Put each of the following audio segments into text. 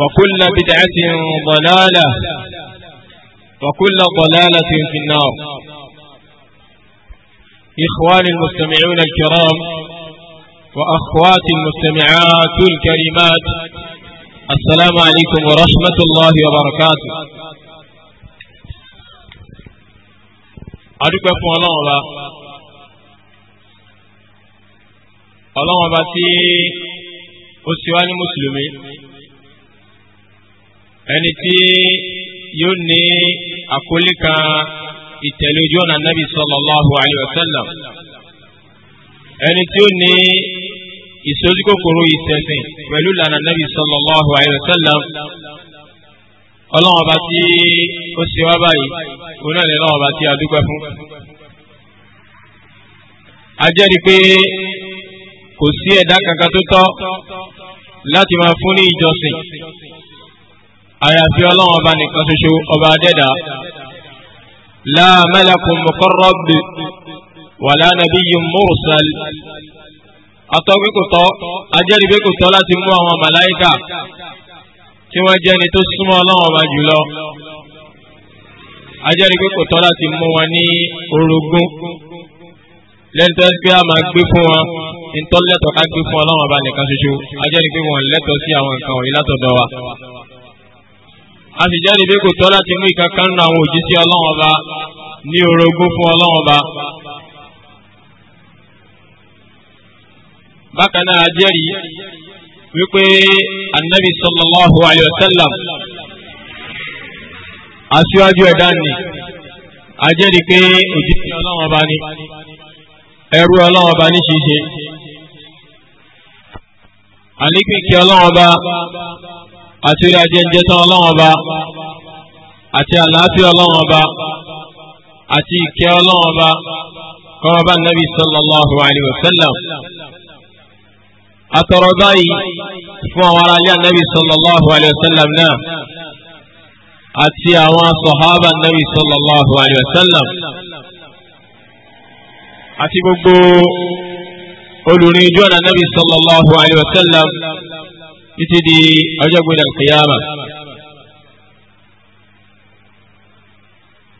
وكل بدعة ضلالة وكل ضلالة في النار إخواني المستمعون الكرام وأخواتي المستمعات الكريمات السلام عليكم ورحمة الله وبركاته أدوك أفو الله الله أبا تي أسواني مسلمين ẹni tí yóò ní àkólé kan ìtẹ̀lé ojú ọ̀nà nàbì sallallahu alayhi wa sallam ẹni tí ó ní ìsojúkòkòrò ìṣẹ̀sìn pẹ̀lú ìlànà nàbì sallallahu alayhi wa sallam ọlọ́wọ́n bá tí ó ṣe wá báyìí òun náà ní ọlọ́wọ́n bá tí a dúpẹ́ fún. a jẹ́rìí pé kò sí ẹ̀dá kankan tó tọ́ láti máa fún ní ìjọsìn àyàfi ọlọ́run ọba nìkan ṣoṣo ọba adẹ́dà la malakun muqarrab wala nabiyyun mursal atọ́gbé kò tọ́ ajẹ́rìí pé kò tọ́ láti mú àwọn màláìkà tí wọ́n jẹ́ ni tó súnmọ́ ọlọ́run ọba jùlọ ajẹ́rìí pé kò tọ́ láti mú wọn ní orogún lẹ́yìn tó ń pé a gbé fún wọn ìtọ́lẹ́tọ̀ ká gbé fún ọlọ́run ọba nìkan ṣoṣo ajẹ́rìí pé wọ́n sí àwọn nǹkan wọ̀nyí látọ̀dọ̀ wa a sì jẹ́rìí pé kò tọ́ láti mú ìkankan nínú àwọn òjíṣẹ́ ọlọ́run ọba ní orogún fún ọlọ́run ọba. bákan náà jẹ́rìí wípé anabi sallallahu alayhi wa sallam aṣíwájú ẹ̀dá ni a jẹ́rìí pé òjíṣẹ́ ọlọ́run ọba ni ẹrú ọlọ́run ọba ní ṣíṣe. àlékún kí ọlọ́run àti rí ajẹ́njẹ́ tán ọlọ́run ọba àti àlàáfíà ọlọ́run ọba àti ìkẹ́ ọlọ́run ọba kọ́mọ bá nàbí sallallahu alayhi wa sallam. àtọ̀rọ̀ báyìí fún àwọn ará ilé ànábì sallallahu alayhi wa sallam náà àti àwọn sọ̀hábà nàbí sallallahu alayhi wa sallam àti gbogbo olùrìn ìjọ́ nàbí sallallahu alayhi wa sallam títí di ọjọ́ gbọdọ̀ kìyàmà.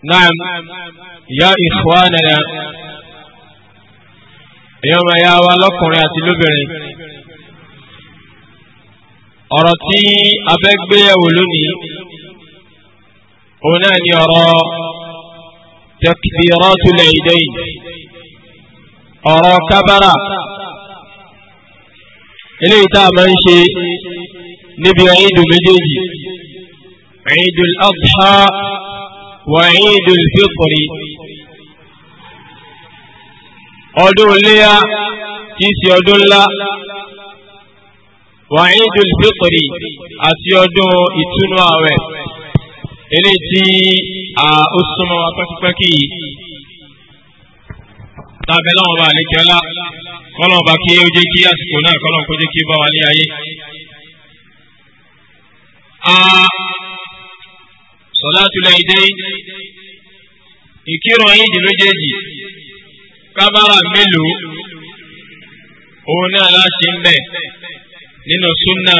Naam, ya ikhwanana, èèyàn máa yá wa lọ́kùnrin àti lóbìnrin. Ọ̀rọ̀ tí a fẹ́ gbéyẹ̀wò lónìí, òun náà ni ọ̀rọ̀ takbiratul idayn, ọ̀rọ̀ kábàrà, eléyìí tá a máa ń ṣe níbi ẹ̀yìndù méjèèjì ẹ̀yìndù al-adha wà ẹ̀yìndù al-fitri ọdún léyà tí í ṣe ọdún ńlá wà ẹ̀yìndù al-fitri àti ọdún ìtúnú ààwẹ̀ eléyìí tí a ó súnmọ́ wa pẹ́kípẹ́kí yìí tàbí láwọn ọlá kọ́lọ̀ ọba kí ó jẹ́ kí àsìkò náà kọ́lọ̀ kó jẹ́ kí bá wa ní ayé. Salatul Idayn ìkírun yìí dìlójèjì kábàrà mélòó òun náà láṣẹ ń bẹ̀ nínú súnà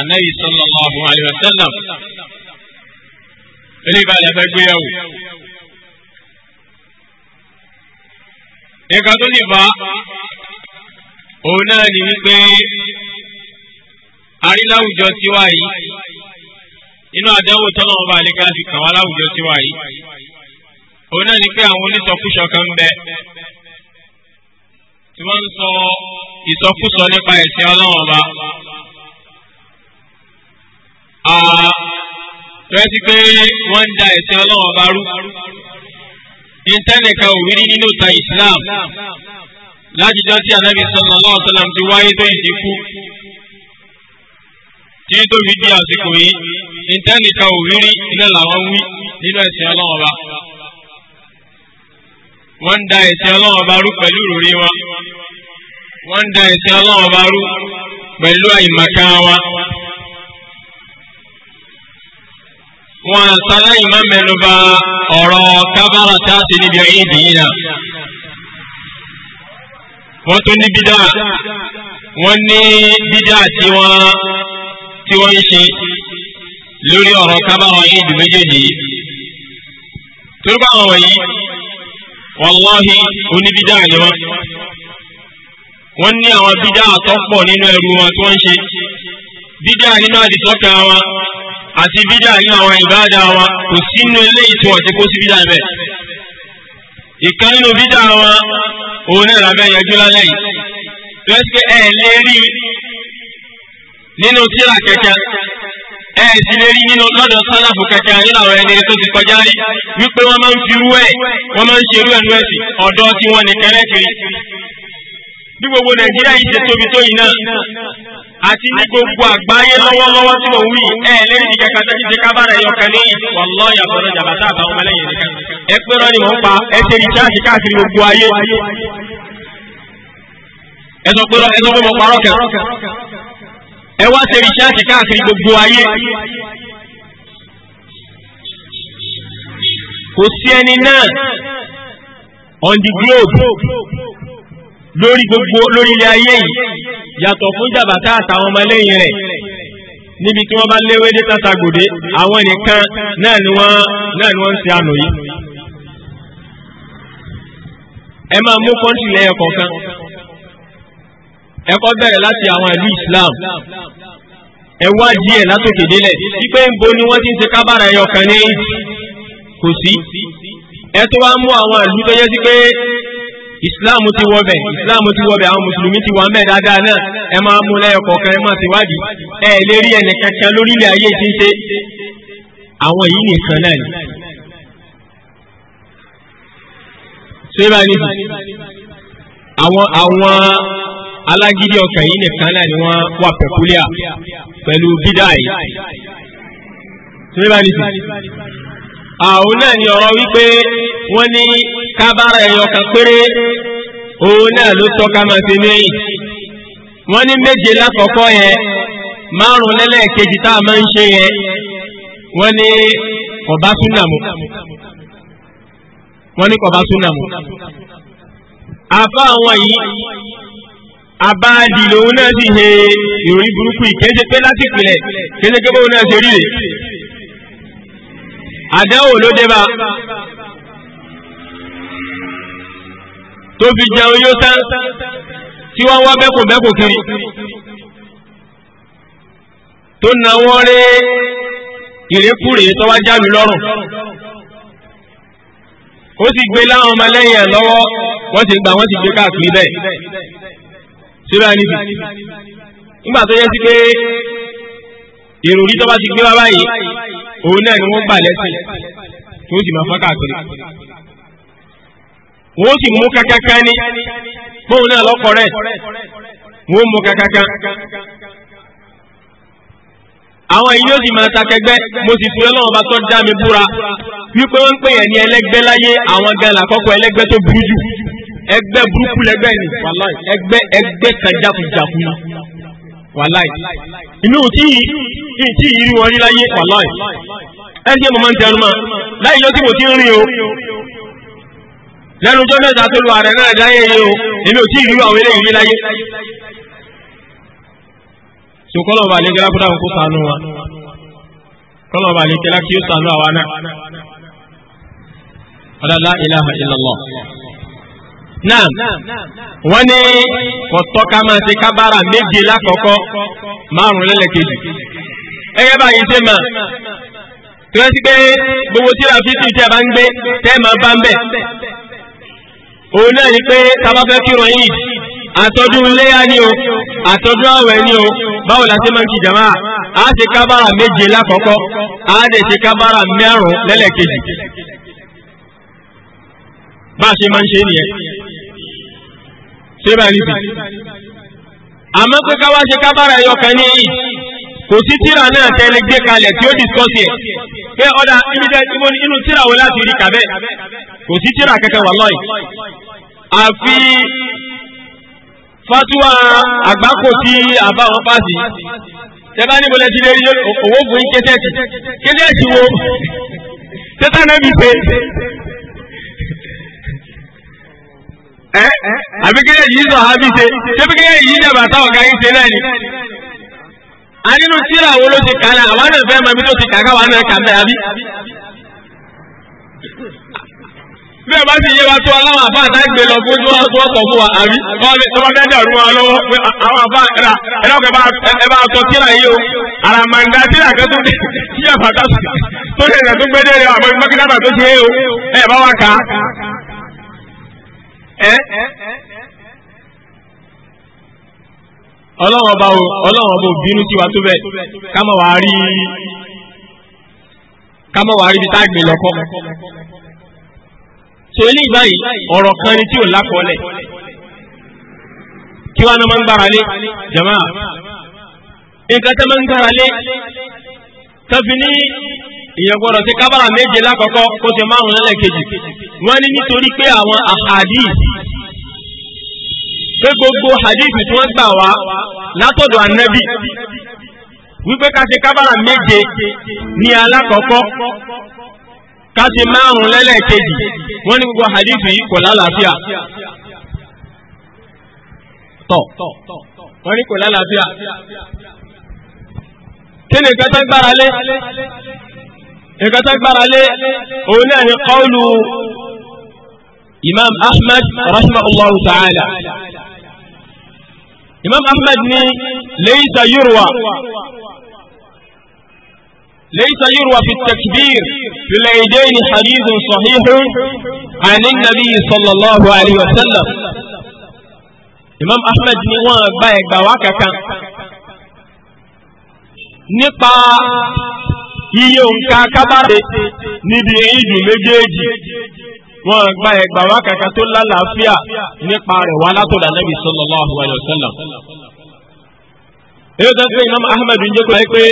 anabi sallallahu alayhi wa sallam eléyìí bá yàtọ̀ gbéyàwó. nǹkan tó lè bá òun náà ni wípé aríláwùjọ tiwa yìí inú àdánwò tọ́lọ́ ọba àlekà fi kàn wá láwùjọ sí wa yìí òun náà ni pé àwọn onísọkúsọ kan ń bẹ tí wọ́n ń sọ ìsọkúsọ nípa ẹ̀sìn ọlọ́wọ́n ọba tọ́yẹ́ sí pé wọ́n ń da ẹ̀sìn ọlọ́wọ́n ọba rú intanẹ̀ka òwúrí nínú ta Islam láti jọ́ tí Ànábì sallallahu alaihi wasallam ti wáyé tó ìdínkù títí tó fi di àsìkò yìí ìtẹ́nìkan ò rírí iná làwọn wí nínú ẹ̀sìn ọlọ́wọ́n ba wọ́n ń da ẹ̀sìn ọlọ́wọ́n ba rú pẹ̀lú ìròrí wọn wọ́n ń da ẹ̀sìn ọlọ́wọ́n ba rú pẹ̀lú àìmọ̀kan wa. wọn àtàlẹ́yìn máa mẹ́nuba ọ̀rọ̀ kábàrà tá a ti níbi ìdí yìí náà wọ́n tún ní bídà wọ́n ní bídà tí wọ́n tí wọ́n ń ṣe lórí ọ̀rọ̀ kábàrọ̀ yìí ju méjèèjì yìí. Turba àwọn wọ̀nyí, wàláhì oníbídà ni wọ́n. Wọ́n ní àwọn bídà àtọ́pọ̀ nínú ẹrù wọn tí wọ́n ń ṣe. Bídà nínú àdìsọ́kà wọn àti bídà nínú àwọn ìbáàdà wọn kò sínú eléyìí tí wọ́n ti kó sí bídà bẹ́ẹ̀. Ìkan nínú bídà wọn òun náà làbẹ́ yẹjú lálẹ́ yìí. Lọ́sẹ̀ ẹ̀ lérí nínú tíra kẹ̀kẹ́ ẹ ti lè rí nínú lọ́dọ̀ sálàfù kẹ̀kẹ́ nínú àwọn ẹni tó ti kọjá rí wípé wọ́n máa ń fi rú ẹ̀ wọ́n máa ń ṣerú ẹ̀ lọ́ẹ̀sì ọ̀dọ́ tí wọ́n nìkan lẹ́kiri bí gbogbo nàìjíríà yìí ṣe tóbi tó yìí náà àti ní gbogbo àgbáyé lọ́wọ́lọ́wọ́ tí mo wí ẹ̀ lẹ́yìn ní kẹ̀kẹ́ tẹ́tí ṣe kábàárẹ̀ yọ kan níyì wọ́lọ́ yàtọ̀rọ̀ jàbátà àbáwọn ẹlẹ́yìn nìkan ẹ pé rán ni mò ń pa ẹ ṣe ní ṣáàṣì káàkiri gbogbo ayé ẹ sọ pé mò ń parọ́ kẹ ẹ wá ṣe rìṣáàṣì káàkiri gbogbo ayé kò sí ẹni náà on the globe lórí gbogbo lórí ilé ayé yìí yàtọ̀ fún jàbátá àtàwọn ọmọlẹ́yìn rẹ̀ níbi tí wọ́n bá léwé dé tàtàgòdé àwọn nìkan náà ni wọ́n náà ni wọ́n ń ṣe ànú yìí ẹ máa mú kọ́ńtì lẹ́yìn kọ̀ọ̀kan ẹ̀kọ́ bẹ̀rẹ̀ láti àwọn ìlú Islam ẹ wádìí ẹ̀ látòkè délẹ̀ wípé ń bo ni wọ́n ti ń ṣe kábàrà ẹyọ kan ní kò sí ẹ tó wá mú àwọn ìlú tó yẹ sí pé Islam ti wọbẹ̀ Islam ti wọbẹ̀ àwọn mùsùlùmí ti wà mẹ́ẹ̀ dáadáa náà ẹ máa mú lẹ́yọ kọ̀ọ̀kan ẹ máa ti wádìí ẹ lè rí ẹnì kankan lórílẹ̀ ayé ti ń ṣe àwọn yìí nìkan náà ni. ṣé báyìí àwọn àwọn alágídí ọkàn yìí nìkan náà ni wọ́n wà pẹ̀kúlíà pẹ̀lú bídà yìí. Sọ́yìnbá nìsí. Àwọn náà ni ọ̀rọ̀ wípé wọ́n ní kábàárà ẹ̀yọ kan péré òun náà ló tọ́ka máa ṣe níyìn. Wọ́n ní méje lákọ̀ọ́kọ́ yẹn márùn-ún lẹ́lẹ́ẹ̀kejì tá a máa ń ṣe yẹn wọ́n ní kọ̀bá súnà mu. ní kọ̀bá súnà Àfa àwọn yìí àbáàdì lòun náà sì he ìròyìn burúkú yìí kéde pé láti ìpìlẹ̀ kéde pé bóun náà ṣe rí rè àdánwò ló dé bá tó fi jẹun yóò tán tí wọ́n wá bẹ́kùnbẹ́kùn kiri tó na wọ́n rí ìrékùrè tó wá jáde lọ́rùn ó sì gbé láwọn ọmọ lẹ́yìn ẹ̀ lọ́wọ́ wọ́n ti gbà wọ́n ti gbé káàkiri bẹ́ẹ̀ síbẹ̀ níbi nígbà tó yẹ sí pé ìròrí tó bá ti gbé wá báyìí òun náà ni wọ́n gbà lẹ́sìn tó sì máa fọ́n káàkiri wọ́n sì mú kankankan ní bóun náà lọ́kọ̀ rẹ̀ wọ́n mú kankankan àwọn èyí yóò sì máa takẹgbẹ́ mo sì fi ọlọ́run bá tọ́ já mi búra wípé wọ́n ń pè yẹn ní ẹlẹ́gbẹ́ láyé àwọn gan làkọ́kọ́ ẹlẹ́gbẹ́ tó burú jù ẹgbẹ́ burúkú lẹgbẹ́ ni wàláì ẹgbẹ́ ẹgbẹ́ kajàkujàku ni wàláì èmi ò tí iri tí ì rí wọn rí láyé wàláì ẹni tí mo máa ń tẹnu yọ tí mo ti ń o lẹ́nu ọjọ́ mẹ́ta tó lu ààrẹ náà dáyé yìí o èmi tí ì rí àwọn eléyìí rí láyé so kọ́lọ̀ bá lè gẹ́lá kó sànú wa sànú àwa náà. náà wọ́n ní ọ̀tọ́ ká máa ṣe kábàrà méje lákọ̀ọ́kọ́ márùn-ún lẹ́lẹ́kejì ẹgẹ́ bá yìí ṣe mà tí wọ́n ti gbé gbogbo tíra fífi tí a bá ń gbé tẹ́ máa bá ń bẹ̀ òun náà ni pé tábà kírun yìí àtọ́dún léyà ni o àtọ́dún àwẹ̀ ni o báwo la ṣe máa ń kí jàmá a ṣe kábàrà méje lákọ̀ọ́kọ́ a dẹ̀ ṣe kábàrà mẹ́rùn lẹ́lẹ́kejì bá a ṣe máa ń ṣe nìyẹn ṣé bá rí bi àmọ́ pé ká wá ṣe kábàárà ẹyọ kan ní yìí kò sí tíra náà tẹ́lẹ̀ gbé kalẹ̀ tí ó discourse yẹ pé ọ̀dà inú tíra wo láti rí kàbẹ́ kò sí tíra kẹ́kẹ́ wà lọ́yìn àfi fatuwa àgbákò tí àbáwọn pàṣẹ tẹ́bá ní bọ́lẹ̀ tílé rí owó fún kẹ́sẹ̀tì kẹ́sẹ̀tì wo tẹ́tà náà bí pé a ẹ́ àbíkẹ́lẹ̀ yìí sọ àbí ṣe ṣébíkẹ́lẹ̀ yìí dàbà táwọn ọ̀gá yìí ṣe náà ni. a nínú tíra wo ló ti kà náà àwa náà fẹ́ mọ ibi tó ti kà káwa náà kà mẹ́ àbí. bí ẹ bá ti yé wa tó aláwọ̀ àbá àtàgbé lọ fún tí wọ́n sọ a wa àbí tọ́wọ́ bẹ́ẹ̀ dàrú wa lọ́wọ́ àwọn àbá ẹ̀rà ẹ̀rọ kẹ́ ẹ bá sọ tíra yìí o àràmàǹdà tíra kan tó tí àbàtà tó ṣẹ̀ṣẹ̀ o gbẹ́dẹ̀ rẹ̀ àmọ́ ìmọ̀kí ẹ́ ọlọ́wọ́n bá ọlọ́wọ́n bó bínú wa tó bẹ̀ kámọ̀ wá rí kámọ̀ wá rí ibi tá lọ́kọ́ so kan ni tí ò lákọọ́lẹ̀ kí wàá máa ń gbára lé jama nǹkan tó máa ń gbára lé tó fi ní ìyẹ̀gbọ́dọ̀ sí kábàrà méje lákọ̀ọ́kọ́ kó wọ́n ní nítorí pé àwọn ahadith pé gbogbo hadith tí wọ́n gbà wá látọ̀dọ̀ ànábì wípé ká ṣe kábàrà méje ní alákọ̀ọ́kọ́ ká ṣe márùn-ún lẹ́lẹ́kejì wọ́n ní gbogbo hadith yìí kò lálàáfíà tọ̀ wọ́n ní kò lálàáfíà kí ni nǹkan tó gbára lé nǹkan tó gbára lé òun náà ni qawlu إمام أحمد رحمه الله تعالى إمام أحمد ليس يروى ليس يروى في التكبير في العيدين حديث صحيح عن النبي صلى الله عليه وسلم إمام أحمد نوى بايك بواكا كان نقا يوم كاكبالي نبي عيدي مجيجي wọn gba ẹgbà wá kankan tó lálàáfíà nípa rẹ̀ wá látọ̀dọ̀ anábì sallallahu alaihi wasallam. èyí tó ń pè Imam Ahmad ń jẹ́ kó láyé pé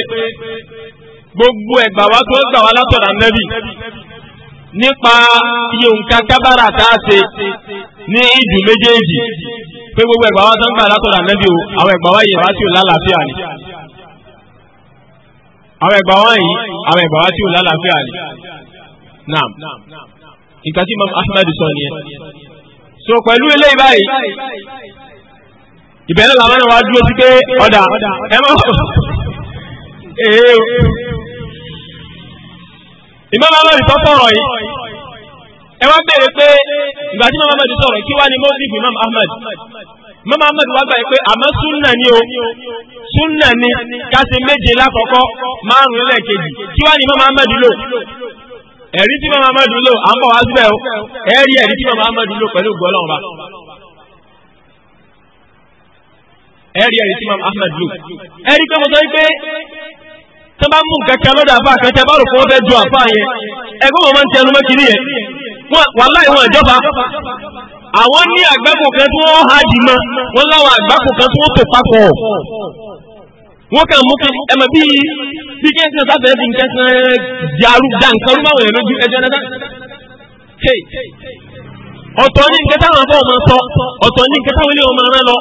gbogbo ẹgbà wá tó ń gbà wá látọ̀dọ̀ anábì nípa iye kábàrà tá a ṣe ní ìdù méjèèjì pé gbogbo ẹgbà wá tó gbà látọ̀dọ̀ anábì o àwọn ẹgbà wá yẹ̀ wá sí ò lálàáfíà ni àwọn ẹgbà wá yìí àwọn ẹgbà wá sí ò lálàáfíà ni. Naam. Naam nǹkan tí Imam Ahmad sọ nìyẹn so pẹ̀lú eléyìí báyìí ìbẹ̀rẹ̀ làwọn náà wá dúró sí pé ọ̀dà ẹ má ee o Imam Ahmad tó sọ̀rọ̀ yìí ẹ wá béèrè pé ìgbà tí Imam Ahmad sọ̀rọ̀ kí wá ní mọ́sílì Imam Ahmad Imam Ahmad wá gbà pé àmọ́ súnà ni o súnà ni ká ṣe méje lákọ̀ọ́kọ́ márùn-ún lẹ́ẹ̀kejì kí wá ní Imam Ahmad lò. ẹ̀rí tí màmá amadu lò à ń bọ̀ wá síbẹ̀ o ẹ̀rí ẹ̀rí tí màmá amadu lò pẹ̀lú ògbọ́n ọlọ́run bá ẹ̀rí ẹ̀rí tí màmá ahmed lò ẹ̀rí pé mo sọ bá mú nǹkan kan lọ́dọ̀ bá rò fẹ́ ju yẹn máa ń tẹnu yẹn wọ́n kàn mú kan ẹ̀mọ̀ bíi bí kẹ́sìn sáfẹ́ fi kẹ́sìn di arú da nǹkan rú báwọn yẹn lójú ẹjọ́ náà hey ọ̀tọ̀ ní nǹkan táwọn afọ́ ọmọ sọ ọ̀tọ̀ ní nǹkan táwọn ilé ọmọ rán lọ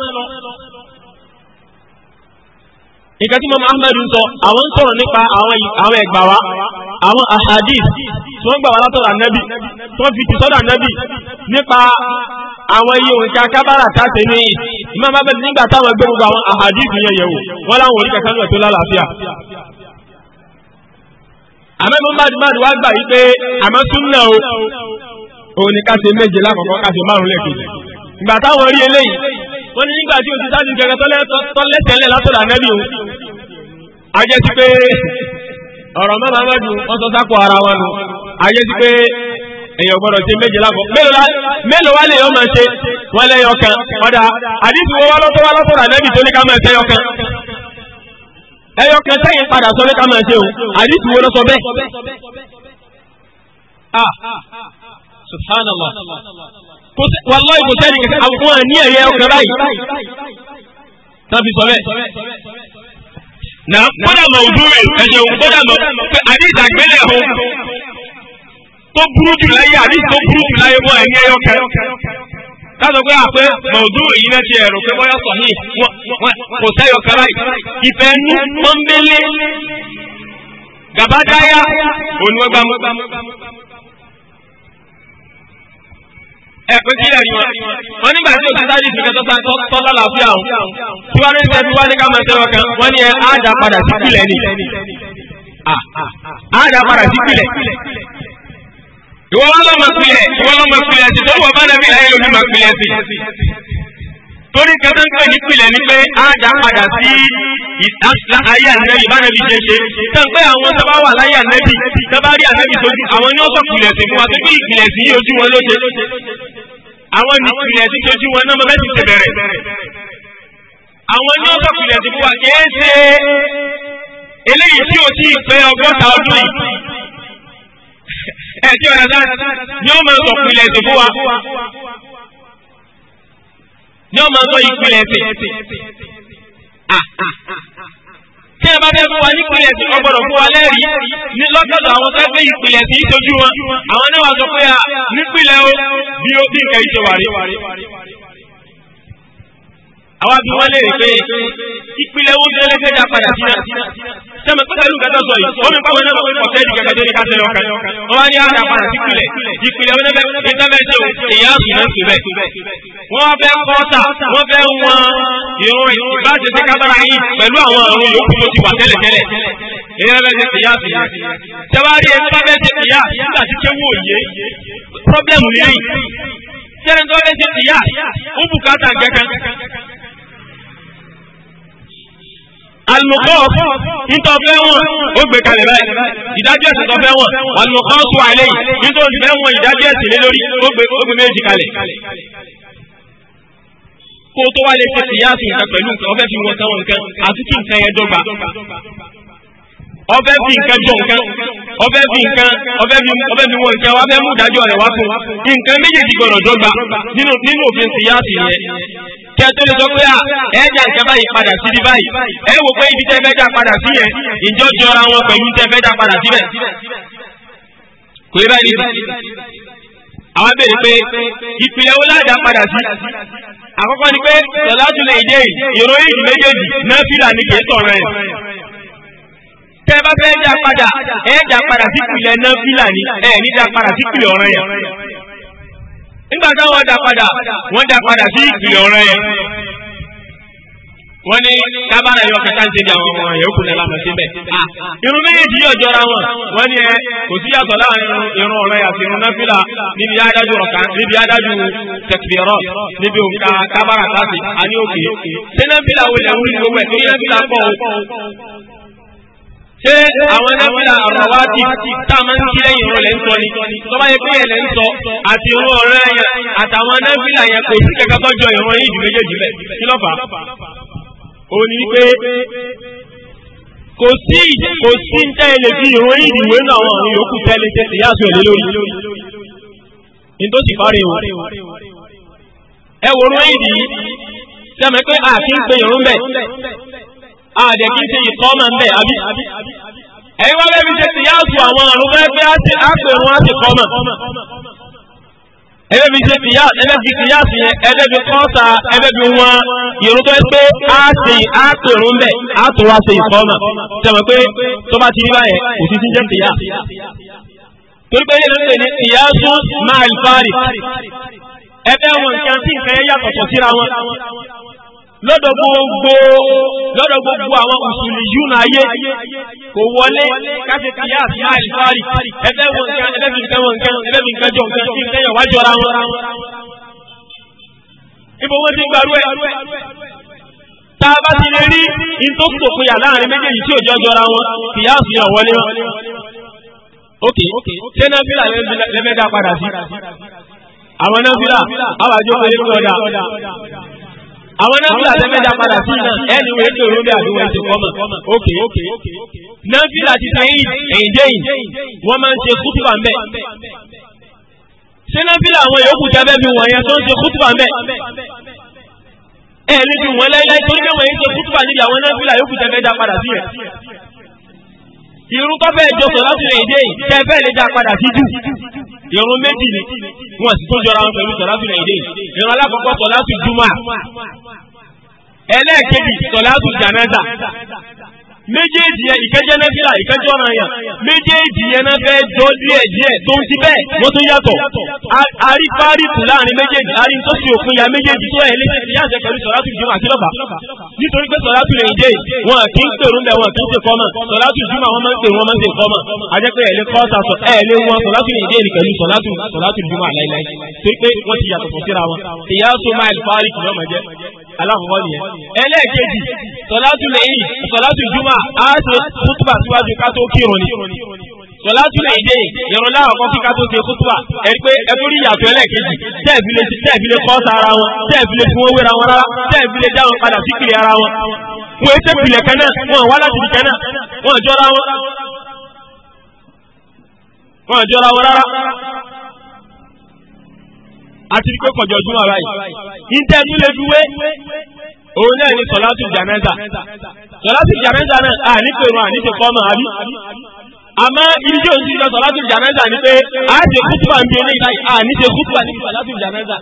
nǹkan tí mọ́mọ́ ahmed ń sọ àwọn ń sọ̀rọ̀ nípa àwọn ẹ̀gbà wa àwọn ahadith tí wọ́n gbà wá látọ̀rọ̀ ànábì tí wọ́n fi ti sọ́dọ̀ ànábì nípa àwọn iye òǹkà kábàrà káṣe ní imam ahmed nígbà táwọn ẹgbẹ́ gbogbo àwọn ahadith yẹn yẹ̀wò wọ́n láwọn orí kankan lọ tó lálàáfíà. ahmed muhammad mad wá gbà yí pé àmọ́ súnà o òun ni káṣe méje lákọ̀ọ́kọ́ káṣe márùn-ún wọ́n ní nígbà tí òṣìṣẹ́ àti ìkẹ̀kẹ́ tọ́lẹ́tẹ̀lẹ́ látọ̀dọ̀ ànábì òun ajẹ́ sí pé ọ̀rọ̀ mẹ́ta mẹ́jù wọ́n sọ sápò ara wọn nù ajẹ́ sí pé èèyàn gbọ́dọ̀ ṣe méje lápò mélòó wá lè yọ máa ṣe wọ́n lẹ́yọ kan ọ̀dà àdìsí wo wá lọ́tọ́ wá lọ́tọ́ rà lẹ́bi tó ní ká máa kan ẹyọ sẹ́yìn padà sọ ní ká máa ṣe o àdìsí wo lọ sọ bẹ́ẹ̀. ah subhanallah wàlláhi kò sẹ́ni kankan àwọn àníyàn yẹ ọkàn báyìí tàbí sọ bẹ́ẹ̀. na kódà mọ̀ ojú rẹ̀ ẹ̀jẹ̀ òun kódà mọ̀ pé àbí ìdàgbélẹ̀ ọ̀hún tó burú jù láyé àbí tó burú jù láyé mọ́ ẹ̀yìn ẹ̀yọ́ kẹ́ láti pé àpé mọ̀ọ́dún èyí náà ti ẹ̀rọ pé bọ́yá sọ̀hí kò sẹ́yọ kárá ìfẹ́ nú pọ́nbélé gàbádáyà òun wọ́n gbámú ẹ pé kílẹ̀ rí wọn. wọ́n nígbà tí òṣìṣẹ́ sáájú ìṣúná tó sáńtọ́ tọ́lá làáfíà o. tí wọ́n ní sẹ́bi wá ní ká máa tẹ́wọ́ kan wọ́n ní ẹ áàdà padà sí kílẹ̀ ni. áàdà padà sí kílẹ̀. ìwọ wọn lọ máa pilẹ̀ ìwọ lọ máa pilẹ̀ sí tó wọ́n bá dàbí ẹ̀yọ́ ní máa pilẹ̀ sí. torí kẹta ń pè ní pilẹ̀ ni pé áàdà padà sí ayé ànẹ́bí bánẹ́bí ṣe ṣe tẹ́ pé àwọn tẹ́bá wà láyé ànẹ́bí tẹ́bá rí ànẹ́bí sojú àwọn ni ó sọ̀kùnlẹ̀ sí fún wa tó bí ìpìlẹ̀ sí ojú wọn ló ṣe àwọn ní ìpìlẹ̀ tí tó jí wọn náà bẹ́ẹ̀ ti ṣe bẹ̀rẹ̀ àwọn ní ọ̀sán ìpìlẹ̀ tí wà kìí ṣe eléyìí tí ò tí ì pé ọgọ́ta ọdún yìí ẹ̀ẹ́dì ọ̀rẹ́ náà ni ó máa sọ ìpìlẹ̀ tí fún wa ni ó máa sọ ìpìlẹ̀ tí tí ẹ bá fẹ́ fún wa ní ìpìlẹ̀ tí wọ́n gbọ́dọ̀ fún wa lẹ́rìí ní lọ́sọ̀dọ̀ àwọn tó gbé ìpìlẹ̀ tí ìṣojú wọn àwọn náà wàá sọ pé a nípìlẹ̀ o bí o bí nǹkan ìṣe wà rí. àwa bí wọ́n lè rí pé ìpìlẹ̀ wo ṣe lẹ́gbẹ̀dá padà sí náà sẹ́mi pẹ́ pẹ̀lú gàdá sọ yìí omi pàwọn ẹ̀rọ ọ̀sẹ̀ di gẹ́gẹ́ ní kásẹ̀ ọ̀kan wọ́n wá ní àdá padà sí ìpìlẹ̀ ìpìlẹ̀ wọn bẹ ìtẹ́fẹ́sẹ̀ o èyí á sùn lẹ́sùn bẹ́ẹ̀. wọ́n fẹ́ kọ́ta wọ́n fẹ́ wọn ìrún ìbáṣẹṣẹ kábàrà yìí pẹ̀lú àwọn àrùn yòókù tó ti wà tẹ́lẹ̀tẹ́lẹ̀ èyí fẹ́ ṣe ìyá sùn. sẹ́wárí ẹni tó fẹ́ ṣe ìyá nígbà tí kéwú òye pọ́blẹ́mù lẹ́yìn sẹ́ni tó fẹ́ ṣe ìyá ó bùkátà gẹ́gẹ́ alùmọ̀kọ́f nítorí ọ̀fẹ́ wọn ó gbé kalẹ̀ báyìí ìdájọ́ ẹ̀sìn tó fẹ́ wọn alùmọ̀kọ́f tó àlẹ́ yìí nítorí fẹ́ wọn ìdájọ́ ẹ̀sìn lé lórí ó gbé méjì kalẹ̀. kó tó wá lè ṣe ìyáàsì nǹkan pẹ̀lú nǹkan ọ̀fẹ́ fi wọn sáwọn nǹkan àti kí nǹkan yẹn dọ́gba ọfẹ́ fi nǹkan jọ nǹkan ọfẹ́ fi nǹkan ọfẹ́ fi ọfẹ́ fi wọn nǹkan wá fẹ́ mú ìdájọ́ rẹ̀ wá fún nǹkan méjèèjì gbọ́dọ̀ dọ́gba nínú òfin síyáàsì yẹn kí ẹ tó lè sọ pé à ẹ jà nǹkan báyìí padà síbi báyìí ẹ wò pé ibi tẹ fẹ́ jà padà sí yẹn ìjọ jọra wọn pẹ̀lú tẹ fẹ́ jà padà síbẹ̀. kò yẹ báyìí àwọn béèrè pé ìpìlẹ̀ wo láàdá padà sí àkọ́kọ́ ni pé sọ̀lájú lè dé ìròyìn ìdí méjèèjì náà fìlà ní kìí sọ̀rọ̀ ẹ̀ tẹ́ bá fẹ́ jà padà ẹ̀ jà padà sí ìpìlẹ̀ náà fìlà ní ẹ̀ ní jà padà sí ìpìlẹ̀ ọ̀rọ̀ yẹn nígbà táwọn dá padà wọ́n dá padà sí ìpìlẹ̀ ọ̀rọ̀ yẹn wọ́n ní tábàrà yọ kẹta ń ṣe bí àwọn ọmọ yòókù náà lámọ̀ síbẹ̀. irun méjèèjì yóò jọra wọn wọ́n ní ẹ kò sí yàtọ̀ láàrin irun ọ̀rọ̀ yà sí irun náfìlà níbi adájú ọ̀ka níbi adájú tẹ̀kìlẹ̀rọ̀ níbi òǹkà tábàrà tásì àní òkè. sẹ́nẹ́fìlà wo lẹ̀ wúlò gbogbo ẹ̀ torí náfìlà pọ̀ ṣé àwọn náfìlà àrọ̀wátì tá a máa ń kí lẹ́yìn ìrun lẹ́ ń sọ ni tó bá yẹ pé ẹ̀ lẹ́ ń sọ àti ìrun ọ̀rẹ́ yẹn àtàwọn náfìlà yẹn kò sí kẹ́kẹ́ tọ́jọ ìrun yìí ju méjèèjì bẹ́ẹ̀ kí ló fà á. ó ní pé kò sí kò sí ń tẹ́ ẹ lè fi ìrun yìí ìwé náà àwọn àrùn yòókù tẹ́lẹ̀ tẹ́sí yáàsù ẹ̀ lé lórí ní tó àdẹ̀ ah, kí n ṣe ìkọ́ máa ń bẹ̀ àbí. ẹ̀yin wá bẹ́ẹ̀ fi ṣe ti yáàtú àwọn àrùn bẹ́ẹ̀ pé á ṣe àpèrún á ṣe kọ́ mọ̀. ẹ̀bẹ̀ fi ṣe ti yáàtú ẹ̀bẹ̀ fi ti yáàtú yẹn ẹ̀bẹ̀ fi kọ́ ta ẹ̀bẹ̀ fi wọn ìrún tó ẹ pé á ṣe àpèrún bẹ́ẹ̀ á tún wá ṣe ìkọ́ mọ̀. sọ̀rọ̀ pé tó bá ti rí báyẹn kò sí jíjẹ́ ti yá. torí pé ilé ní ìyáàtú máa ń fárì ẹ̀bẹ̀ àwọn nǹkan tí nǹkan yẹn yàtọ̀ lọ́dọ̀ gbogbo lọ́dọ̀ gbogbo àwọn òṣèlú yúnà ayé kò wọlé káṣe kìí àti àìsárì ẹgbẹ́ wọn nǹkan ẹgbẹ́ mi nǹkan wọn nǹkan ẹgbẹ́ mi nǹkan jọ nǹkan tí nǹkan yàn wá jọra wọn. ibo wọn ti gbàrú ẹ tá a bá ti lè rí nítorí kò péyà láàrin méjèèjì tí òjò jọra wọn kìí àti yàn wọlé wọn. ok ṣé náà bí làlẹ́ lẹ́mẹ́dá padà sí àwọn náà bí là àwọn àjọ pẹ̀lú ọ̀dà àwọn náfìlà àtẹ́fẹ́já padà sí náà ẹni wọ́n ètò ìrọ́bẹ̀ àdúgbò ti kọ́ mọ̀ ókè náfìlà ti sẹ́yìn ẹ̀yìndẹ́yìn wọ́n máa ń ṣe kútùbà ńbẹ́ ṣé náfìlà àwọn yòókù jábẹ́ bí wọ̀nyẹ tó ń ṣe kútùbà ńbẹ́ ẹ̀ níbi wọn lẹ́yìn tó ń bẹ́ wọ̀nyẹ ṣe kútùbà níbi àwọn náfìlà yòókù jábẹ́já padà sí rẹ̀ irú tó fẹ́ jọ sọ̀ láti rẹ̀ ìdẹ́yìn tẹ́ fẹ́ lè dá padà sí jù ìrun méjì ni wọ́n sì tún jọra wọn pẹ̀lú sọ̀látù nàìjíríà ìrun alákọ̀ọ́kọ́ sọ̀látù júmọ́ ẹlẹ́ẹ̀kejì sọ̀látù jánásà méjèèjì yẹn ìkẹjẹ nẹfìlà ìkẹjẹ ọ̀ràn yẹn méjèèjì yẹn náà fẹ́ jọ díẹ̀ díẹ̀ tó ń ti bẹ́ẹ̀ wọ́n tún yàtọ̀ àrí párìkù láàrin méjèèjì àrí tó sì òfin ya méjèèjì tó ẹ̀ léṣe ti yàtọ̀ pẹ̀lú sọ̀rọ̀tù jùmọ̀ àti lọ́ba nítorí pé sọ̀rọ̀tù lè dé wọn kì í pèrò ńlẹ̀ wọn kì í ṣe kọ́mọ̀ sọ̀rọ̀tù jùmọ̀ wọn máa ń pèrò wọn máa ń ṣe kọ́mọ̀ àjẹpẹ́ ẹ̀ lè kọ́ sàtọ̀ ẹ̀ lè wọn sọ̀rọ̀tù lè dé ní pẹ̀lú sọ̀rọ̀tù sọ̀rọ̀tù jùmọ̀ àlàyé tó pé wọ́n ti yàtọ̀ fún síra wọn ìyá tó máa ń parí kìlọ́mọ̀ jẹ́ alákọ̀ọ́kọ́ nìyẹn ẹlẹ́ẹ̀kejì sọ̀látù lẹ́yìn sọ̀látù juma á ṣe kútùbà síwájú ká tó kírun ni sọ̀látù lẹ́yìn dé ìrun láàkọ́ kí ká tó ṣe kútùbà ẹ̀rí pé ẹtúrí ìyàtọ̀ ẹlẹ́ẹ̀kejì tẹ́ẹ̀fìlẹ̀ tẹ́ẹ̀fìlẹ̀ kọ́ sára wọn tẹ́ẹ̀fìlẹ̀ fún owó ra wọn rárá tẹ́ẹ̀fìlẹ̀ dá wọn padà síkìlì ara wọn wọn ètè pìlẹ̀ kan náà wọn wá láti ìkẹ́ náà wọn jọra wọn àti pé kọjọ ọdún ara yìí níta ẹni lè fi wé òun náà ní sọlátù jánásà sọlátù jánásà náà à ní pèrò à ní ṣe fọ́ọ̀mù àbí àmọ́ ibi tí òun ti lọ sọlátù jánásà ni pé à ṣe kútùbà ń bí eléyìí láì à ní ṣe kútùbà ní sọlátù jánásà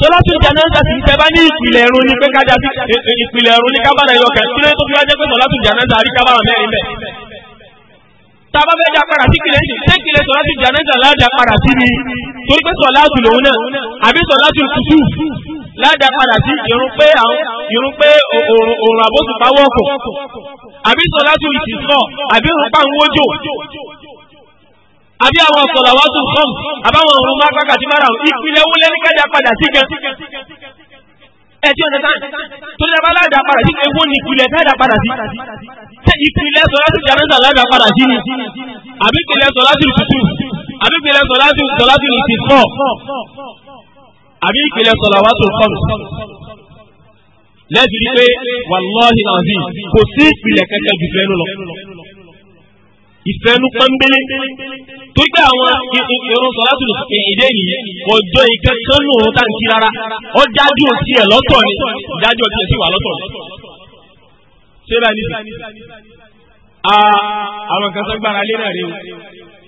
sọlátù jánásà ti ń tẹ́ bá ní ìpìlẹ̀ ẹ̀rún ní pé kájà ìpìlẹ̀ ẹ̀rún ní kábàrà ẹ̀yọkẹ̀ kí ló tó fi wá jẹ́ pé sọlátù tàbá fẹ́ dá padà sí kìlẹ̀ ṣe kìlẹ̀ sọ̀láṣù jánásà ládà padà sí ni torí pé sọ̀láṣù lòun náà àbí sọ̀láṣù kùtù ládà padà sí irun pé irun pé òòrùn àbóṣùpá wọ̀kọ̀ àbí sọ̀láṣù ìsìnkọ̀ àbí irun pa ń wójò àbí àwọn sọ̀làwátù sọ̀m àbáwọn òun má pàkàtí márùn-ún ìpìlẹ̀ wúlẹ́ ní kájà padà sí gan ẹ ti ọ̀nà tán tó ní abá ládàá padà sí ewu ní ìpìlẹ̀ ládàá padà sí ṣé ìpìlẹ̀ sọ láti jàǹdà ládàá padà sí ni àbí ìpìlẹ̀ sọ láti tutù àbí ìpìlẹ̀ sọ láti sọ láti nìtì fọ́ àbí ìpìlẹ̀ sọ làwọn tó kọ́ mi. lẹ́sìn pé wàlọ́ọ̀hìn àzí kò sí ìpìlẹ̀ kẹ́kẹ́ jù fẹ́ lọ ìfẹ́nu pọ́nbélé tó gbé àwọn irun sọ̀rọ̀ tó ìdé nìyẹn ọjọ́ ìkankan nù ọ̀tá ń kí rárá ọjájú òsì ẹ̀ lọ́tọ̀ ni ìdájọ́ òsì ẹ̀ sì wà lọ́tọ̀ ni. ṣé báyìí nìyí àwọn kan tó gbára lé náà rè o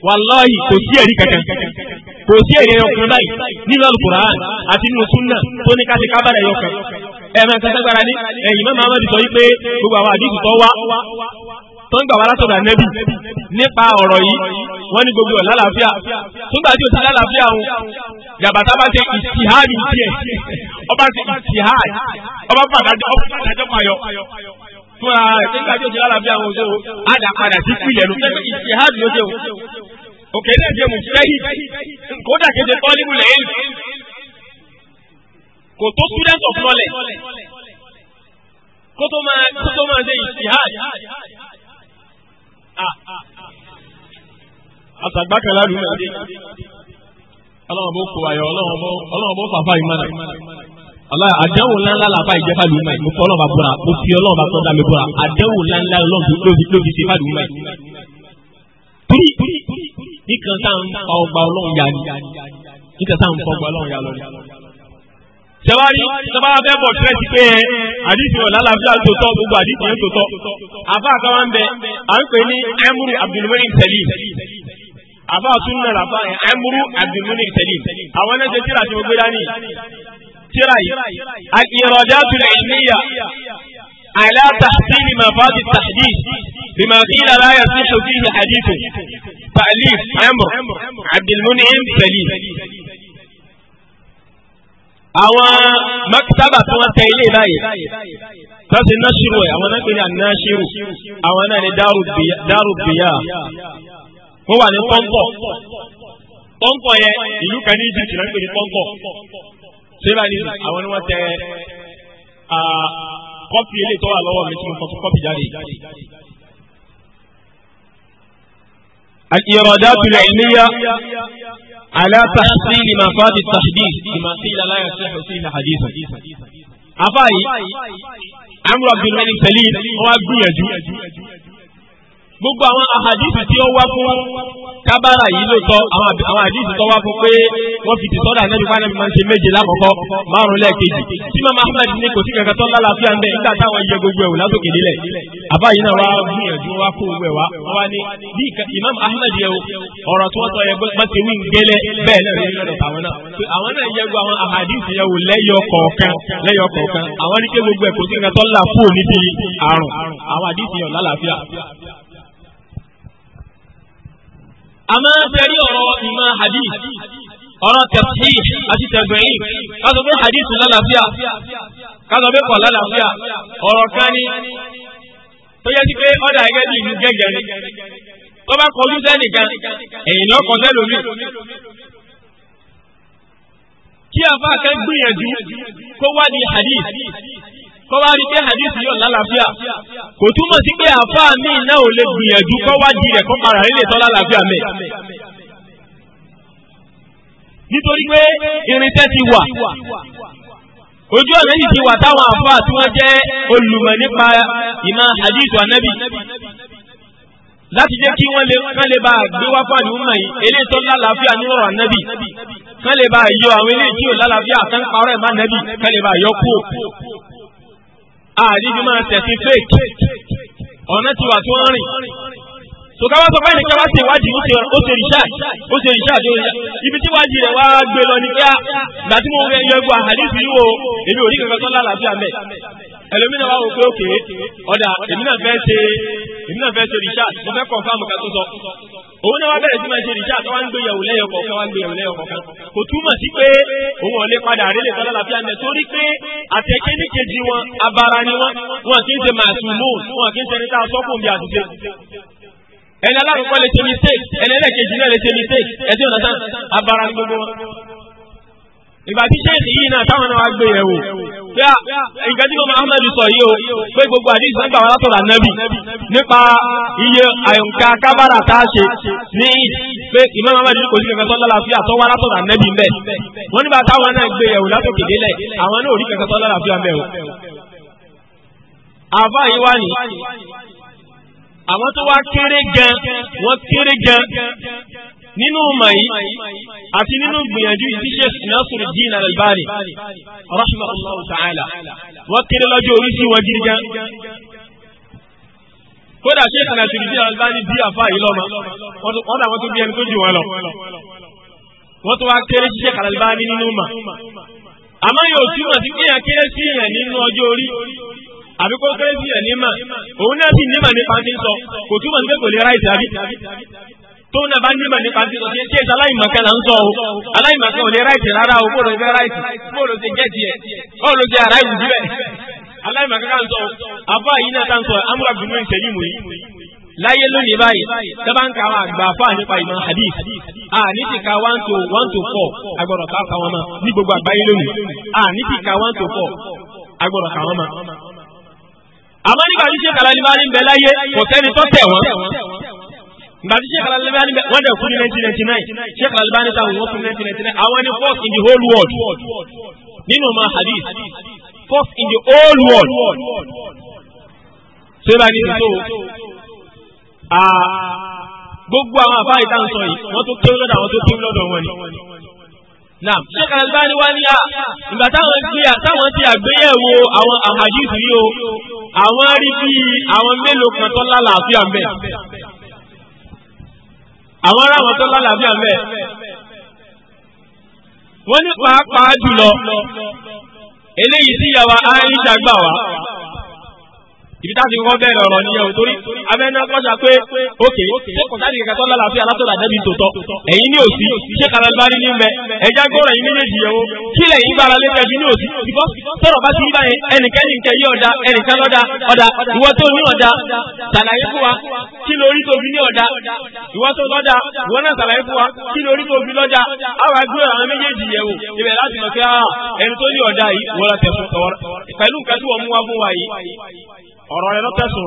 wàláhì kò sí ẹ̀rí kankan kò sí ẹ̀rí ọkùnrin báyìí nínú alukuraan àti nínú sunna tó ní káṣí kábàrà ẹ̀yọkan ẹ̀rọ kan tó gbára lé ẹ̀yìn mọ́ màmá ti sọ wípé gbogbo àwọn àdìsí tó wá tó ń gbà wá látọ̀dọ̀ ànẹ́bì nípa ọ̀rọ̀ yìí wọ́n ní gbogbo ọ̀la làáfíà túgbà tí o ti lálàáfíà òun yàbàtà bá ṣe ìtìhádì tiẹ̀ ọba ṣe ìtìhádì ọba fàdájọ́ fàdájọ́ payọ fún ara rẹ̀ nígbà tí o ti lálàáfíà òun ṣe o àdàpadà sí ìpìlẹ̀ ló ló ṣe o òkè náà jẹ́ mùsùlẹ́yì kódà kéde tọ́límù lẹ́yìn kò tó student of knowledge àtàgbà kan ládùúgbò àdé ọlọ́wọ́n bó kó ayọ̀ ọlọ́wọ́n bó fàfà ìmọ̀nà aláì àdéhùn ńláńlá làbá ìjẹ́fà lùmọ̀ yìí mo fọ́ ọlọ́wọ́n bá bọ́ra mo fi ọlọ́wọ́n bá tọ́jà mi bọ́ra àdéhùn ńláńlá lóbi ṣe fà lùmọ̀ yìí. torí nìkan tá à ń fa ọgbà ọlọ́run yá ni nìkan tá à ń fa ọgbà ọlọ́run yá lọ ni sẹwárí sábà fẹ́ bọ̀ tírẹ́sì pé ẹ àdìsí ọ̀la làbíyà tó tọ́ gbogbo àdìsí yẹn tó tọ́ àfa àkàwọn bẹ à ń pè ní ẹmúrú abdulmuni sẹlí àfa sunna làfa ẹmúrú abdulmuni sẹlí àwọn ẹni ṣe tíra tí mo gbé dání tíra yìí al-iradatu al-ilmiya ala tahsin mafati tahdid bima qila la yasihu fihi hadithu ta'lif amr abdulmuni sẹlí àwọn maktaba tí wọ́n tẹ ilé báyìí lọ́sẹ̀ náṣírò ẹ̀ àwọn náà pèlè ànáṣírò àwọn náà ni dárúbìyà wọ́n wà ní pọ́ńpọ̀ pọ́ńpọ̀ yẹ ìlú kan ní Egypt náà pèlè pọ́ńpọ̀ ṣé báyìí àwọn ni wọ́n tẹ kọ́pì ilé tó wà lọ́wọ́ mi tí mo fọ́tò kọ́pì jáde. al-iradat al على تحصيل مفاد التحديث لما قيل لا يصح فيه حديث أفاي عمرو عبد الملك سليم هو gbogbo àwọn àhàdìsì tí ó wá fún kábàrà yìí lóòótọ́ àwọn àhàdìsì tó wá fún pé wọ́n fi tìsọ́dà nẹ́bí fún anẹ́bí máa ń ṣe méje lákọ̀ọ́kọ́ márùn lẹ́ẹ̀kejì tí mama ahmed ní kò sí kankan tó lálàáfíà ńbẹ nígbà táwọn yẹ gbogbo ẹ̀wò látòkè nílẹ̀ àbá yìí náà wá gbìyànjú wá kó owó ẹ̀ wá wọ́n wá ní bí imam ahmed yẹ ọ̀rọ̀ tí wọ́n sọ yẹ bá ti wí ngẹ́lẹ́ bẹ́ẹ̀ náà ní lọ́dọ̀ táwọn náà àwọn náà yẹ gbogbo àwọn àhàdìsì yẹ wò lẹ́yọ kọ̀ọ̀kan lẹ́yọ kọ̀ọ̀kan àwọn àmọ́ sẹ́rí ọ̀rọ̀ ìmọ̀ hadith ọ̀rọ̀ tẹ̀sí àti tẹ̀gbẹ̀yìn kásọ̀ pé hadith lálàáfíà kásọ̀ pé kọ̀ lálàáfíà ọ̀rọ̀ kan ní tó yẹ sí pé ọ̀dà gẹ́gẹ́ bí ìlú gẹ́gẹ́ ni tó bá kọjú sẹ́nìkan èyí lọ́kọ̀ sẹ́lómi kí àfa akẹ́gbìyànjú kó wá di hadith kọ́ wá rí pé hadith yóò lálàáfíà kò túmọ̀ sí pé àáfàá mi náà ò lè gbìyànjú kọ́ wádìí rẹ̀ kọ́ para rẹ̀ lè tọ́ lálàáfíà mẹ́ nítorí pé irinṣẹ́ ti wà ojú ọ̀nà yìí ti wà táwọn àfáà tí wọ́n jẹ́ olùmọ̀ nípa ìmọ̀ hadith anabi láti jẹ́ kí wọ́n lè kán lè bá gbé wá fún àdúgbò yìí eléyìí tó lálàáfíà ní ọ̀rọ̀ anabi kán lè bá yọ àwọn eléyìí tí ò lálàáfíà kán parọ́ ẹ̀ má anabi kán lè bá yọ kú àdíjú máa tẹ̀sí fake ọ̀nà ti wà tó ń rìn sọ̀káwá sọ pé nìkan wá sí ìwádìí ó ṣe research ó ṣe research ó ṣe ibi tí wájú rẹ̀ wá gbé lọ ní pé ah, ìgbà tí mo yẹ gbọ́ àdíjú yìí wo èmi ò rí kankan tó lálàáfíà mẹ́ ẹlòmínà wà wò pé òkè ọ̀dà èmi náà fẹ́ ṣe èmi náà fẹ́ ṣe research mo fẹ́ confam ká tó sọ òun náà wá bẹ̀rẹ̀ sí máa ṣe research wá ń gbéyàwó lẹ́yọ̀ kọ̀ọ̀kan wá ń gbéyàwó lẹ́yọ̀ kọ̀ọ̀kan kò túmọ̀ sí pé òun ò lè padà rí lè tọ́lá làbí àná torí pé àtẹ̀kẹ́ ní kejì wọn abara ni wọn wọn kì í ṣe màsùmù wọn kì í ṣe ní ìgbà tí ṣéèkì yìí náà táwọn náà wá gbé yẹ̀wò pé ìgbà tí mọ́mọ́ ahmed sọ yìí o pé gbogbo àdìsí nígbà wọn látọ̀rọ̀ ànábì nípa iye àyọ̀ǹkà kábàrà tá a ṣe ní pé ìmọ̀ ahmed kò sí kankan tó lálàáfíà tó wá látọ̀rọ̀ ànábì ń bẹ̀ wọ́n nígbà táwọn náà gbé yẹ̀wò látòkè délẹ̀ àwọn náà ò rí kankan tó ń bẹ̀ àti nínú gbìyànjú tí Sheikh Nasiruddin Al-Albani rahimahullahu ta'ala wọ́n kéré lọ́jọ́ orí sí wọn gidi gan kódà Sheikh Nasiruddin Al-Albani bí àfa yìí lọ́mọ wọ́n dà wọ́n tún bí ẹni tó jù wọn lọ wọ́n tún wá kéré sí Sheikh albani nínú mà àmọ́ yóò túmọ̀ sí kéèyàn kéré sí yẹn nínú ọjọ́ orí àbí kó kéré sí yẹn ní mà òun náà sì ní mà nípa ti sọ kò túmọ̀ sí pé kò lè ráìsì àbí tó náà bá nímọ̀ nípa tí ọ̀sẹ̀ tí ẹ̀sẹ̀ là ń sọ o ò ráìtì rárá o ráìtì ti ti sọ àbá yìí náà sọ amúra mú yìí láyé lónìí báyìí ka ìmọ̀ hadith a ní ti ka one to one to four ka wọn ma ní gbogbo àgbáyé lónìí a ní ti ka one to four agbọ̀dọ̀ ká wọn ma. àmọ́ nígbà tí ṣé bá bẹ láyé kò sẹ́ni tó tẹ̀ gbàtí sheikh alalibani bẹ wọn dẹ fún ní nineteen ninety nine sheikh alalibani ta wọn fún nineteen ninety nine àwọn ni first in the whole world nínú ma hadith fourth in the whole world ṣé bá ní so gbogbo àwọn àfáà ìta ń sọ yìí wọn tó kéwú lọ́dọ̀ àwọn tó kéwú lọ́dọ̀ wọn ni. naam sheikh alalibani wá ní a ìgbà táwọn gbé táwọn ti àgbéyẹ̀wò àwọn ahadith yìí o àwọn rí bíi àwọn mélòó kan tó lálàáfíà mẹ́ẹ̀ àwọn ará wọn tó lálàáfíà mẹ́ wọ́n ní pàápàá jùlọ eléyìí tí yàwá Aisha gbà wá ibi tá a ti kọ́ bẹ̀rẹ̀ ọ̀rọ̀ ni ẹ̀wọ̀n torí abẹ́nú kọjá pé òkè ṣé kò sáré kẹkẹ tó lọ́la fi alátọ̀dà dẹ́bi tòótọ́ ẹ̀yin ní òsì ṣé kalabari ní mbẹ ẹja gbọ́rọ̀ yín méjèèjì yẹn o kí lẹ̀ yín gbára lẹ́kẹ́ bí ní òsì bíkọ́ sọ̀rọ̀ bá ti ń bá yẹn ẹnìkan nìkẹ́ yí ọ̀dà ẹnìkan lọ́dà ọ̀dà ìwọ tó ní ọ̀dà sàlàyé fún wa kí lórí tó fi ní ọ̀dà ìwọ tó lọ́dà ìwọ náà sàlàyé fún wa kí lórí tó fi ọ̀rọ̀ rẹ̀ lọ́tẹ̀sùn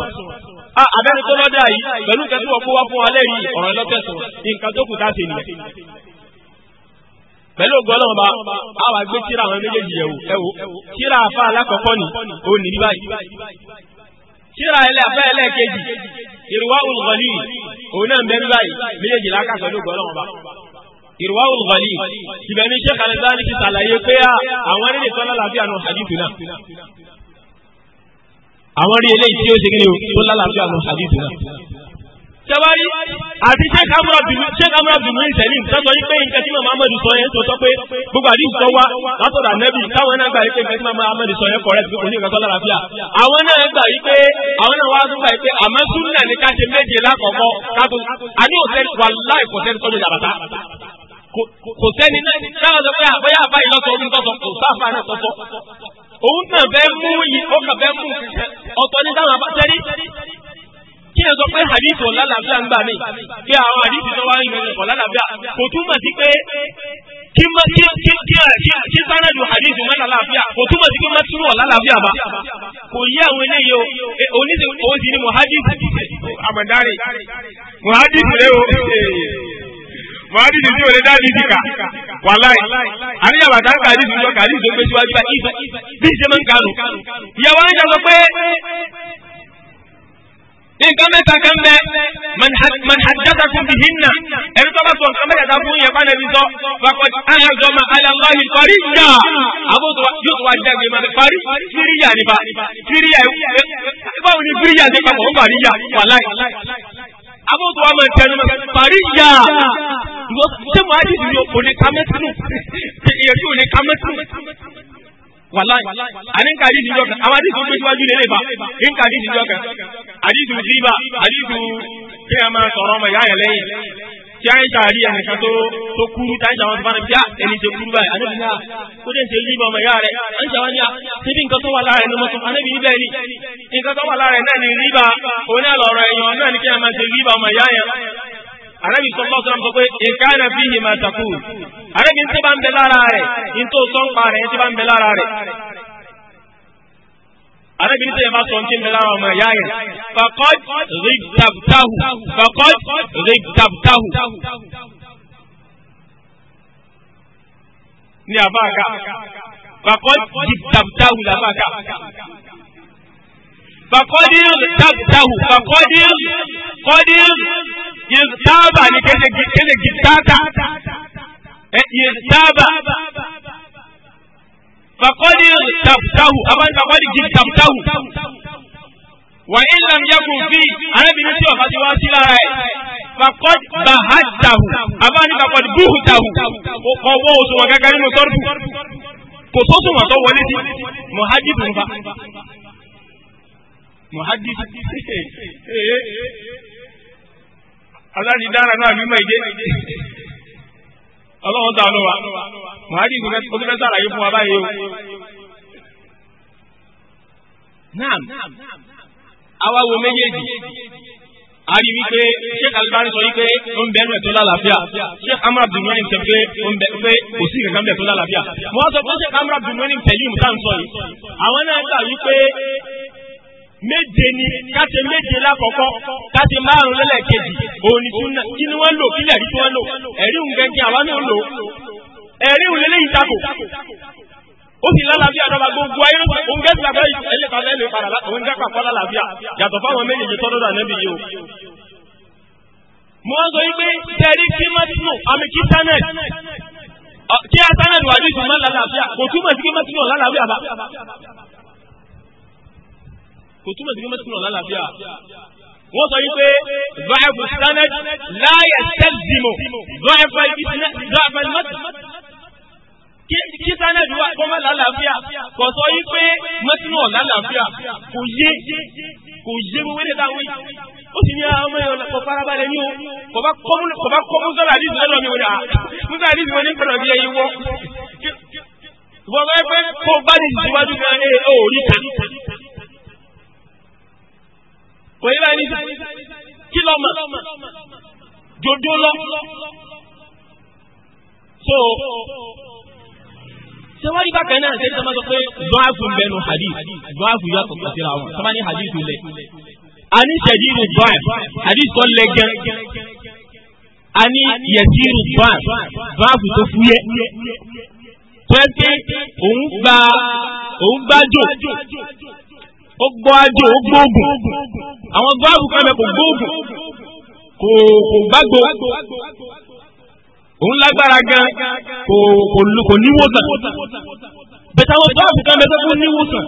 ah, abẹ́ni tó lọ́dà yìí pẹ̀lú nǹkan tí wọ́n kó wá fún wa lẹ́yìn ọ̀rọ̀ rẹ̀ lọ́tẹ̀sùn nǹkan tó kù táṣe nìyẹn. pẹ̀lú ògbọ́n náà bá a wà gbé tíra àwọn méjèèjì yẹ̀wò ẹ̀wò tíra àfa alákọ̀ọ́kọ́ ni ó nì ní báyìí tíra ẹlẹ́ afẹ́ ẹlẹ́ẹ̀kejì ìrùwá olùkọ́lì òun náà ń bẹ́ẹ̀ báyìí méjèèjì lákà pẹ̀lú ògbọ́n náà bá ìrùwá olùkọ́lì ìbẹ̀ni Sheikh Al-Albani ti ṣàlàyé pé ah, àwọn ẹni nìkan lálàáfíà náà hadithu náà àwọn rí eléyìí tí ó ṣe kíni o tó lálàáfíà lọ hadith náà. sẹ́wárí àti sheikh amúra bìmí sheikh amúra bìmí ìsẹ̀lì sọ́sọ yìí pé nǹkan tí màmá amadu sọ yẹn sọ pé gbogbo àdìsí sọ wá látọ̀dọ̀ ànẹ́bì táwọn náà gbà yìí pé nǹkan tí màmá amadu sọ yẹn correct pé kò ní nǹkan tó lálàáfíà. àwọn náà gbà yìí pé àwọn náà wá tó gbà yìí pé àmọ́ súnà ní ká ṣe méje lákọ̀ọ́kọ́ kátó àní òsẹ́ni wàláì kò sẹ́ni tọ́jú ìjàbàtà kò sẹ́ni náà sọ pé àbẹ́yà àbáyé lọ́sọ̀ọ́ òun náà fẹ́ mú ọ̀tọ̀ ní táwọn abátẹ́rí kí ẹ sọ pé hadith ọ̀làlàbíà ń gbà mí pé àwọn hadith tó wá ìrìnlẹ̀ ọ̀làlàbíà kò túmọ̀ sí pé kí kí sanadu hadith ọ̀làlàbíà kò túmọ̀ sí pé mẹ́túrú ọ̀làlàbíà bá kò yí àwọn eléyìí o e, oníṣẹ́ òun sì ni muhadith àmọ̀dárì muhadith rẹ o mọ̀hádìsì tí o lè dá dídì kà wàláì àríyá bàtà ń ka àdìsì sọ kàdìsì tó gbé síwájú báyìí bí ìṣe máa ń kanu ìyàwó Àìṣà sọ pé nǹkan mẹ́ta kan bẹ manhajata kun bi hinna ẹni tó bá sọ nǹkan mẹ́ta fún yẹn fún ẹni sọ fakọti ayọ̀dọ̀ ma alalahi fariya àbótó yóò tó wá jáde ma fari firiya nípa firiya báwo ni firiya ti papọ̀ ó fariya wàláì abóòtú wa máa ń tẹnu mọ́ parí yá ìwọ ṣé mo á dìbò yóò kò ní ká mẹ́tìrù èyàn tí ò ní ká mẹ́tìrù wàlá àní nka àdìsí ìjọ kan àwọn àdìsí ìjọ síwájú lè lè bá nka àdìsí ìjọ kan àdìsí ìjìbá àdìsí kí a máa sọ̀rọ̀ ọmọ ìyá yẹn lẹ́yìn tí àyíṣà rí ẹnìkan tó tó kúrú tí àyíṣà wọn ti bá nàbí ẹni tó kúrú báyìí anábì náà tó dé ṣe yí bọmọ ìyá rẹ àyíṣà wọn ni à síbi nǹkan tó wà lára ẹni mọ́tò anábì níbẹ̀ ni nǹkan tó wà lára ẹ̀ náà ni ríbà òun náà lọ̀rọ̀ ẹ̀yàn náà ni kí ẹ máa ṣe ríbà ọmọ ìyá yẹn arabi sọlọ sọlọ sọ pé nǹkan ẹ̀rọ fi hì máa takú arabi ń tí bá ń bẹ lára rẹ̀ arábìnrin tẹ̀yẹ̀ máa sọ ní tẹ̀mẹ́lá ọmọ ìyá rẹ̀ fakọ́d rigtabtahu fakọ́d rigtabtahu. ní abáàká fakọ́d rigtabtahu làbáàká. fakọ́dir rigtabtahu fakọ́dir kọ́dir yìí tábà ní kéde gitaka yìí tábà fàkọ́lì tàbùtàhù abáni fàkọ́lì jì tàbùtàhù wà ilà yàgò bí arábìnrin tí ọ̀fà ti wá sí lára ẹ̀ fàkọ́lì bàhátàhù abáni fàkọ́lì búhùtàhù ọwọ́ oṣù wọn gẹ́gẹ́ nínú sọ́rùkù kò sóṣùn wọn tó wọlé sí mọ̀hájìdù nfa mọ̀hájìdù aláàdì dára náà mímọ́ ìdé ọlọ́run sànù wa muhadi ìgbìmọ̀ tó ti fẹ́ sàlàyé fún wa báyìí o. naam àwa wo méjèèjì a rí wípé sheikh Albani sọ wípé ó ń bẹ ẹnu ẹ̀tọ́ lálàáfíà sheikh amra abdulmani sọ pé ó ń bẹ pé kò sí kankan bẹ ẹ̀tọ́ lálàáfíà mo sọ pé sheikh amra abdulmani pẹ̀lú ìmúta sọ yìí àwọn náà gbà wípé méje ni káṣe méje lákọ̀ọ́kọ́ káṣe márùn lẹ́lẹ́kejì òun ni súnà kí ni wọ́n lò kí lẹ̀rí tí wọ́n lò ẹ̀rí òun gẹ́gẹ́ àwa náà lò ẹ̀rí òun lélẹ́yìí tako ó sì lálàáfíà dọ́gba gbogbo ayé ló ń gẹ́ sí abẹ́rẹ́ ẹlẹ́ta lẹ́nu ìpadà òun gẹ́ pàpọ̀ lálàáfíà yàtọ̀ fáwọn méjèèjì tọ́dọ̀ ànẹ́bí yìí o. mo wá sọ yí pé tẹ̀rí kí mẹ́tínù àmì kí tánẹ̀tì kí atánẹ̀tì wà ní ìtumọ̀ lálàáfíà kò túmọ̀ sí kí mẹ́tínù lálàáfíà bá kò túmọ̀ sí pé mẹ́tìrì náà lálàáfíà wọ́n sọ wípé báyìí sanad láyé tẹ́lìmọ̀ báyìí mẹ́tìrì kí sanad wà kọ́mọ́ lálàáfíà kò sọ wípé mẹ́tìrì náà lálàáfíà kò yé kò yé gbogbo ẹni táwọn yìí ó sì ní àwọn ọmọ ẹ̀rọ kọ farabalẹ̀ ní o kò bá kọ́ musa àdìsí lọ́dọ̀ mi wọlé ah, musa àdìsí wọlé gbọ́dọ̀ bí ẹyin wọ́ ìwọ bá yẹ pé bá ní ìsíwájú kan ẹ ò rí kan kò yẹ báyìí kí lọ mọ̀ dodo lọ. so sẹ́wájú bákan náà ṣe é sọ́mọ́ sọ pé dọ́àfù bẹnu hadith dọ́àfù yàtọ̀ síra wọn sọ́mọ́ ní hadith lẹ̀ ani sadiru ban hadith tó lẹ̀ gan ani yasiru ban dọ́àfù tó fúyẹ́ pẹ́ẹ́tẹ́ òun gba òun gbájò ó gbọ́ ajé ó gbóògùn àwọn gbáàbù kan bẹ kò gbóògùn kò kò gbàgbó òun lágbára gan kò kò níwòsàn bẹ̀tẹ̀ àwọn báàbù kan bẹ tó níwòsàn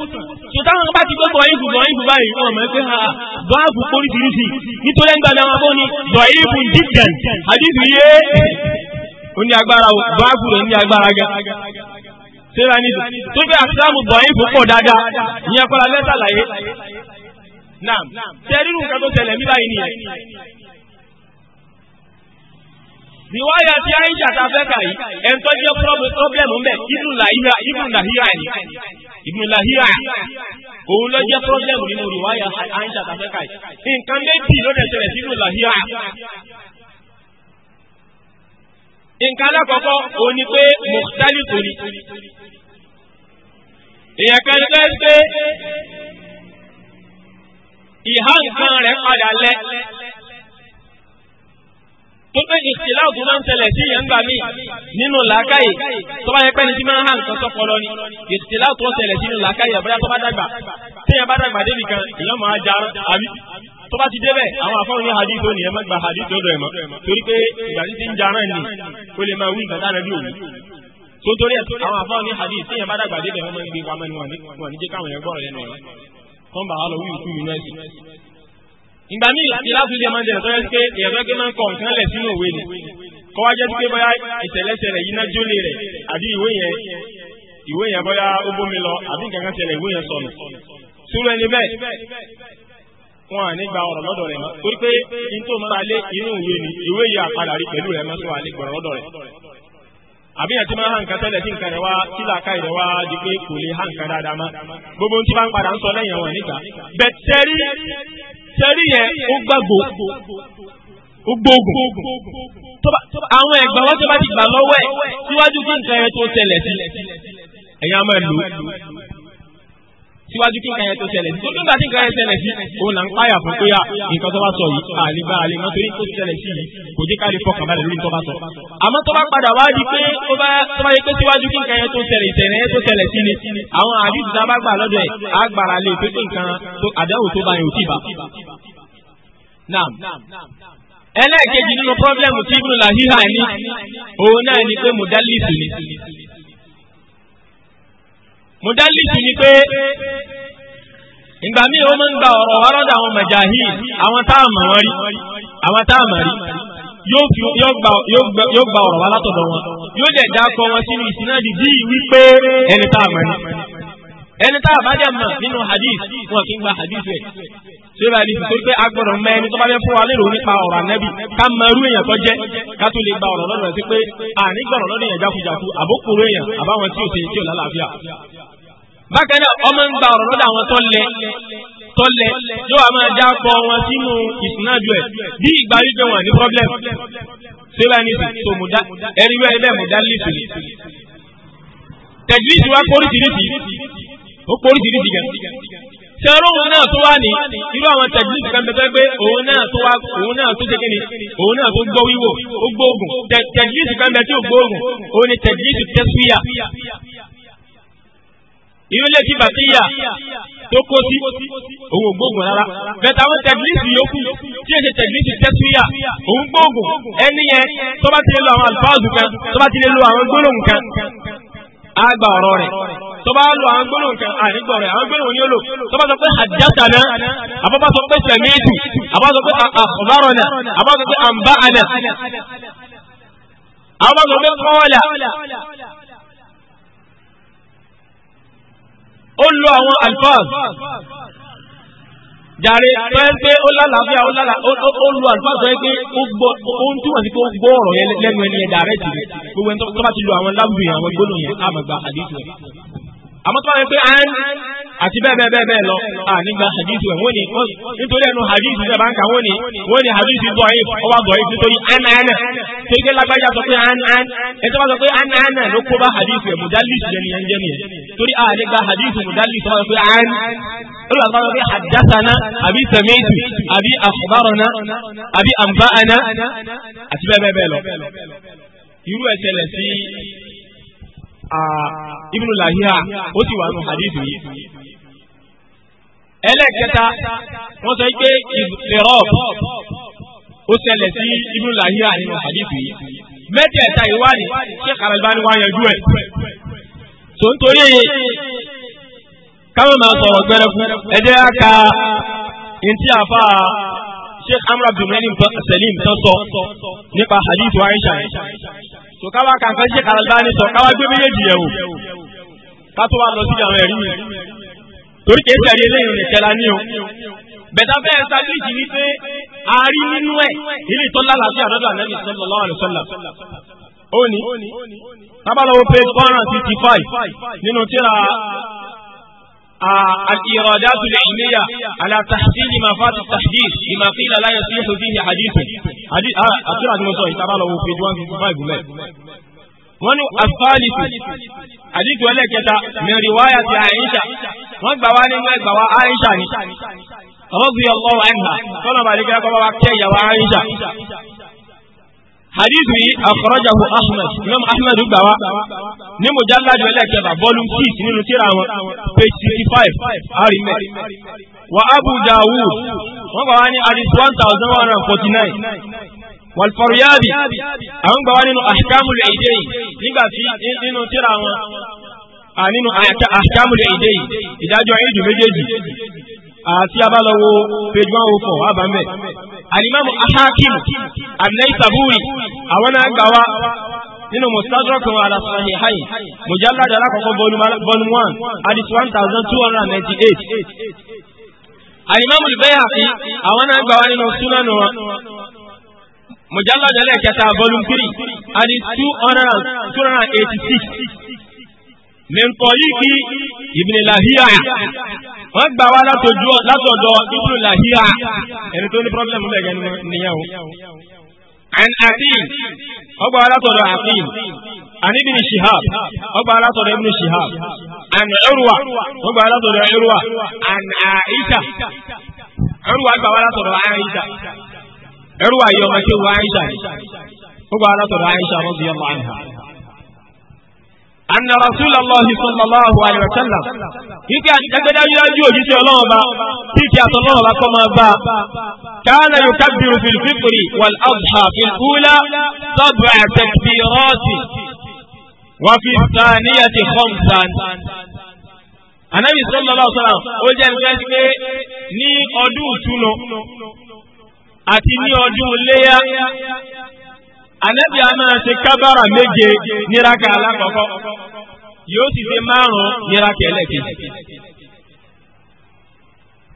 tó táwọn bá ti gbogbo ọyìn gbogbo ọyìn gbogbo báyìí wọn mọ̀ pé ha ah, báàbù oríṣiríṣi nítorí ẹgbẹ́ àti àwọn abọ́ni dọ̀yìnbù dídàn àdìsí yé ó ní agbára báàbù rẹ̀ ní agbára gan síra ní tó bí àtìlámù bọ̀yìn púpọ̀ dáadáa ní ẹ̀kọ́ra lẹ́tà láyé náà tẹ́rírù nǹkan tó tẹ̀lẹ̀ mí báyìí nìyẹn. Ìwáyà tí Aisha ta fẹ́ kà yìí, ẹn tó jẹ́ pọ́blẹ́mù mbẹ̀, Ibn Lahira ni. Ibn Lahira òun ló jẹ́ pọ́blẹ́mù nínú ìwáyà Aisha ta fẹ́ kà yìí. Nǹkan méjì ló dẹ̀ ṣẹlẹ̀ sí Ibn Lahira nǹkan alákọ̀ọ́kọ́ òun ni pé mọ̀tálì tó ni èèyàn kan ní fẹ́ẹ́ pé ìhá nǹkan rẹ̀ padà lẹ tó pé ìsìlá ògùn máa ń tẹlẹ̀ sí ìyẹn gbà mí nínú làákàyè tó bá yẹ pé ní tí máa ń hàn nǹkan sọpọlọ ni ìsìlá ògùn tẹlẹ̀ sí nínú làákàyè bóyá tó bá dàgbà téèyàn bá dàgbà débi kan ìyẹn máa já àbí tó bá ti débẹ̀ àwọn afọ́n ní hadith òní ẹ̀ má gba hadith lọ́dọ̀ ẹ̀ mọ́ torí pé ìgbà tí ti tó ń àwọn àfáà ní hadith tí bá dàgbà dé bẹ̀rẹ̀ wọn gbé pamọ́ ni wọn ní jẹ́ káwọn yẹn gbọ́rọ̀ lẹ́nu ẹ̀ kọ́n bá lọ wíwú kú yìí náà ìgbà míì ìlàsùn jẹ́ máa ń jẹ́ tọ́jú pé èèyàn fẹ́ máa ń kọ̀ nǹkan lẹ̀ sínú òwe ni kọ́ wá jẹ́ pé bóyá ìṣẹ̀lẹ̀ṣẹ̀ rẹ̀ yíná jólè rẹ̀ àbí ìwé yẹn ìwé yẹn bóyá ó bómi lọ àbí nǹkan kan ṣẹlẹ̀ àbí àti máa hànkà tẹ́lẹ̀ tí nǹkan rẹ̀ wá tí làákà rẹ̀ wá di pé kò lè hànkà dáadáa gbogbo tí wọ́n padà ń sọ lẹ́yìn àwọn níta bẹ́ẹ̀ tẹ́rí tẹ́rí yẹn ó gbàgbó ó àwọn tó síwájú kí nǹkan yẹn tó ṣẹlẹ̀ sí tó nígbà tí nǹkan yẹn ṣẹlẹ̀ sí òun là ń páyà fún pé ah, nǹkan tó bá sọ yìí àlebá àlemọ́ torí tó ṣẹlẹ̀ sí yìí kò jẹ́ ká lè fọkàn balẹ̀ lórí tó bá sọ. àmọ́ tó bá padà wá di pé tó bá yẹ pé síwájú kí nǹkan yẹn tó ṣẹlẹ̀ ìṣẹ̀lẹ̀ yẹn tó ṣẹlẹ̀ sí ni àwọn àdìsí tá a bá gbà lọ́dọ̀ ẹ̀ á gbàrà lè pé nǹkan àdáwò tó bá yẹn ò tí ì bá. Naam ẹlẹ́ẹ̀kejì nínú pọ́blẹ́mù tí ibùdó làhíhà ní òun náà ni pé mùdálìsì ni mudalisi ni pé ìgbà míì ó máa ń gba ọ̀rọ̀ wa lọ́dọ̀ àwọn màjáhì àwọn tá a mọ̀ wọ́n rí àwọn tá a mọ̀ rí yóò gba ọ̀rọ̀ wa látọ̀dọ̀ wọn yóò dẹ̀ dákọ wọn sínú ìsinádìí bíi wípé ẹni tá a mọ̀ ní ẹni tá a bá dẹ̀ mọ̀ nínú hadith wọn kì í gba hadith rẹ̀ ṣé bá hadith torí pé a gbọ́dọ̀ mọ ẹni tó bá fẹ́ fún wa lérò nípa ọ̀rọ̀ ànábì ká mọ irú èèyàn tó jẹ́ ká tó lè gba ọ̀rọ̀ lọ́dọ̀ rẹ̀ sí pé àní gbọ̀rọ̀ lọ́dọ̀ èèyàn jákujàku àbókùrú èèyàn àbáwọn tí ò bákan náà ọmọ ń gba ọ̀rọ̀ lọ́dọ̀ àwọn tọ́lẹ̀ tọ́lẹ̀ yóò wá máa dápọ̀ wọn sínú ìsúnájú ẹ̀ bí ìgbà yìí jẹun àní problem síbẹ̀ ní tó mùdá ẹni wẹ́ẹ́ bẹ́ẹ̀ mùdá lísì ni. tẹ̀jìlìsì wa póríṣiríṣi ó póríṣiríṣi gan. sẹ́rọ̀ òun náà tó wà ní irú àwọn tẹ̀jìlìsì kan pẹ́pẹ́ pé òun náà tó wá òun náà tó ṣe kíni òun náà kan pẹ́ tí ò gbóògùn òun ni tẹ̀jìlìsì tẹ́síyà irú ilé tí bàtíyà tó kó sí òun ògbóògùn rárá bẹ́ẹ̀ táwọn tẹ̀gílìsì yòókù tí èsè tẹ̀gílìsì tẹ́síyà òun gbóògùn ẹni yẹn tó bá ti lè lo àwọn àlùfáàzù kan tó bá ti lè lo àwọn gbólóhùn kan á gba ọ̀rọ̀ rẹ̀ tó bá lo àwọn gbólóhùn kan àrígbọ̀ rẹ̀ àwọn gbólóhùn yóò lò tó bá sọ pé àjàtàná àbábá sọ pé sẹ̀míìtù àbá sọ pé àkọ̀bárọ̀nà àbá sọ pé àǹbá àná àbá sọ pé kọ́ọ̀là ó lo àwọn alfaz jàre pẹ́ pé ó lálàáfíà ó lo alfaz sọ pé ó gbọ́ ó ń túmọ̀ sí pé ó gbọ́ ọ̀rọ̀ yẹn lẹ́nu ẹni ẹ̀dá rẹ̀ jù gbogbo ẹni tó bá ti lo àwọn lábùyàn àwọn gbólóhùn yẹn á máa gba àdéhùn àmọ́ tó bá yẹ pé an àti bẹ́ẹ̀ bẹ́ẹ̀ bẹ́ẹ̀ bẹ́ẹ̀ lọ à nígbà hadithu ẹ̀ wọ́n ni nítorí ẹnu hadithu ṣe bá ń kà wọ́n ni wọ́n ni hadithu bọ̀ ẹ̀ ọba bọ̀ ẹ̀ nítorí an an tó ike lágbájá sọ pé an an ẹ̀ tó bá sọ pé an an ló kó bá hadithu ẹ̀ mudallis jẹ́ nìyẹn jẹ́ nìyẹn torí à nígbà hadithu mudallis tó bá sọ pé an olùwà Ah, Ibn Lahiya ó sì wà nù hadith yìí. ẹlẹ́kẹta wọ́n sọ pé ìfẹ̀rọ̀b ó ṣẹlẹ̀ sí Ibn Lahiya nínú hadith yìí. mẹ́tẹ̀ẹ̀ta ìwádìí ṣé Al-Albani wá yanjú ẹ̀. tó ń torí káwọn máa sọ̀rọ̀ gbẹrẹfu ẹ̀jẹ̀ á ka ntí àfa Sheikh Amr Abdulmanin Salim tó sọ nípa hadith wa Aisha so káwa kankan ṣe Al-Albani sọ káwa gbé méjèèjì yẹ̀ wò ká tó wà lọ sí àwọn ẹ̀rí mi torí kìí ṣe ẹ̀yẹ lẹ́yìn nìkẹ́ la ní o bẹ̀dá bẹ́ẹ̀ sábẹ́jì ni pé a rí nínú ẹ̀ ilé ìtọ́lá làbí àdọ́dọ̀ ànábì sallallahu alaihi wasallam ó ní tábàlọ́wọ́ page one hundred and fifty five nínú tíra الإرادات العلمية على تحصيل مفاد التحديث لما قيل لا يصيح فيه حديث حديث آه أقرأ الموضوع ترى له في جوان 55 wọ́n ní afáàlìtù àdìtù ẹlẹ́kẹta mẹ́rin wáyà ti àyíṣà wọ́n gbà wá nínú ẹgbà wá àyíṣà ni ọ̀gbìn ọlọ́wọ́ ẹ̀ńdà tọ́lọ̀ bàdìkẹ́ kọ́ bá wá kẹ́ ìyàwó àyíṣà hadith yìí akhrajahu ahmed imam ahmed gbà wá ní mujalladu ẹlẹ́kẹ̀ẹ́bà volume six nínú tírà wọn page sixty five arimẹ wa abu dawud wọn gbà wá ní hadith one thousand one hundred forty nine walfariyadi àwọn gbà wá nínú ahkamul aidain nígbà tí nínú tírà wọn nínú ahkamul aidain ìdájọ́ ìdù méjèèjì àti abálọ́wọ́ page one oh four abamẹ́ alimami ahakim anaisaburi àwọn náà gbà wá nínú mustadrak alasahi hayi mujallad alakoko volume one hadith one thousand two hundred and ninety eight Alimamu bayhaqi àwọn náà gbà wá nínú sunan wa mujallad alakata volume three hadith two hundred and two hundred and eighty six min tariqi ibn lahiya wọ́n gbà wá látọ̀dọ̀ ibùdó làhíà ẹni tó ní pọ́blẹ́mù bẹ́ẹ̀ gẹ́gẹ́ nìyẹn o. عن عقيل أبو على عقيل عن ابن شهاب أبو على ابن شهاب عن عروة أبو على عروة عن عائشة عروة أبو على عائشة عروة يوم كيو عائشة أبو على عائشة رضي الله عنها anna rasulallah sallallahu alayhi wa sallam ike àtẹgbẹdá yíyájú òjíṣẹ Ọlọ́run ba kíkì àtọ Ọlọ́run ba kọ máa bá kana yukabbiru fil fitri wal adha fil ula sab'a takbirati wa fi thaniyati khamsan. anabi sallallahu alayhi wa sallam ó jẹ́ nǹkan pé ní ọdún ìtúnu àti ní ọdún léyà Ànábì a máa ṣe kábàrà méje níraka alákọ̀ọ́kọ́ yóò sì ṣe márùn-ún níraka ẹlẹ́kejì.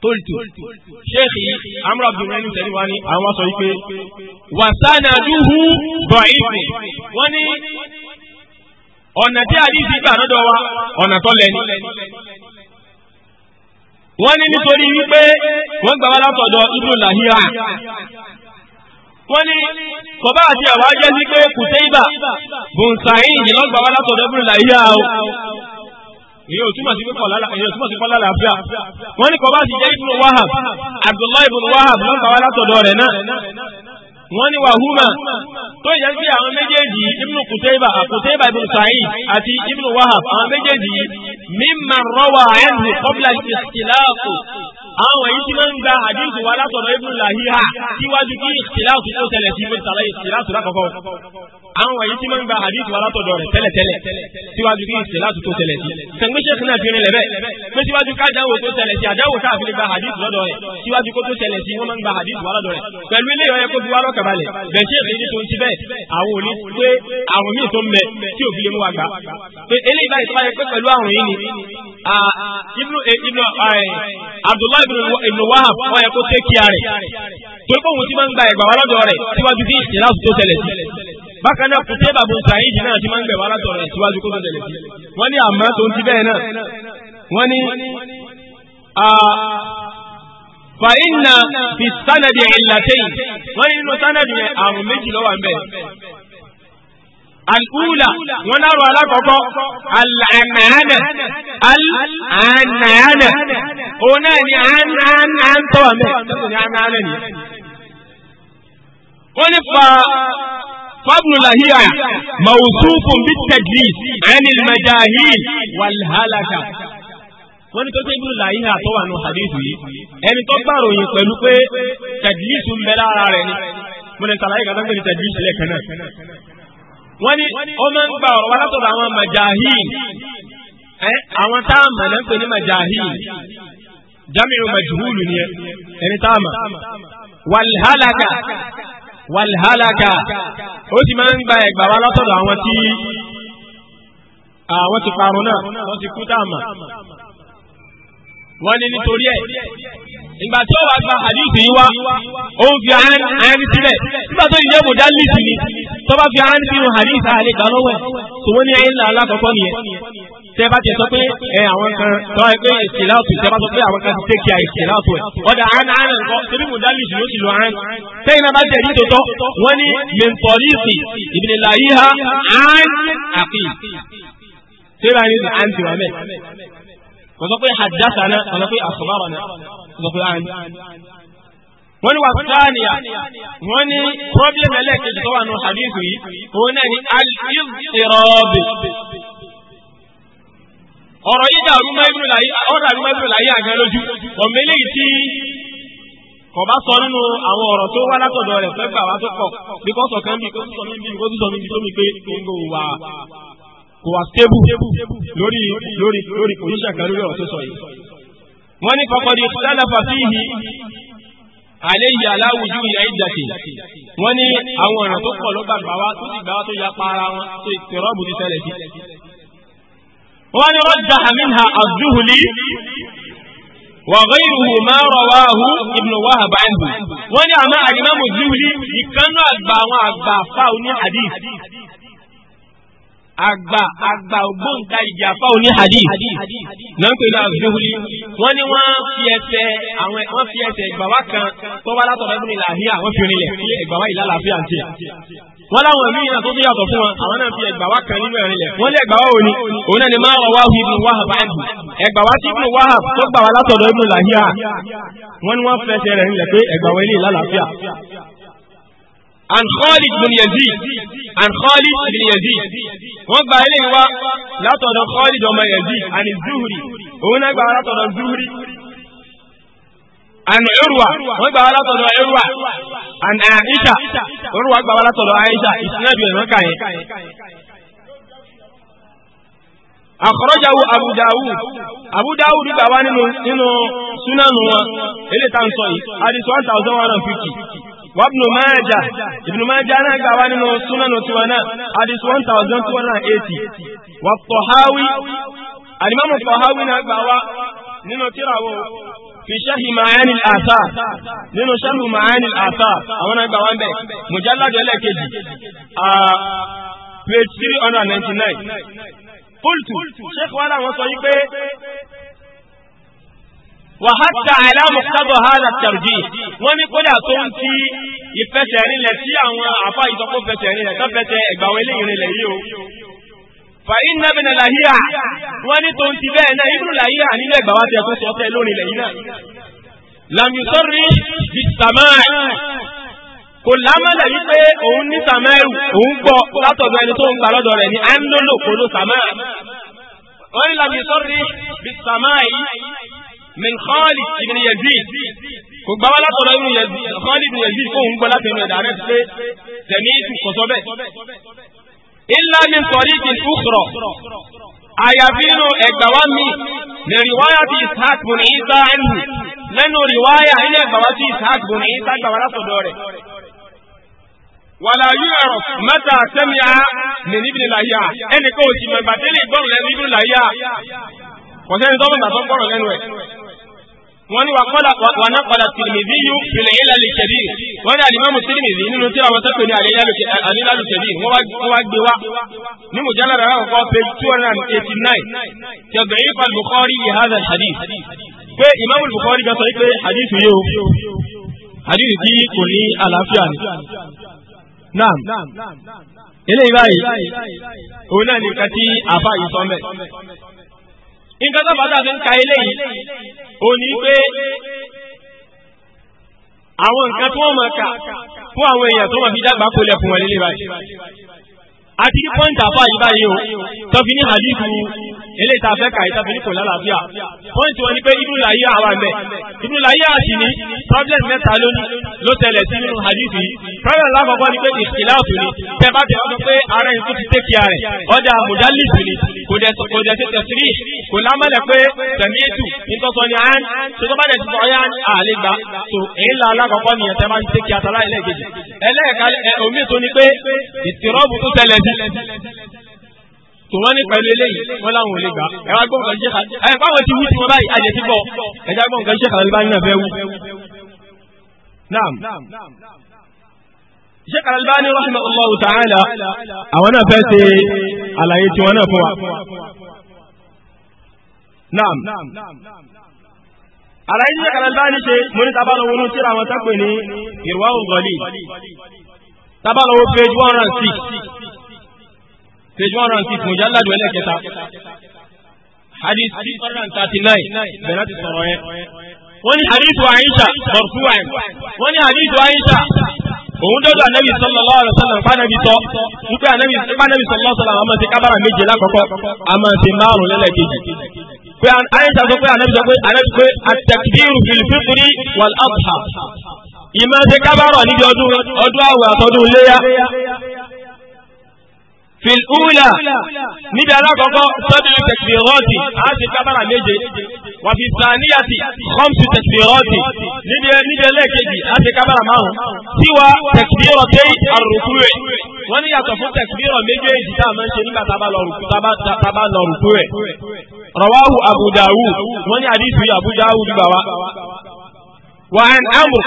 Toltu Amr Abdulrahim Sẹ́ni wa ni àwọn sọ wípé Wàsánà Dúhù Bọ̀ìfì wọ́n ní ọ̀nà tí àdìsí gbà lọ́dọ̀ wa ọ̀nà tó lẹ́ni wọ́n ní nítorí wípé wọ́n gbà wá látọ̀dọ̀ ibùdó làhíà wọ́n ní bọ́bá àti ẹ̀wà jẹ́ sí pé kùtẹ́ìbà bùnsàáyìn yìí lọ́gbà wá látọ̀dọ̀ bùrù làyíyá o èyí ò túmọ̀ sí pé kọ̀ọ̀lá èyí ò túmọ̀ sí kọ̀ọ̀lá làáfíà wọ́n ní kọ̀ọ̀bá àti jẹ́ ibùn wahab abdullahi ibùn wahab lọ́gbà wá látọ̀dọ̀ rẹ̀ náà wọ́n ní wàhúmà tó yẹ sí àwọn méjèèjì ibùn kùtẹ́ìbà kùtẹ́ìbà ibùn sàáyìn àti ibùn wahab àwọn méjèèjì mímà rọwà ẹ̀ àwọn èyí tí máa ń gba àdínkù wa látọ̀dọ̀ ibùdó làhíhà síwájú kí ìṣìlá òtútù tẹ̀lẹ̀ sí ibi tàlẹ́ ìṣìlá òtútù lákọ̀ọ́kọ́ àwọn wọ̀nyí tí máa ń gba hadith wa látọ̀dọ̀ rẹ̀ tẹ́lẹ̀tẹ́lẹ̀ síwájú kí ìsìláàtù tó tẹ̀lẹ̀ sí. sẹ̀ǹgbẹ́sẹ̀ kan náà fi rin lẹ́bẹ̀ pé síwájú ká àdáwò tó tẹ̀lẹ̀ sí àdáwò tá a fi lè gba hadith lọ́dọ̀ rẹ̀ síwájú kó tó tẹ̀lẹ̀ sí wọ́n máa ń gba hadith wa lọ́dọ̀ rẹ̀ pẹ̀lú ilé ọ̀yẹ́ kó fi wá lọ́kàbalẹ̀ bẹ̀ṣẹ̀ èyí tó ń ti bẹ́ẹ̀ àwọn ò ní pé àrùn míì tó ń bẹ tí òbí bákan náà kùté bàbá Sa'id náà ti máa ń gbẹ̀wá látọ̀rọ̀ síwájú kó tó tẹ̀lé sí wọ́n ní àmọ́ tó ń ti bẹ́ẹ̀ náà wọ́n ní fàínà fi sánàdì ìlàtẹ́yìn wọ́n ní nínú sánàdì yẹn àrùn méjì ló wà ń bẹ. الأولى ونرى لكم العنعنة العنعنة هنا عن عن عن توامي عن عن عن فابن لهيع موصوف بالتدليس عن المجاهيل والهلكة wọ́n ní tó ṣe ibùdó làyè àtọ́ wà nù hadith yìí ẹni tó gbàròyìn pẹ̀lú pé tẹ̀dílísù ń bẹ lára rẹ̀ ni mo lè ṣàlàyé kàtà pé tẹ̀dílísù lẹ́ẹ̀kan náà. wọ́n ní ó máa ń gba ọ̀rọ̀ wá látọ̀dọ̀ àwọn majahil àwọn tá a mọ̀ náà ń pè ní majahil jamiu majhulu ni ẹni tá a mọ̀ wàlhálàkà wàlhálàkà ó sì máa ń gba ẹ̀gbà wa látọ̀dọ̀ àwọn tí àwọn ah, ti parun náà wọ́n ti kú táàmà wọ́n ní nítorí ẹ̀ ìgbà tí ó wà gba àdìsí yìí wá ó ń fi àárín sílẹ̀ nígbà tó ìyẹ́ kò dá líìsì ni tó bá fi àárín sínú àdìsí àlejò alówẹ̀ tòun ní ẹ̀yìn làálàá kọ̀ọ̀kan nìyẹn tẹ́ bá ti sọ pé ẹ àwọn kan tọ́ ẹ pé ìṣèláàtù tẹ́ bá sọ pé àwọn kan ti tẹ́kì àìṣèláàtù ẹ̀ ọ̀dà àánà àánà nǹkan torí mùdálìsì ló ti lọ àán tẹ́yìn náà bá jẹ́ ìdí tòótọ́ wọ́n ní mẹ́ńtọ́lìsì ìbìnìláyíhá àán àfi tẹ́lá ní àǹtí wa mẹ́ wọ́n sọ pé hadathana wọ́n sọ pé akhbarana wọ́n sọ pé àán wọ́n ní wàtáníyà wọ́n ní problem ẹlẹ́ẹ̀kejì tó wà nù hadith yìí ọ̀rọ̀ yìí dàrú mọ́ Ibn Lahiya àgán lójú ọ̀mẹ́lẹ́ yìí tí kò bá sọ nínú àwọn ọ̀rọ̀ tó wá látọ̀dọ̀ rẹ̀ fẹ́ gbà wá tó pọ̀ bí kò sọ kan bí kò sọ mí bí kò sọ mí bí tó mi pé kò wà kò wà stable lórí lórí lórí position kan lórí ọ̀rọ̀ tó sọ yìí. wọ́n ní kọ́kọ́dí sálàfà fíìhì àléyìí aláwùjú ìyá ìjàkè wọ́n ní àwọn ọ̀ràn tó pọ̀ ló gbàgbà wá tó sì gbà wá tó yapa ara wọn tó ìtẹ̀rọ̀bù ti tẹ̀lẹ̀ sí. وأن رجح منها الزهلي وغيره ما رواه ابن وهب عنه وأن أما الإمام الزهلي كان أتباع أتباع فاوني حديث Agba Agba ògbóǹta ìdí àfa òní hadith náà ń pè lọ àbíhúrí wọn ni wọn fi ẹsẹ̀ àwọn wọn fi ẹsẹ̀ ìgbàwá kan tọwọ alátọrọ ẹbùn ilà àhíyà wọn fi rinlẹ̀ fi ìgbàwá ìlà àlàáfíà ń tẹ wọn láwọn ìlú yìí náà tó tún yàtọ̀ fún wọn àwọn náà fi ìgbàwá kan nínú ẹrin lẹ wọn lé ìgbàwá òní òun náà ni máa wà wáhù ibùn wáhàb àìbù ẹgbàwá tí ibùn wáhàb tó gbà wá látọ̀dọ̀ ibùn làhíà wọn ni wọn fẹsẹ̀ rẹ̀ nílẹ̀ pé ẹgbàwá ilé ìlà àlàáfíà عن خالد بن يزيد عن خالد بن يزيد وقع إليه و... لا تدع خالد وما يزيد عن الزهري هنا قال لا تدع الزهري عن عروة وقع لا تدع عروة عن عائشة عروة قال لا تدع عائشة إسناد ومكة أخرجه أبو داود أبو داود قال إنه سنن إلي تنصي هذه 1150 وابن ماجه ابن ماجه انا قاواني نو سنن وتوانا حديث 1280 والطحاوي الامام الطحاوي انا قاوا نينو تيراو في شرح معاني الاثار نينو شرح معاني الاثار انا قاوان بي مجلد ولا كيجي آه page 399 قلت شيخ ولا وصيبه wàhátà àìlámùsádọ̀ hánà tẹ̀rùjì wọ́n ní kódà tó ń ti ìfẹsẹ̀ rinlẹ̀ tí àwọn àfa ìsọkó fẹsẹ̀ rinlẹ̀ tó fẹsẹ̀ ẹ̀gbàwọ̀ eléyìí rinlẹ̀ yìí o. fàyín nàbẹ̀nà làhíà wọ́n ní tó ń ti bẹ́ẹ̀ náà ibùdó làhíà nínú ẹ̀gbàwá tẹ̀ tó sọ tẹ̀ lórí ilẹ̀ yìí náà. làmùsọ̀rì bí sàmáì kò lámàlà wípé òun ní sàmáìrù òun gbọ́ látọ̀dọ̀ ẹni tó ń gbà lọ́dọ̀ rẹ̀ ní andolo kodo sàmáì. wọ́n ní làmùsọ̀rì bí sàmáì min Khalid ibn Yazid kò gbá wá látọ̀dọ̀ ibn Yazid Khalid ibn Yazid kò ń gbọ́ láti ẹnu ẹ̀dá rẹ̀ pé tẹ̀mí ìtù kọ̀sọ́ bẹ́ẹ̀. illa min tariqin ukhra àyàfi inú ẹ̀gbà wa mi lè riwaya ti Ishaq ibn Isa anhu lẹ́nu riwaya ilé ẹ̀gbà wa ti Ishaq ibn Isa gbà wá látọ̀dọ̀ rẹ̀. ولا يعرف متى سمع من ابن لاهيا ẹnì kan ò sì mọ̀ ìgbà tẹ́lẹ̀ gbọ́rọ̀ lẹ́nu ibn لاهيا kò sẹ́ni tó ìgbà tó gbọ́rọ̀ lẹ́nu ẹ̀ wọ́n ní wàhánà padà tìrìmìzì yú fìlẹ̀ ìlàlì kẹbí wọ́n ní àlìmọ́mù tìrìmìzì nínú tí àwọn tẹ́kọ̀ọ́ ní àlìlàlì kẹbí wọ́n wá gbé wá ní mùjálà rẹ̀ àkọ́kọ́ page two hundred and eighty nine tẹ̀gbẹ̀ yìí fa Bukhari yìí pé ìmáàmù Bukhari gbàtọ̀ yìí pé hadith yìí o tí kò ní àlàáfíà ni. eléyìí báyìí òun náà ní kàtí àfa yìí sọ́mẹ̀ nǹkan tó bàtà fi ń ka eléyìí ò ní pé àwọn nǹkan tó wọ́n máa kà fún àwọn èèyàn tó máa fi dàgbà kó lẹ̀ wọn lélẹ̀ báyìí àti pọ́ǹtà fáyìí báyìí o tó ní hadithu eléyìí tá a fẹ́ kà yìí tàbí ní kò lálàáfíà pọ́ǹtì wọn ni pé ibùdó láyé àwa mẹ́ ibùdó láyé àti ní problem mẹ́ta ló tẹ̀lẹ̀ sí nínú hadith yìí problem lákọ̀ọ́kọ́ ni pé ìkìláàtù ni tẹ́ bá tẹ̀ wọ́n pé ara ẹni tó ti tẹ́ kíá rẹ̀ ọjà mùdálìsù ni kò dẹ̀ ṣe tẹ̀sírì kò lámọ̀lẹ̀ pé tẹ̀míyẹ́tù nítọ́sọ ni àán tó bá tò wọ́n ní pẹ̀lú eléyìí wọ́n láwọn ò lè gbà ẹ wá gbọ́n kan ṣe kà ẹ báwọn ti wí tí wọ́n báyìí àjẹ ti bọ̀ ẹ já gbọ́n kan ṣe kà lórí báyìí náà fẹ́ wú. naam ṣe kà lórí báyìí ní rahman allah ta'ala àwọn náà fẹ́ ṣe àlàyé tí wọ́n náà fún wa. naam àlàyé ṣe kà báyìí ṣe mo ní tábà lọ́wọ́ tí àwọn tápè ní ìrùwá ògọ́lì tábà lọ́wọ́ page one hundred and six page one round six mọ̀já ládùú ẹlẹ́kẹta hadith three hundred and thirty nine bẹ̀rẹ̀ láti sọ̀rọ̀ yẹn. wọ́n ní hadith Aisha bọ̀rùfù wáyé wọ́n ní hadith Aisha òun dọ́dọ̀ anabi sallallahu alaihi wasallam fanabi sọ wípé anabi fanabi sallallahu alaihi kábàrà méje lákọ̀ọ́kọ́ a márùn lẹ́lẹ́kejì ìmọ̀ ṣe kábàrà níbi ọdún àwẹ̀ àtọ́dún léyà في الأولى نبي على بابا سبع تكبيرات هذه كبرة نجي وفي الثانية خمس تكبيرات نبي نبي لك يجي هذه كبرة معه سوى تكبيرتي الركوع وني يتفو تكبيرة نجي يجي تعمل شيء تبع تبع الركوع رواه أبو داود وني حديث أبو داود بابا وعن أمر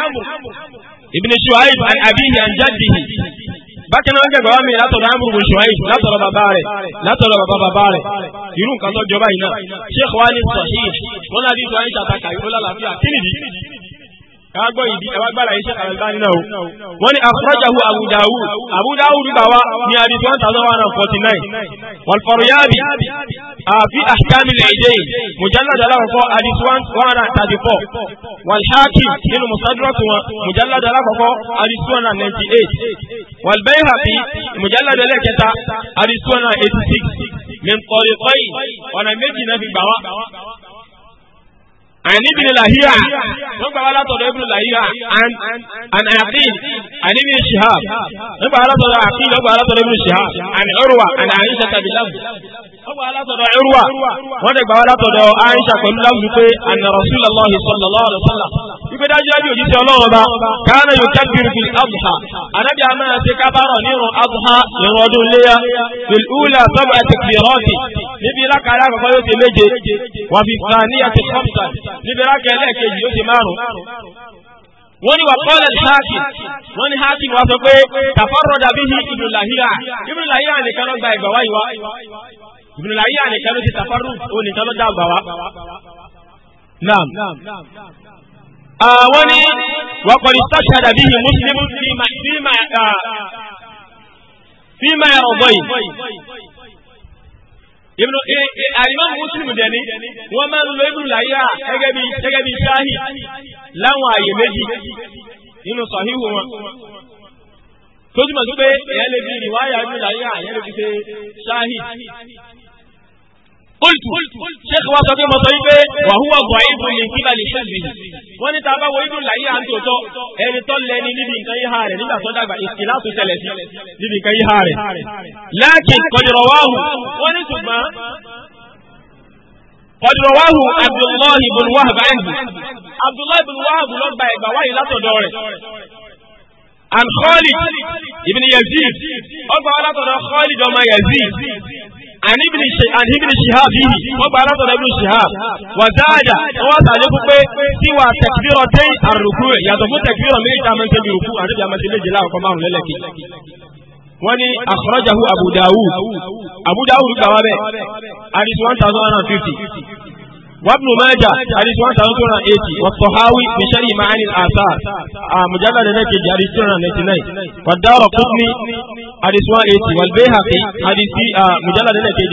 ابن شعيب عن أبيه عن جده bákan náà gbẹgbẹ mi, látọ̀dọ̀ amúrùbù ṣùháì látọ̀dọ̀ bàbá rẹ̀ látọ̀dọ̀ bàbá bàbá rẹ̀ irú nǹkan tó jọba yìí náà ṣé kò wá ní sọ̀hí wọn láti sọ àyíṣà àtàkà ìfọlá làbíà ẹwà gbọ́ ìdí ẹwà gbára iṣẹ́ Al-Albani náà wọ́n ní afrajahu Abu Dawud Abu Dawud gbà wá ní àbí one thousand one hundred forty nine wal-Faryaabi àfi ahkamil idayn mujallad alákọ̀ọ́kọ́ àbí one hundred thirty four wal-Hakim nínú mustadrak wọn mujallad alákọ̀ọ́kọ́ àbí two hundred ninety eight wal-Bayhaqi mujallad ẹlẹ́kẹta àbí two hundred eighty six min tariqayn ọ̀nà méjì náà fi gbà wá. عن ابن لهيعة نبقى على طول ابن لهيعة عن عن عقيل عن ابن شهاب نبقى على طول عقيل نبقى على طول ابن شهاب عن عروة عن عائشة بلفظ ọwọ́ alátọ̀dọ̀ ẹrúwà wọ́n dẹ̀ gbà wá látọ̀dọ̀ Aisha pẹ̀lú láwùjú pé àná Rasulullahi sallallahu alaihi wasallam ipe dájúdájú òjíṣẹ́ Ọlọ́run ọba káàna yóò kẹ́kìrì fi adùhà anábì àmà ṣe kábàárọ̀ nírun adùhà nírun ọdún léyà fìlúùlà sọ́bà ti kìrọ́ọ̀tì níbi lákàrẹ́ àkọ́kọ́ yóò ti méje wọ́n fi kàn ní àti kọ́mùtà níbi lákàrẹ́ lẹ́ẹ̀kejì yóò ti márùn wọ́n ní wà kọ́lẹ̀ ṣáàkì wọ́n ní ṣáàkì wọ́n sọ pé kàfọ́rọ̀ dàbí ní ìlú làhíyà ìlú làhíyà nìkan lọ́gbà ìgbà wáyé wá Ibn Lahiya nìkan ló ti tàfárù ó nìkan ló dàgbà wá. Naam. Àwọn ni wọ́n kọ́ni sọ́ọ̀ṣà dàbí yìí Mùsùlùmí fíìmà fíìmà fíìmà ọ̀bọ yìí. Ibn Alimam Mùsùlùmí dẹ̀ni wọ́n máa ń lo Ibn Lahiya gẹ́gẹ́ bí gẹ́gẹ́ bí Ṣáhì láwọn àyè méjì nínú sọ̀híwò wọn tó túmọ̀ sí pé èèyàn lè fi ìwáyà Ibn Lahiya èèyàn lè fi ṣe Olùtù Sheikh wa sọ pé mo sọ yí pé wàhúwà bọ̀ọ̀yì bò lè kíbà lè ṣẹ́lẹ̀ yìí. Wọ́n ní tá a bá wo ibù láyé à ń tòótọ́ ẹni tó lẹni níbi nǹkan yíha rẹ̀ nígbà tó dàgbà ìsìn láti ṣẹlẹ̀ sí níbi nǹkan yíha rẹ̀. Láàkì kọ̀dùrọ̀wáhù wọ́n ní ṣùgbọ́n kọ̀dùrọ̀wáhù Abdullahi bin Wahab ẹ̀hìn. Abdullahi bin Wahab ló gba ẹ̀gbà wáyé látọ̀dọ̀ An Khalid ibn Yazid, ọgbà wọn látọ̀dọ̀ Khalid ọmọ Yazid àníbìlì ṣe àníbìlì ṣìhábì yìí wọ́n gba alátọ̀dọ̀ ibùdó ṣìhábì wà dáadáa wọ́n wá sàlékún pé tí wà tẹ̀kìbírọ̀ dé àrùkú rẹ̀ yàtọ̀ fún tẹ̀kìbírọ̀ méjì tá a máa ń tẹ́bi òkú àdébí a máa láàkọ́ márùn lẹ́lẹ́kì. wọ́n ní akhrajahu Abu Dawud Abu bẹ́ẹ̀ àdìsí one thousand one hundred fifty. وابن ماجه حديث 1280 والطحاوي بشرح معاني الآثار مجلد نتي حديث 299 والدار قطني حديث 180 والبيهقي حديث مجلد نتي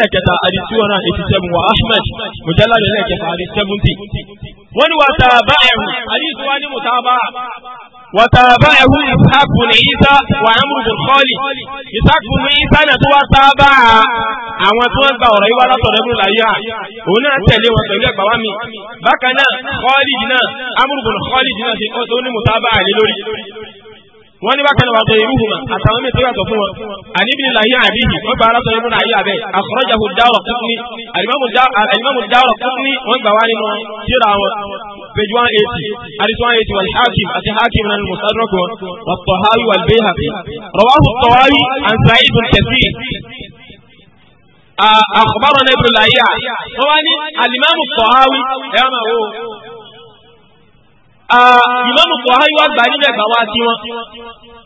نكتا حديث 287 وأحمد مجلد نكتا حديث 70 وتابعه حديث 1 متابعه وتابعه إسحاق بن عيسى وعمرو بن خالد إسحاق بن عيسى نتوى تابع àwọn tí wọ́n gba ọ̀rọ̀ yìí wá látọ̀dọ̀ Ibn Lahiya òun náà tẹ̀lé wọn pẹ̀lú ẹ̀gbà wá mi bákan náà Khalid náà Amr ibn Khalid náà ṣe ọ́ tó ní mùtábà àlè lórí wọ́n ní bákan wà gbẹ̀yìn rúhùmá àtàwọn mẹ́ta yàtọ̀ fún wọn àníbìnrin làyé àbíyì wọ́n gba aláṣọ yẹn fún àyè abẹ́ àkọ́rọ́jàhù dáwọ̀ kúkúni àlìmọ́mù dáwọ̀ kúkúni wọ́n gbà wá nínú tíra wọn page one eighty àdìsí one eighty wàlí hakim àti hakim nínú musadrak wọn wà tọ́háwí wàlí bẹ́hàkì rọ̀wáhù tọ́háwí àǹsáyé tó kẹsí àkọ́bárọ̀ ìmáàmù ah, Buhari wá gbà nínú ẹ̀gbà wá sí wọn.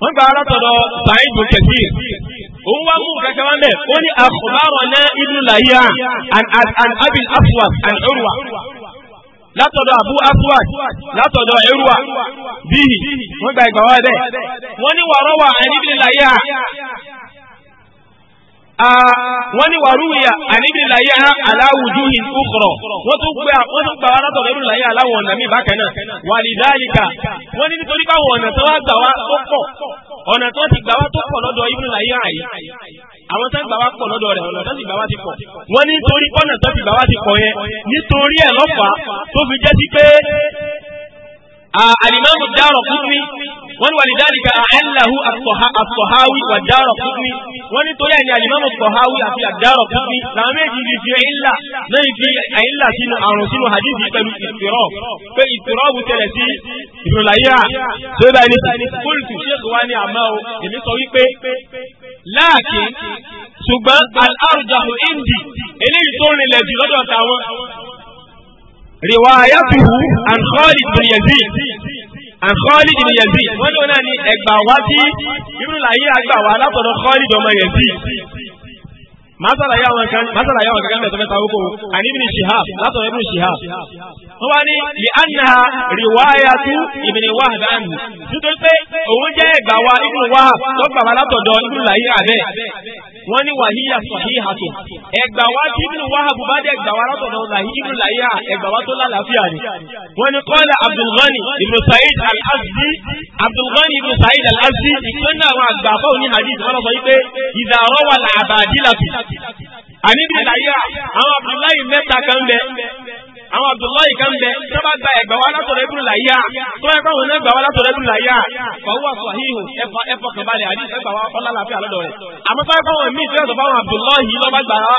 wọ́n gba alátọ̀dọ̀ Sa'id bin Kathir. òun wá mú kẹ̀kẹ́ wá mẹ́ ó ní akhbarana Ibn Lahiya an Abil Aswad an Urwa látọ̀dọ̀ àbú aswad látọ̀dọ̀ irwa bíi wọ́n gba ìgbà wá bẹ́ẹ̀ wọ́n ní wàrọ́wà ẹni bí láyé wọ́n ní wàrúwìyà àníbi làyà aláwùjú yìí kú kọ̀rọ̀ wọ́n tún gbé wọ́n tún gbà wá látọ̀ lẹ́rù làyà aláwọ̀ ọ̀nà mi bákan náà wàlídáàlìkà wọ́n ní nítorí báwọn ọ̀nà tó wá gbà wá tó pọ̀ ọ̀nà tó ti gbà wá tó pọ̀ lọ́dọ̀ ibùdó làyà àyè àwọn tó gbà wá pọ̀ lọ́dọ̀ rẹ̀ ọ̀nà tó ti gbà wá ti pọ̀ wọ́n ní nítorí ọ̀nà tó ti gbà wá ti pọ̀ yẹn nítorí ẹ̀ lọ́fà tó fi jẹ́ sí pé الإمام الدار قطني وان ولذلك أعله الصحاوي والدار قطني وان تولي أن الإمام الصحاوي في الدار قطني لما يجي في إلا ما يجي إلا سنو أرسلوا حديث يقبل اضطراب فاضطراب تلسي ابن الأيع سيبا قلت شيخ واني عماو يمي صويبي لكن سبا الأرجح عندي إليه تولي لجي غدوة riwayatuhu an Khalid bin Yazid an Khalid bin Yazid wọ́n ní wọn náà ní ẹgbà wá sí Ibn Lahiya àgbà wá látọ̀dọ̀ Khalid ọmọ Yazid masala yà wọn kan masala yà wọn kan bẹ tọmẹta wọkọ ani Ibn Shihab látọ̀dọ̀ Ibn Shihab wọn wá ní li annaha riwayatu Ibn Wahab anhu nítorí pé òun jẹ́ ẹgbà wá Ibn Wahab lọ́gbà wá látọ̀dọ̀ Ibn Lahiya àbẹ́ wọ́n ní wàhíyà sọ̀híhàtò ẹgbà wá tí ibùdó wàhábù bá dẹ̀ gbà wá látọ̀dọ̀ láyé ibùdó láyé à ẹgbà wá tó lálàáfíà ni. wọ́n ní kọ́lá abdulghani ibn sa'id al-azdi abdulghani ibn sa'id al-azdi ìpínlẹ̀ àwọn àgbà fáwọn hadith wọn lọ sọ wípé ìdàrọ́ wà làbàdìlàtù. àníbi láyé àwọn abdullahi mẹ́ta kan bẹ àwọn abdullahi kan bẹ sábà gba ẹgbà wa látọ̀rọ̀ ibùdó làyà tó ẹ báwọn náà gbà wa látọ̀rọ̀ ibùdó làyà fàwọn àfàhíhù ẹfọ ẹfọ kan balẹ̀ àdìsẹ́ gbà wa ọlá làfẹ́ àlọ́dọ̀ rẹ̀ àmọ́ sábà fáwọn míì tó yàtọ̀ fáwọn abdullahi lọ́ba gbà wa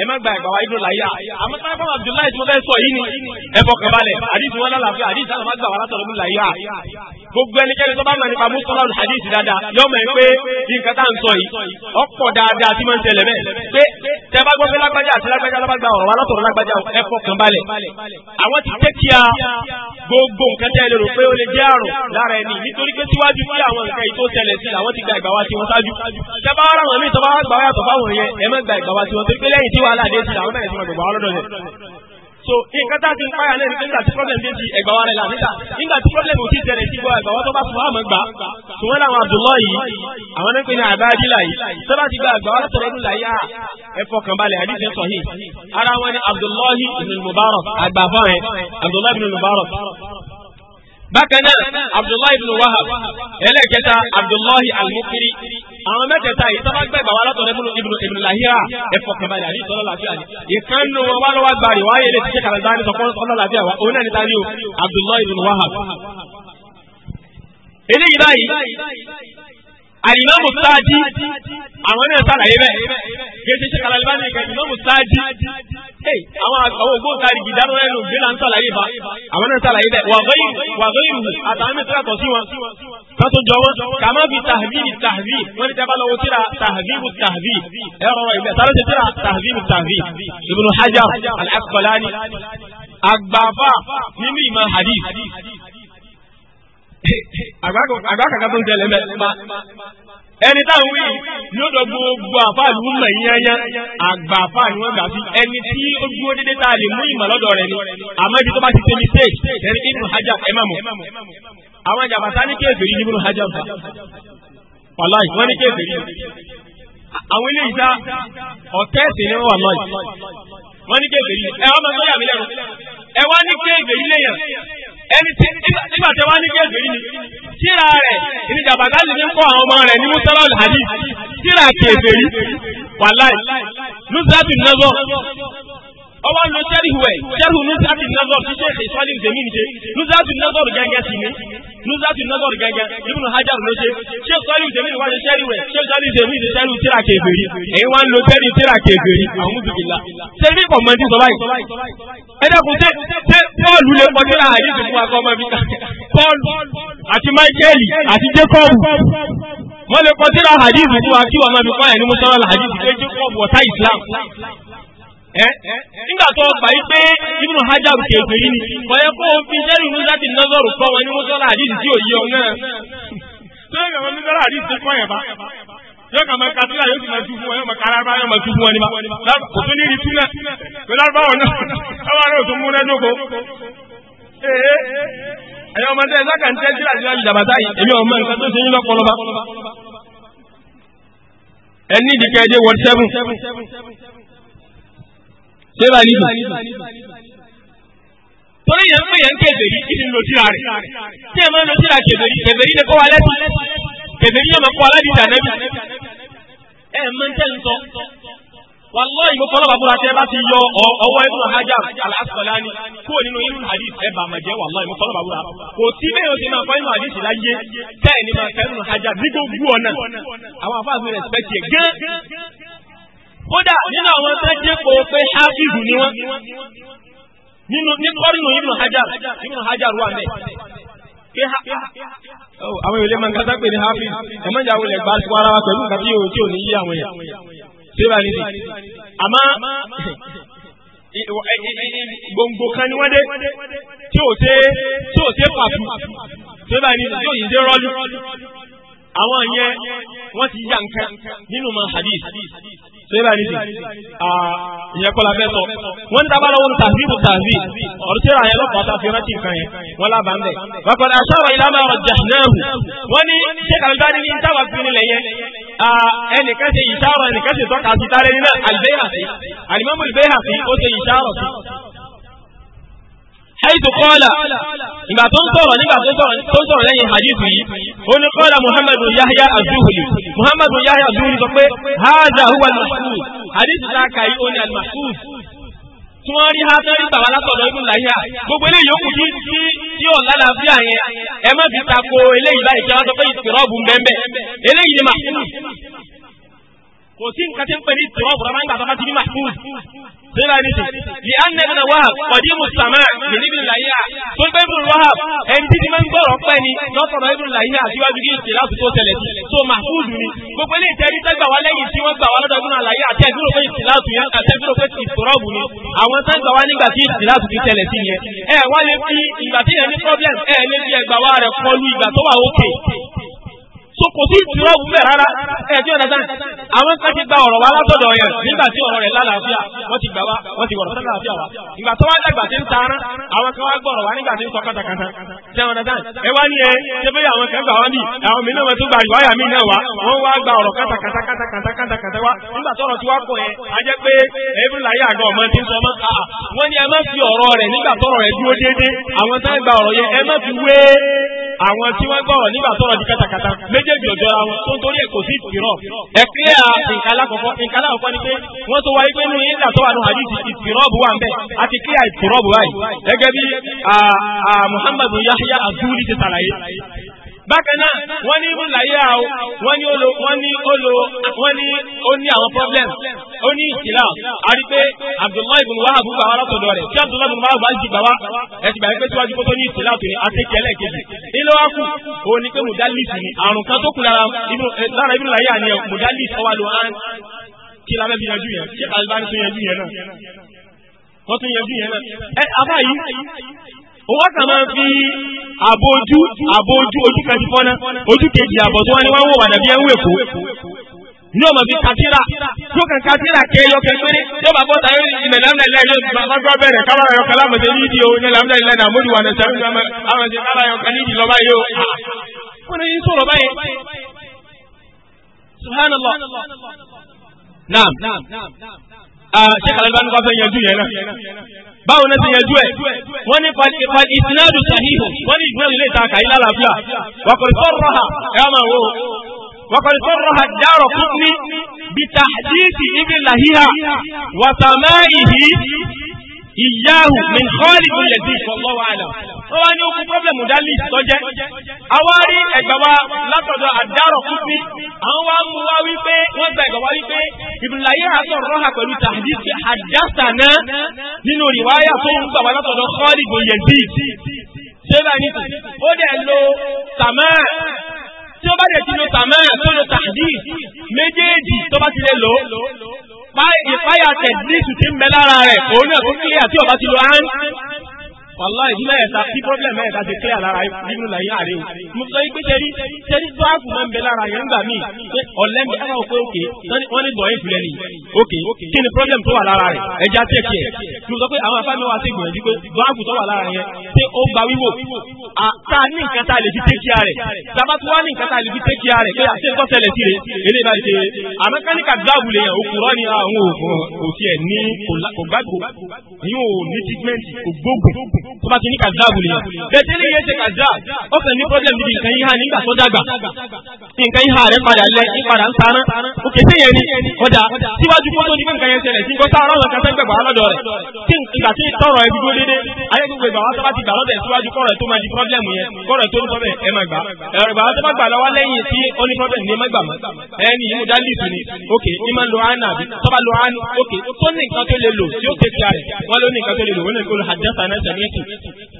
ẹ má gba ẹgbà wa ibùdó làyà àmọ́ sábà fáwọn abdullahi tó fẹ́ sọ yìí ni ẹfọ kan balẹ̀ àdìsẹ́ wọn lálàfẹ́ àdìsẹ́ gbogbo ẹnikẹ́ni tó bá mọ̀ nípa musola hadith dáadáa yọ mọ̀ pé nǹkan tá à ń sọ yìí ọ̀pọ̀ dáadáa tí máa ń tẹ̀lé bẹ́ẹ̀ pé tẹ bá gbọ́ pé lágbájá àti lágbájá lágbájá ọ̀rọ̀ wa látọ̀rọ̀ lágbájá ẹ fọkàn balẹ̀ àwọn ti tẹ́kíà gbogbo nǹkan tẹ́ lérò pé ó lè jẹ́ àrùn lára ẹni nítorí pé síwájú sí àwọn nǹkan yìí tó tẹ̀lé sí làwọn ti gba ìgbà wa tí wọ́n ṣáájú tẹ bá ara wọn mi tọ́ bá gbà wáyà tọ́ fáwọn yẹn ẹ má gba ìgbà wa tí wọ́n torí pé lẹ́yìn tí wàhálà dé sí làwọn bẹ̀rẹ̀ sí wọn gbogbo àwọn lọ́dọ̀ yẹn so nǹkan tá a ti ń pààyà lẹ́nu nígbà tí problem dé ti ẹ̀gbà wa rẹ̀ là níta nígbà tí problem ò ti tẹ̀lé sí gbọ́ ẹ̀gbà wa tó bá fún wa mọ̀ gbà tí wọ́n láwọn Abdullahi àwọn náà ń pè ní àbájílà yìí tó bá ti gba ẹ̀gbà wa sọ̀rọ̀ ọdún láyà ẹ̀fọ́ kan balẹ̀ àdìsẹ́ sọ̀hí ara wọn ni Abdullahi ibn Mubarak àgbà fọ́ọ̀rẹ́ Abdullahi ibn Mubarak bákan náà abdullahi ibn wahab ẹlẹ́kẹta abdullahi al-mukiri àwọn mẹ́tẹ̀ẹ̀ta yìí sábà gbẹ̀gbà wa látọ̀ lẹ́mú ibn ibn lahira ẹ̀fọ́ kẹbàlẹ̀ àti ìtọ́lọ́ làbíà ni ìkànnì wọn wá lọ́wọ́ gbàrí wáyé lè ti ṣe kàlẹ́ dání sọ fọ́nà làbíà wa òun náà ní tani o abdullahi ibn wahab. eléyìí báyìí Àlìmámù Sáájì àwọn náà sàlàyé bẹ́ẹ̀ gẹ́gẹ́ ṣe kàlàlíbá ní ìkànnì Àlìmámù Sáájì àwọn àwọn ògbóǹtarì gìdánù ẹnu gbé là ń sàlàyé bá àwọn náà sàlàyé bẹ́ẹ̀ wà gbé wà gbé ìrù àtàwọn mẹ́ta yàtọ̀ sí wọn ká tó jọ wọn kà má fi tahbib tahbib wọn ní tẹ́bá lọ́wọ́ tíra tahbib tahbib ẹ̀rọ ìgbẹ́ sáré ti tíra tahbib tahbib Ibn Hajar al-Asqalani nínú ìmọ̀ hadith àgbà tó ń tẹ̀lé mẹ́ ẹni táwọn wí lọ́dọ̀ gbogbo àfáàlú mọ̀ yányá àgbà àfáàlú wọn gbà sí ẹni tí ó dúró dédé tá a lè mú ìmọ̀ lọ́dọ̀ rẹ̀ ni àmọ́ ibi tó bá ti ṣe mistake ẹni Ibn Hajar ẹ má mọ̀ àwọn jàbàtà ní kéèfé yìí Ibn Hajar bá wàláì wọ́n ní yìí àwọn ilé ìta ọ̀tẹ́ ẹ̀sìn ni wọ́n wà wọ́n ní yìí ẹ ẹni tí nígbà tí wọ́n á ní gẹ́gẹ́ yìí ni tíra rẹ̀ ìní jàbàdálì ní kọ́ àwọn ọmọ rẹ̀ ní mùsàlá alhadi tíra kèfèrí wàláì lùsàtì nàzọ ọwọ́ ló sẹ́ríhù ẹ̀ sẹ́ríhù nùsàtì nàzọ́rù ṣiṣẹ́ ìsọ́lì ìdèmí nìṣe nùsàtì nàzọ́rù gẹ́gẹ́ sí ni nùsàtì nàzọ́rù gẹ́gẹ́ ibùnú hajar ló ṣe ṣé sọ́lì ìdèmí ni wọ́n ṣe sẹ́ríhù ẹ̀ ṣé sọ́lì ìdèmí ni sẹ́ríhù tíra kẹfẹ́rí èyí wọ́n lo sẹ́rí tíra kẹfẹ́rí àwọn mùsùlùmí sẹ́rí kọ̀ mọ́ ẹ̀dẹ́kun tẹ́ Pọ́ọ̀lù lè kọjú láàá yìí tó fún akọ ọmọ ẹ̀mí Pọ́ọ̀lù àti Máíkẹ́lì àti Jẹ́kọ́ọ̀bù wọ́n lè kọjú láàá yìí tó fún akíwọ̀ ọmọ ẹ̀mí kọ́ ẹ̀ ní mọ́ṣọ́lá àdìsí pé Jẹ́kọ́ọ̀bù ọ̀tá Ìsìlámù nígbà tó gbà yí pé Ibn Hajar kèfé yìí ni bọ́yẹ kó o fi sẹ́rù mùsàtì nọ́sọ̀rù kọ́ wọn ní mùsọ̀lá àdìsí tí ò yí ọ náà. sẹ́yìn kàmá mùsọ̀lá àdìsí tó kọ́ yẹn bá yóò kàmá katira yóò ti máa tu fún wọn yóò máa kára bá yóò máa tu fún wọn ní bá kò tó ní ìrìtú náà pé lárúbáwọ̀ náà ọba rẹ̀ ò tó mú náà dóko. ẹ̀yin ọmọdé ẹ̀ sákà ń tẹ́ sílà sílà ìjàmbá yìí èmi ọmọ nǹkan tó ṣe yín lọ́pọ̀lọpọ̀ ẹni ìdíkẹ́ ẹdẹ wọ́n sẹ́fún ṣé bá níbi torí yẹn ń pè yẹn ń kèbèrí kí ni lo tírà rẹ̀ tí ẹ máa ń lo tírà kèbèrí kèbèrí lè kọ́ wa lẹ́sìn kèbèrí yóò máa kọ́ aládìjà nẹ́bí ẹ máa ń tẹ́ ń sọ wàlọ́ọ̀yì mo fọlọ́ bàbúrà tẹ́ bá ti yọ ọwọ́ ibùdó hajar al-Asqalani kúrò nínú inú hadith ẹ bàmà jẹ́ wàlọ́ọ̀yì mo fọlọ́ bàbúrà kò sí bẹ́ẹ̀ o ti máa fọ inú hadith láyé bẹ́ẹ̀ ni máa fẹ́ inú hajar ní gbogbo ọ̀nà àwọn àfáàfin rẹ̀ spẹ́tì ẹ̀ gán kódà nínú àwọn tó jẹ́ pé pé hafizu ni wọ́n nínú ní kọ́rìnù ibùn hajar ibùn hajar wà mẹ́. Oh, àwọn ìwé máa ń kátá pé ní hafizu ẹ̀mọ́ ìjà wọlé gba sí wàrà wa pẹ̀lú nǹkan tí yóò tí ò ní yí àwọn èèyàn ṣé bá nídìí. àmọ́ gbòǹgbò kan ni wọ́n dé tí ò ṣe tí ò ṣe pàtó ṣé bá nídìí tí ò yìí dé rọ́lú. àwọn yẹn wọ́n ti yá nǹkan nínú mọ́ hadith sẹ́yìnbá ní ìyẹn kọ́lá fẹ́ sọ. wọ́n ń dábàá lọ́wọ́ ní tàbíbù tàbí ọ̀rọ̀ tí ra yẹn lọ́kọ̀ọ́ ta fi rántí nǹkan yẹn wọ́n lábàá ń bẹ̀. bàbá aṣáwọ̀ ìlànà ọ̀rọ̀ jahnahu wọ́n ní ṣé kàlùbá ní táwa fi nílẹ̀ yẹn ẹnìkan ṣe ìṣàrọ̀ ẹnìkan ṣe tọ́ka sí tálẹ́ nínú àlùbẹ́yàfẹ́ àlùmọ́mù àlùbẹ́yàfẹ́ ó ṣe ìṣàrọ̀ sí. حيث قال إما تنصر لما تنصر تنصر لي حديث هنا قال محمد بن يحيى الزهري محمد بن يحيى الزهري هذا هو المحفوظ حديث ذاك يقول المحفوظ tí wọ́n rí hátẹ́rì tàwa látọ̀dọ̀ ibùn láyà gbogbo eléyìí yòókù tí tí tí ọ̀la làbíà yẹn ẹ má fi tako eléyìí báyìí kí wọ́n sọ pé ìtìrọ́ọ̀bù ń bẹ́ẹ̀ eléyìí ni màkúù kò sí nǹkan tí ń pè ní ìtìrọ́ọ̀bù rárá nígbà tó bá ti ní màkúù sílá ní ti ní anẹ́bùnà wahab ọdímù sàmà ìníbìnrin làyà tó gbé ibùn wahab ẹni títí máa ń gbọ́rọ̀ pẹ́ ni lọ́sọ̀rọ̀ ibùn làyà àtiwájú kí ìṣe láti tó tẹ̀lẹ̀ sí tó màfúùdù ni gbogbo ilé ìtẹ́rí tẹ́gbà wá lẹ́yìn tí wọ́n gbà wá lọ́dọ̀ ibùn làyà àti ẹgbẹ́rò pé ìṣe láti yẹn àti ẹgbẹ́rò pé ìṣòrọ̀bù ni àwọn tẹ́gbà wá nígbà tí ìṣe láti fi tẹ̀lẹ̀ sí yẹn ẹ wá lè fi ìgbà tí yẹn ní problem ẹ lè fi ẹgbà wá rẹ̀ kọlu ìgbà tó wà òkè so kò sí ìtura wù rárá àwọn kan ti gba ọ̀rọ̀ wa látọ̀dọ̀ yẹn nígbà tí ọ̀rọ̀ rẹ̀ lálàáfíà wọ́n ti gbà wá wọ́n ti wọ̀rọ̀ lálàáfíà wa ìgbà tó wá dàgbà tí ń àwọn kan wá gbọ̀rọ̀ wa nígbà tí ń kátàkátà ẹ wá ní ẹ àwọn kan gbà wá àwọn mìíràn wọn tó gba ìwáyà mí náà wá wọ́n wá gba ọ̀rọ̀ kátàkátà kátàkátà wá nígbà tọ́rọ̀ àwọn tí wọ́n gbọ́rọ̀ nígbà tọ́rọ̀ di kátàkátà méjèèjì ọ̀jọ́ ra wọn tó ń torí èkó sí ìpìrọ̀ ẹ̀kílẹ̀ ìkàlà kọ̀kọ́ ìkàlà kọ̀kọ́ ni pé wọ́n tó wáyé pé nínú ìlà tó wà nù àdìsí ìpìrọ̀bù wà ń bẹ̀ àti kílẹ̀ ìpìrọ̀bù báyìí gẹ́gẹ́ bí ah, ah, Muhammadu Yahya Azuli ti sàlàyé bákan náà wọ́n ní ibùn láyé àwọ̀ wọ́n ní olo wọ́n ní olo wọ́n ní ó ní àwọn problem ó ní ìkìlá àrí abdullahi ibùn wahab gbà wá látọ̀dọ̀ rẹ̀ tí abdullahi ibùn wahab ti gbà wá ẹ̀sìn gbà pé síwájú kó ní ìkìlá tó ní àtẹ̀kẹ́ ẹlẹ́ẹ̀kejì nílò wá kù ó ní pé mudalisi ni àrùn kan tó kù lára ibùn eh, láyé àníyàn mudalisi ọwà ló hàn kí la fẹ́ fi yanjú yẹn ṣé kàlíbá ń tún yanjú yẹn náà wọ́n tún yanjú yẹn náà ó wá kà máa fi àbójú àbójú ojú kan ti fọ́nà ojú kejì àbọ̀ tó wọ́n ní wọ́n wò wà dàbí ẹ̀wù èkó ní ọmọ bíi katira yóò kàn katira kẹyọ kẹgbẹrẹ yóò bá bọ́ta yóò ní lẹ́mìnà ilẹ̀ yóò bá bá bẹ̀rẹ̀ kábàrà yọ kẹlẹ́ àmọ̀tẹ́ yìí o ní lẹ́mìnà ilẹ̀ náà mójú wà ní sẹ́mi àwọn ti kábàrà yọ kẹlẹ́ lọ́ba yìí o. wọ́n ní sọ̀rọ̀ báyìí subhanallah naam ṣé kàlẹ́ bá ń kọ́ fẹ́ yanjú yẹn náà báwo náà ti yẹjú ẹ wọn ní ìsinádù sahihu wọn ní ìgbìmọ̀ ilé ìtaka ilé àlàáfíà wàkọ̀rì sọ̀rọ̀ ha ẹ máa wò wàkọ̀rì sọ̀rọ̀ ha dárọ̀ fún mi bìtà àdìsí ibi làhíhà wàtàmáìhì ìyáhù min khalid yẹ̀dí ìfọ̀lọ́wọ́ àlà. ó wá ní okùn pọ́blẹ̀mù dálí lọ́jẹ́. àwa rí ẹgbà wa látọ̀dọ̀ àdárọ̀ kúti. àwọn wa mú wa wípé wọ́n gba ẹgbà wa wípé ìbùláyé àtọ̀ rọ́hà pẹ̀lú tàdísì àdásànà nínú rìwáyà tó ń gbà wá látọ̀dọ̀ khalid yẹ̀dí. ṣé bá ní tù ó dẹ̀ lo tàmẹ́ tí ó bá dẹ̀ ti lo tàmẹ́ tó lo tàdí méjèèjì tó bá ti lè lò ìpáyà tẹ̀lísù ti ń bẹ lára rẹ̀ òun náà tó kílíà tí ọba ti lo án. wàlá ìdílé ẹ̀ta tí problem ẹ̀ta ti kílíà lára nínú làyé àárẹ̀ o. mo sọ pé tẹ́rí tẹ́rí báàgù máa ń bẹ lára yẹn nígbà míì pé ọ̀lẹ́ mi ẹ̀ka òkè òkè wọ́n ní gbọ̀nyẹ́ ìfilẹ̀ ni òkè kí ni problem tó wà lára rẹ̀ ẹja tẹ̀kì ẹ̀. mo sọ pé àwọn afáàmì wa ti gbìyànjú pé báàgù tó wà lára yẹn tá a ní nǹkan tá a lè fi tẹ́kí a rẹ̀ tàbá tó wá ní nǹkan tá a lè fi tẹ́kí a rẹ̀ pé àti ah, nǹkan tẹ̀lé sí rẹ̀ eré bá ṣe àmọ́ káníkà dáàbò lè yàn òkúrọ́ ni àwọn oògùn òfin ẹ̀ ní kò gbàgbó ní o ní treatment kò gbógun tó bá ti ní kàdáàbò lè yàn bẹ́ẹ̀ tẹ́lẹ̀ yẹn ṣe kàdáà ó fẹ́ ní problem níbi nǹkan yíha nígbà tó dàgbà nǹkan yíha rẹ̀ padà lẹ́ padà ń tanná òkè tẹ́yẹ ni ọjà síwájú kó tó ní nǹkan yẹn ṣẹlẹ̀ sí nǹkan tá a rọ̀ lọ́kàn lọ́dọ̀ rẹ̀ tí ìgbà tí tọrọ ẹ kọ́rọ̀ tó ní problem ẹ má gbà ẹ̀rọ ìgbà tó má gbà lọ́wọ́ lẹ́yìn tí ó ní problem ní ẹ má gbà mọ́ ẹni yìí mo dá lìtù ni ok ní máa lo àánà àbí tó bá lo àánà ok tó ní nǹkan tó lè lò tí ó tẹ̀ sí àrẹ̀ wọ́n ló ní nǹkan tó lè lò wọ́n lè kó lo àjẹsà náà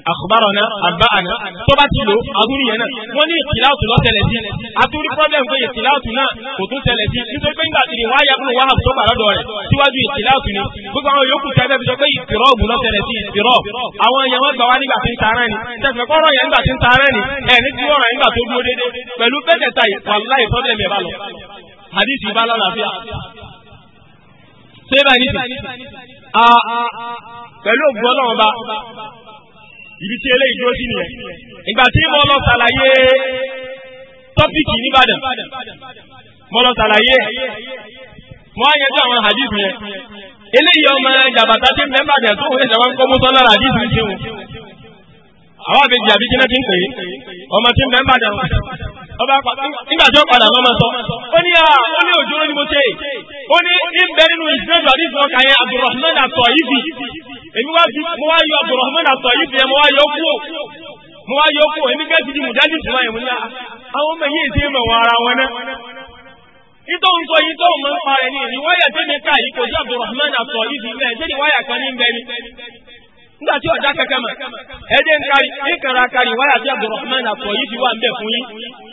akhbarana arba'ana tó bá ti lò àdúrí yẹn náà wọ́n ní ìtìláàtù lọ tẹ̀lẹ̀ sí àdúrí problem pé ìtìláàtù náà kò tún tẹ̀lẹ̀ sí nítorí pé nígbà tí ni wáyà fún wàhálà tó bà lọ́dọ̀ rẹ̀ síwájú ìtìláàtù ni gbogbo àwọn yòókù tẹ́ fẹ́ fi sọ pé ìtìrọ́ọ̀bù lọ tẹ̀lẹ̀ sí ìtìrọ́ọ̀ àwọn èèyàn wọn gbà wá nígbà tí ń taara ni tẹ̀fẹ̀ kọ́rọ̀ yẹn nígbà tí ń taara ah, ah, ah. pẹ̀lú ògùn ọlọ́run bá ibi tí eléyìí dúró sí nìyẹn ìgbà tí mo lọ ṣàlàyé tọ́pìkì nìbàdàn mo lọ ṣàlàyé mo á yẹjú àwọn hadith yẹn eléyìí ọmọ jàbàtà tí nìbàdàn tó ń rẹ̀ sẹ́wọ́n kọ́ mọ́tọ́ lára hadith ń ṣeun àwọn àbèjì àbí kí náà ti ń pè é ọmọ tí nìbàdàn ọba nígbà tí ó padà lọ́mọ sọ ó ní ah, ó ní òjò ló mo ṣe ó ní ń bẹ nínú ìsinmi àdìsí ọkà yẹn Abdulrahman èmi wá ju mo wá yọ Abdulrahman àtọ̀ yìí fi ẹ̀ mo wá yọ kú mo wá yọ kú èmi gẹ́gẹ́ máa mo ní ah, àwọn ọmọ yìí ti ara wọn náà. Ìtọ́ ń sọ yìí tó mọ̀ ń pa ìní wáyà ká yìí kò ni wáyà kan ní ni. Nígbà tí mọ̀, ẹ̀jẹ̀ ń wáyà tí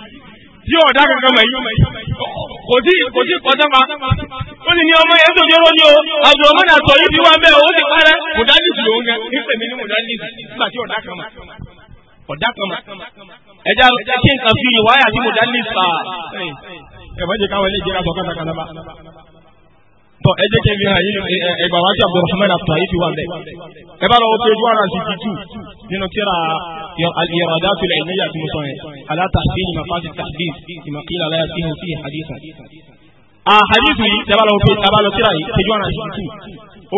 tí ọ̀dà kankan mọ̀ yìí kò sí kò sí kọ́ sẹ́pa ó sì ní ọmọ yẹn tó jẹ́rọ ní o àbúrò ọmọ náà sọ yìí bí wọ́n bẹ́ẹ̀ ó sì parẹ́ kò dájú sí òun gan nípa èmi ní mo dájú sí nígbà tí ọ̀dà kan mọ̀ ọ̀dà kan mọ̀ ẹja kí n kàn fi ìwáyà tí mo dájú sí pa ẹ̀ ẹ̀ bá jẹ́ káwọn ilé ìjẹ́ra sọ kátàkátà bá tọ ẹ jẹ́ kí n fi hàn yín ẹgbà wá sí abdulrahman afa yìí fi wà bẹ́ẹ̀. ẹ bá lọ wọ́n page one and sixty two nínú kíra al-iradat al-ilmiyya àti musa yẹn ala tahsin mafasi tahdis ìmọ̀kìlá aláya sí hàn sí hadithan. a hadithu yìí tẹ́ bá lọ page tẹ́ bá kíra yìí page one and sixty two.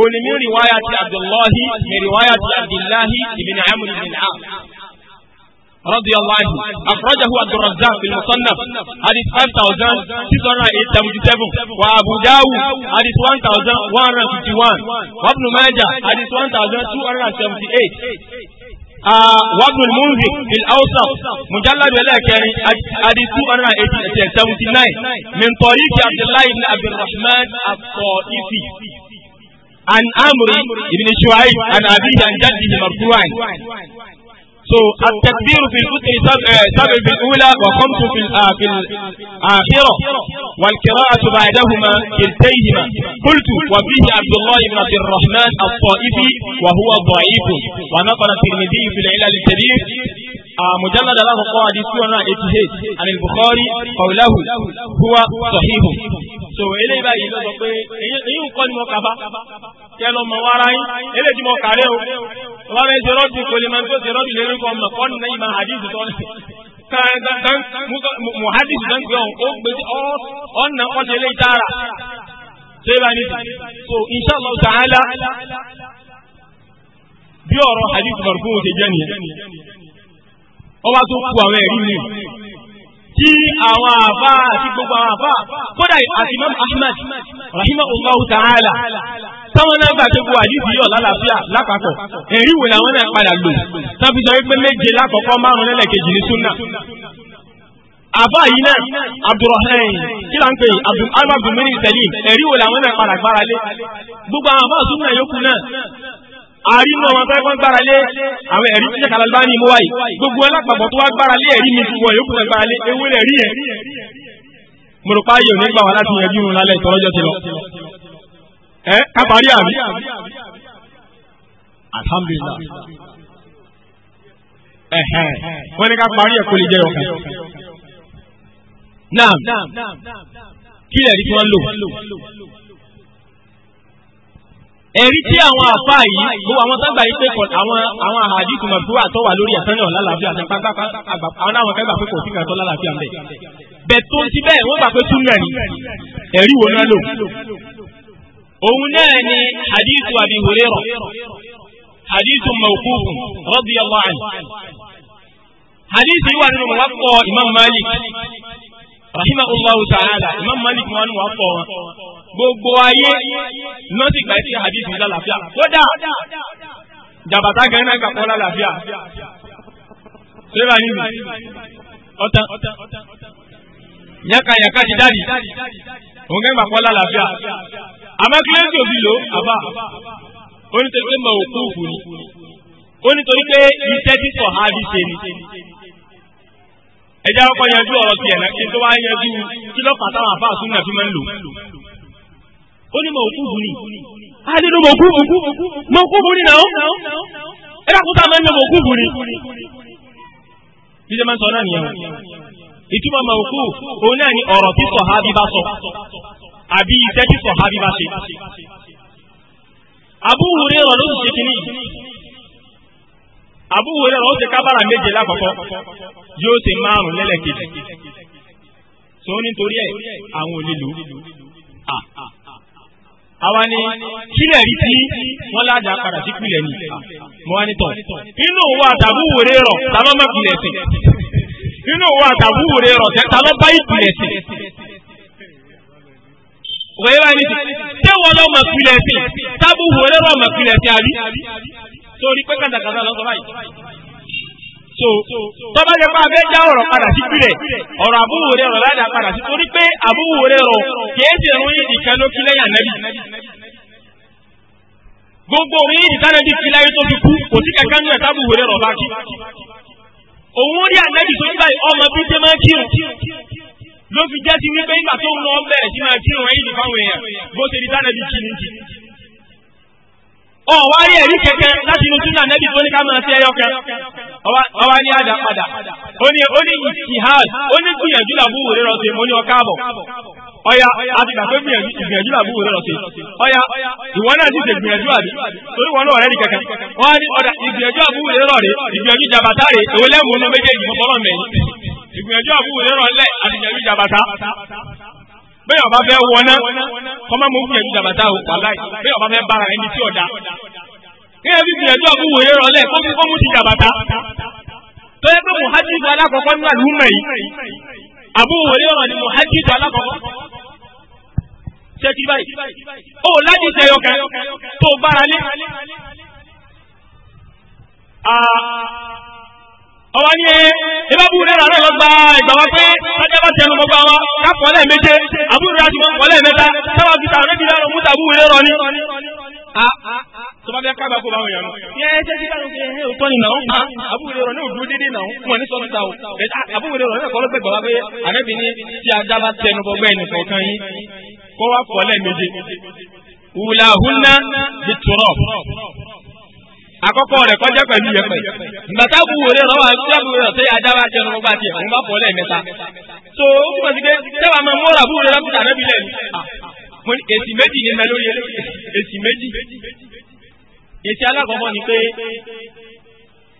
òní mi riwaya ti abdullahi mi riwaya ti abdullahi ibn amr ibn رضي الله عنه أخرجه عبد الرزاق في المصنف حديث 5687 وأبو داود حديث 1151 وابن ماجه حديث 1278 وابن المنذر في الأوسط مجلد ولا كريم حديث 279 من طريق عبد الله بن عبد الرحمن الطائفي عن عمرو بن شعيب عن أبيه عن جده مرفوعا so atẹ̀kbíru fi lùtì sábẹ̀ fi wúlá wà kọ́mtù fi àfihàn wàlkìrọ̀ àtúbà àdáhùmá kìrìtẹ́yìmá kúltù wà fíhi abdullahi ibn abdul rahman al-ta'ifi wà huwa da'ifu wà nàkàlà tìrìmìdì ìfìlẹ̀ ilà lìtẹ̀lì مجلد له قواعد سورة 88 عن البخاري قوله هو صحيح سو إلي بقى يقول إيه يقول مكافأة kẹ lọ mọ wára yín eléyìí tí mo kàlẹ́ o wọ́n bá fẹ́ ṣe rọ́ọ̀dù kò lè máa tó ṣe rọ́ọ̀dù lè rí kọ́ mọ̀ kọ́ nínú ìmọ̀ àdìsí tó ń ṣe kankan muhadis náà gbé ọ̀hún ó gbé ọ̀nà ọ̀sẹ̀ lè dára ṣé bá ní so inshallah ta'ala bí ọ̀rọ̀ hadith marfu ṣe jẹ́ nìyẹn ọba tó ku àwọn ẹ̀rí mi tí àwọn àfá àti gbogbo àwọn àfá kódà àti Imam Ahmad rahimahullahu ta'ala táwọn náà gbà gbogbo àdìsí yọ lálàáfíà lápapọ̀ èrí wò làwọn náà padà lò tàbí sọ wípé méje lákọ̀ọ́kọ́ márùn lẹ́lẹ́kejì ní súnà àbá yìí náà abdulrahman kí ló ń pè abdulhamid bin salim èrí wò làwọn náà padà gbára lé gbogbo àwọn àfá súnà yòókù náà Ari náà wọn fẹ́ẹ́ gbára lé àwọn ẹ̀rí tí ṣẹ̀kà lálẹ́ bá ní ìmúwáyì gbogbo alápapọ̀ tó wá gbára lé ẹ̀rí mi ti wọ yòókù náà gbára lé ewé rẹ̀ rí yẹn. mo rò pa ayé òní gbà wá láti yanjú irun lálẹ́ ìtọ́lọ́jọ́ ti lọ. ẹ kábàárí àmì. alhamdulillah. ẹ̀hẹ̀ wọ́n ní ká parí ẹ̀ kó lè jẹ́ ọ̀kan. naam kí lè rí tí wọ́n lò ẹ̀rí tí àwọn àfa yìí gbogbo àwọn sábà yìí pé kọ àwọn àwọn àhàdìsì mọ̀tò àtọ́wà lórí ẹ̀sán náà lálàáfíà ní pápá àwọn àwọn akẹ́gbà pé kò sí ìrìnàtọ́ lálàáfíà ń bẹ̀. bẹ̀ tó ti bẹ́ẹ̀ wọ́n gbà pé súnmọ̀ ni ẹ̀rí wo náà lò. òun náà ni hadithu Abi Hurairah hadithu mawquf radiyallahu anhu. hadithu yìí wà nínú wọn kọ Imam Malik rahimahullahu ta'ala Imam Malik wọn wà kọ gbogbo ayé ló ti gbà tí hadith ní lálàáfíà kódà jàbàtà gan náà gbàgbọ́ lálàáfíà sẹ́ra nínú ọ̀tàn yàkàyàkà ti dárì òun gan gbàgbọ́ lálàáfíà àmọ́ kí ló ń tòbi lò àbá ó ní torí pé mọ òkú òkú ni ó ní torí pé iṣẹ́ tí sọ̀ ha bí ṣe ni ẹ̀jẹ̀ àwọn kan yanjú ọ̀rọ̀ tiẹ̀ náà kí n tó wá yanjú kí lọ́pàá táwọn àfáà súnmọ́ fi máa ń lò ó ní mọ̀kúfù ni àdínú mọ̀kúfù mọ̀kúfù ni náà ẹ̀rọ àkútà máa ń lọ mọ̀kúfù ni. bí ṣe máa ń sọ náà nìyẹn ìtumọ̀ mọ̀kú òun náà ni ọ̀rọ̀ tí sọ̀hábí bá sọ àbí Abu Hurairah ló sì Abu Hurairah ó ṣe kábàrà méje lákọ̀ọ́kọ́ yóò ṣe márùn-ún lẹ́lẹ̀kejì tó nítorí ẹ̀ àwa ni kílẹ̀ rí tí wọ́n lájà padà sí kílẹ̀ ní mọ́ wá nítọ̀ inú wa tàbí wòrè rọ̀ ta ló mọ̀ kílẹ̀ sí inú wa tàbí wòrè rọ̀ ta ló bá ìpìlẹ̀ sí. wòye bá ní tẹ́wọ́ lọ mọ̀ kílẹ̀ sí tábù wòrè rọ̀ mọ̀ kílẹ̀ sí àbí torí pé kàtàkàtà lọ́sọ̀rọ̀ yìí so tọ́ba lè pa abẹ́ já ọ̀rọ̀ padà sí gbilẹ̀ ọ̀rọ̀ àbúwòrẹ́ ọ̀rọ̀ ládàá padà sí torí pé àbúwòrẹ́ ọ̀rọ̀ kìí ṣe ìrún yìí nìkan ló kí lẹ́yìn ànábì gbogbo òun yìí nìkan lẹ́yìn kí láyé tó fi kú kò sí kankan ní ẹ̀ka àbúwòrẹ́ ọ̀rọ̀ bá òun rí ànábì tó ń báyìí ọmọ bí tẹ́ máa kírun ló fi jẹ́ sí wípé nígbà tó ń lọ bẹ̀rẹ̀ sí máa kírun ẹ̀yìn ọ wá rí ẹ̀rí kẹ̀kẹ́ láti inú súnà nẹ́bí tó ní ká máa ṣe ẹyọ kan ọwá ní àdá padà ó ìtìhàd ó gbìyànjú làbú òwúrẹ lọ sí mo ọkà àbọ ọya àti gbàgbé gbìyànjú làbú òwúrẹ lọ sí ọya ìwọ náà sì ṣe gbìyànjú àbí torí wọn náà rẹ ní wọn á ní ọdà ìgbìyànjú àbú lọ rẹ ìgbìyànjú rẹ ní méjèèjì bẹ́ẹ̀ ọba fẹ́ wọná kọ́má mú kí ẹ̀jú jàbàtà ò pa láì bẹ́ẹ̀ ọba fẹ́ bára ẹni tí ọ̀dà. kíyà bí gbìyànjú àbúwò yẹn rọlẹ̀ kó fi kọ́mú ti jàbàtà. tó yẹ pé muhajjidu alákọ̀ọ́kọ́ ní àlùmọ̀ yìí àbúwò yẹn rọ̀ ni muhajjidu alákọ̀ọ́kọ́. ṣé ti báyìí ó láti ṣẹyọ kan tó bára lé ọba ní ẹ ibà bú rẹ̀ rẹ̀ lọ́gbà ìgbà wa pé sájà bá tẹnu mọ́gbà wa káfọ́ lẹ́ẹ̀méje àbúrò rẹ̀ àti mọ́gbà lẹ́ẹ̀mẹ́ta sábà fi tààrẹ́ bí lọ́rọ̀ múta bú rẹ̀ rọ ni. tó bá fẹ́ kábà kó bá wọn yàn nù. yẹ ẹ jẹ́ kí bá lóde ẹ òótọ́ ni náà hàn àbúrò rẹ̀ rọ ní òdúró dédé náà wọn ní sọ́nù ta o àbúrò rẹ̀ rọ ní ọ̀kọ́lọ́gbẹ̀ gbà wá pé àrẹ́bí ni tí ajá bá tẹnu bọ́gbẹ́ ẹnìkọ̀ọ̀kan yín kó wá fọ́ lẹ́ẹ̀méje wùlà húnná àkọ́kọ́ rẹ̀ kọjá pẹ̀lú yẹpẹ̀ ìgbàtà buwo lè rọwà lábúrò rẹ̀ tẹ́ ajá wa jẹun gbogbo àti ẹ̀fọn bá pọ̀ lẹ́ẹ̀mẹ́ta so ó túmọ̀ sí pé sábà máa mú ọ̀rà buwo lè rábùtà nábì a, mo ní èsì méjì ní mẹ lórí èsì méjì èsì alákọ̀ọ́kọ́ ni pé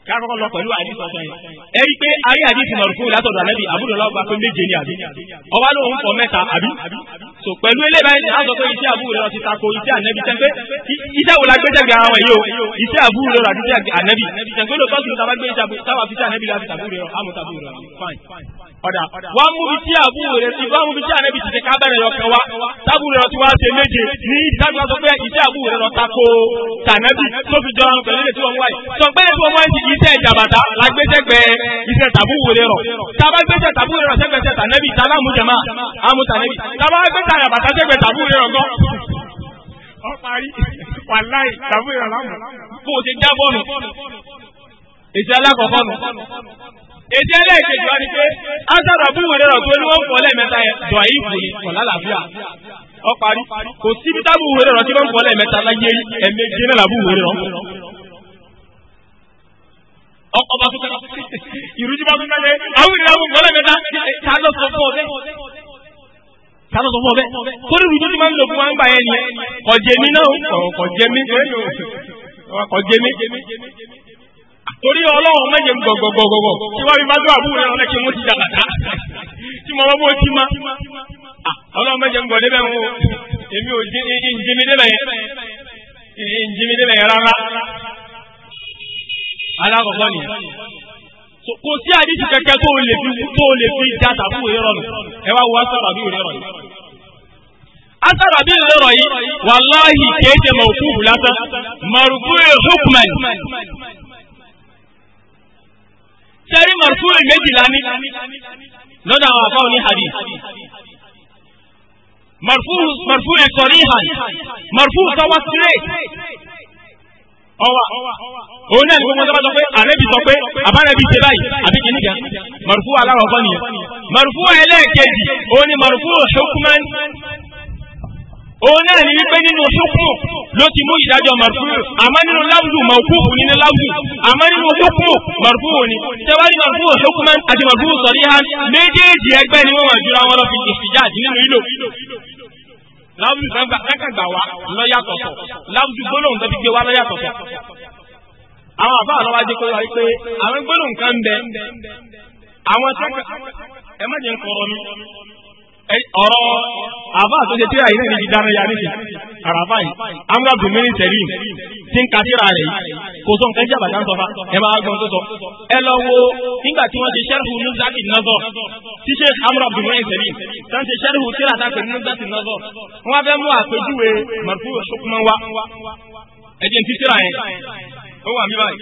kakọkọ lọ pẹ̀lú àdìsí ọsàn yìí ẹ pé ayé àdìsí mọ̀rùkú látọ̀dọ̀ àlẹ́bí àbúrò ọba pé méje ni àbí ọba ló ń kọ mẹ́ta àbí so pẹ̀lú eléyìí láti sọ pé iṣẹ́ àbúrò lọ ti tako iṣẹ́ ànẹ́bí tẹ́ńpé iṣẹ́ wo la gbé tẹ̀gbẹ́ ara wọn yìí o iṣẹ́ àbúrò lọ àti iṣẹ́ ànẹ́bí iṣẹ́ ànẹ́bí láti ọ̀dà wàá mú bí tí àbúrò rẹ̀ ti wàá mú bí tí ànábì ti ti ká bẹ̀rẹ̀ yọ kan wá tábùrò rẹ̀ ti wá ṣe méje ní tábìlì sọ pé iṣẹ́ àbúrò rẹ̀ lọ ta ko tànábì tó fi jọra pẹ̀lú ilé tí wọ́n wáyé sọ pé tí wọ́n wáyé ti iṣẹ́ ìjàbàtà lágbésẹ̀gbẹ́ iṣẹ́ tàbúrò ọparí wàláì tàbúrò rẹ̀ lámù. bó o ti já bọ́ọ̀lù èdè ẹlẹ́ẹ̀kejì wá ni pé ásàdà fún ìwọ̀n lọ́rọ̀ tó lówó fọ́ lẹ́ẹ̀mẹ́ta yẹn dọ̀ àyè ìfò yìí kọ̀ lálàáfíà ọ parí kò síbi tábù wèrè rọ̀ tí wọ́n fọ́ lẹ́ẹ̀mẹ́ta láyé ẹ̀mẹ́jẹ náà làbù wèrè rọ̀ ọkọ̀ bá tún kẹ́kọ̀ọ́ ìrújú bá tún kẹ́kọ̀ọ́ àwọn ìrìnàmù fọ́ lẹ́ẹ̀mẹ́ta tá ló sọ fún ọ tàbí sọ fún ọbẹ̀ torí ìrùjọ́ tí máa ń lò fún wa ń gbà yẹn ni kọ̀jẹ̀mí náà kọ̀jẹ̀mí kọ̀jẹ̀mí torí ọlọ́run méje ń gbọ̀gbọ̀gbọ̀gbọ̀ tí wọ́n fi máa tó àbúrò náà lẹ́kí mú ti dàgbàtà tí mo wọ́n bó ti ma ọlọ́run méje ń gbọ̀ débẹ̀ ń wo èmi ò jimi débẹ̀ yẹn jimi débẹ̀ yẹn rárá alákọ̀ọ́kọ́ nìyẹn kò sí àdìsí kẹ̀kẹ́ tó lè fi tó lè fi já tàbúrò yẹn rọrùn ẹ wá wo asọ̀rọ̀ àbí òde rọrùn asara bí lọ́rọ̀ yìí wàláhì kéde mọ̀kúù lásán mọ̀rùkú hukman sẹ́rí mọ̀fúrì méjìlá ní lọ́dọ̀ àwọn àfáà ní hadith mọ̀fúrì sọ̀rí hàn mọ̀fúrì sọ́wọ́ sílẹ̀ ọwà òun náà ní gbogbo ọjọ́ bá sọ pé àrẹ́bí sọ pé àbárẹ́bí ṣe báyìí àbí kìíní kan mọ̀fúrì aláwọ̀ ọ̀kọ́ nìyẹn mọ̀fúrì ẹlẹ́ẹ̀kejì òun ni mọ̀fúrì hukuman òun náà ní wípé nínú ṣúkùmù ló ti mú ìdájọ́ marfu àmọ́ nínú láwùjù mawqufu nínú láwùjù àmọ́ nínú ṣúkùmù marfu ni tẹ́wájú marfu hukman àti marfu sarihan méjèèjì ẹgbẹ́ ni wọ́n wà jura wọn lọ fi ìṣìjáàjì nínú ìlò láwùjù sákàgbà wa lọ́yàtọ̀tọ̀ láwùjù gbólóhùn tó fi gbé wa lọ́yàtọ̀tọ̀ àwọn àbá àlọ́wà jẹ́ kó wá pé àwọn gbólóhùn kan bẹ àwọn sákà ọ̀rọ̀ àbá àtúnṣe tíra yìí náà ní dáná ya níbi àràbá yìí amúgá bùnmíní tẹ̀lé tí ń kàtíra rẹ̀ kò sọ nǹkan jẹ́ àbàtà ń sọ fa ẹ máa gbọ́n tó sọ. ẹ lọ wo nígbà tí wọ́n ṣe sẹ́rìfù nùzàkì nọ́zọ̀ tí ṣe amúgá bùnmíní tẹ̀lé tá ń ṣe sẹ́rìfù tíra tá pẹ̀lú nùzàkì nọ́zọ̀ wọ́n fẹ́ mú àpèjúwe mọ̀tò ṣokùnmọ́ wa ẹ̀jẹ̀ ń títíra yẹn ó wà mí báyìí.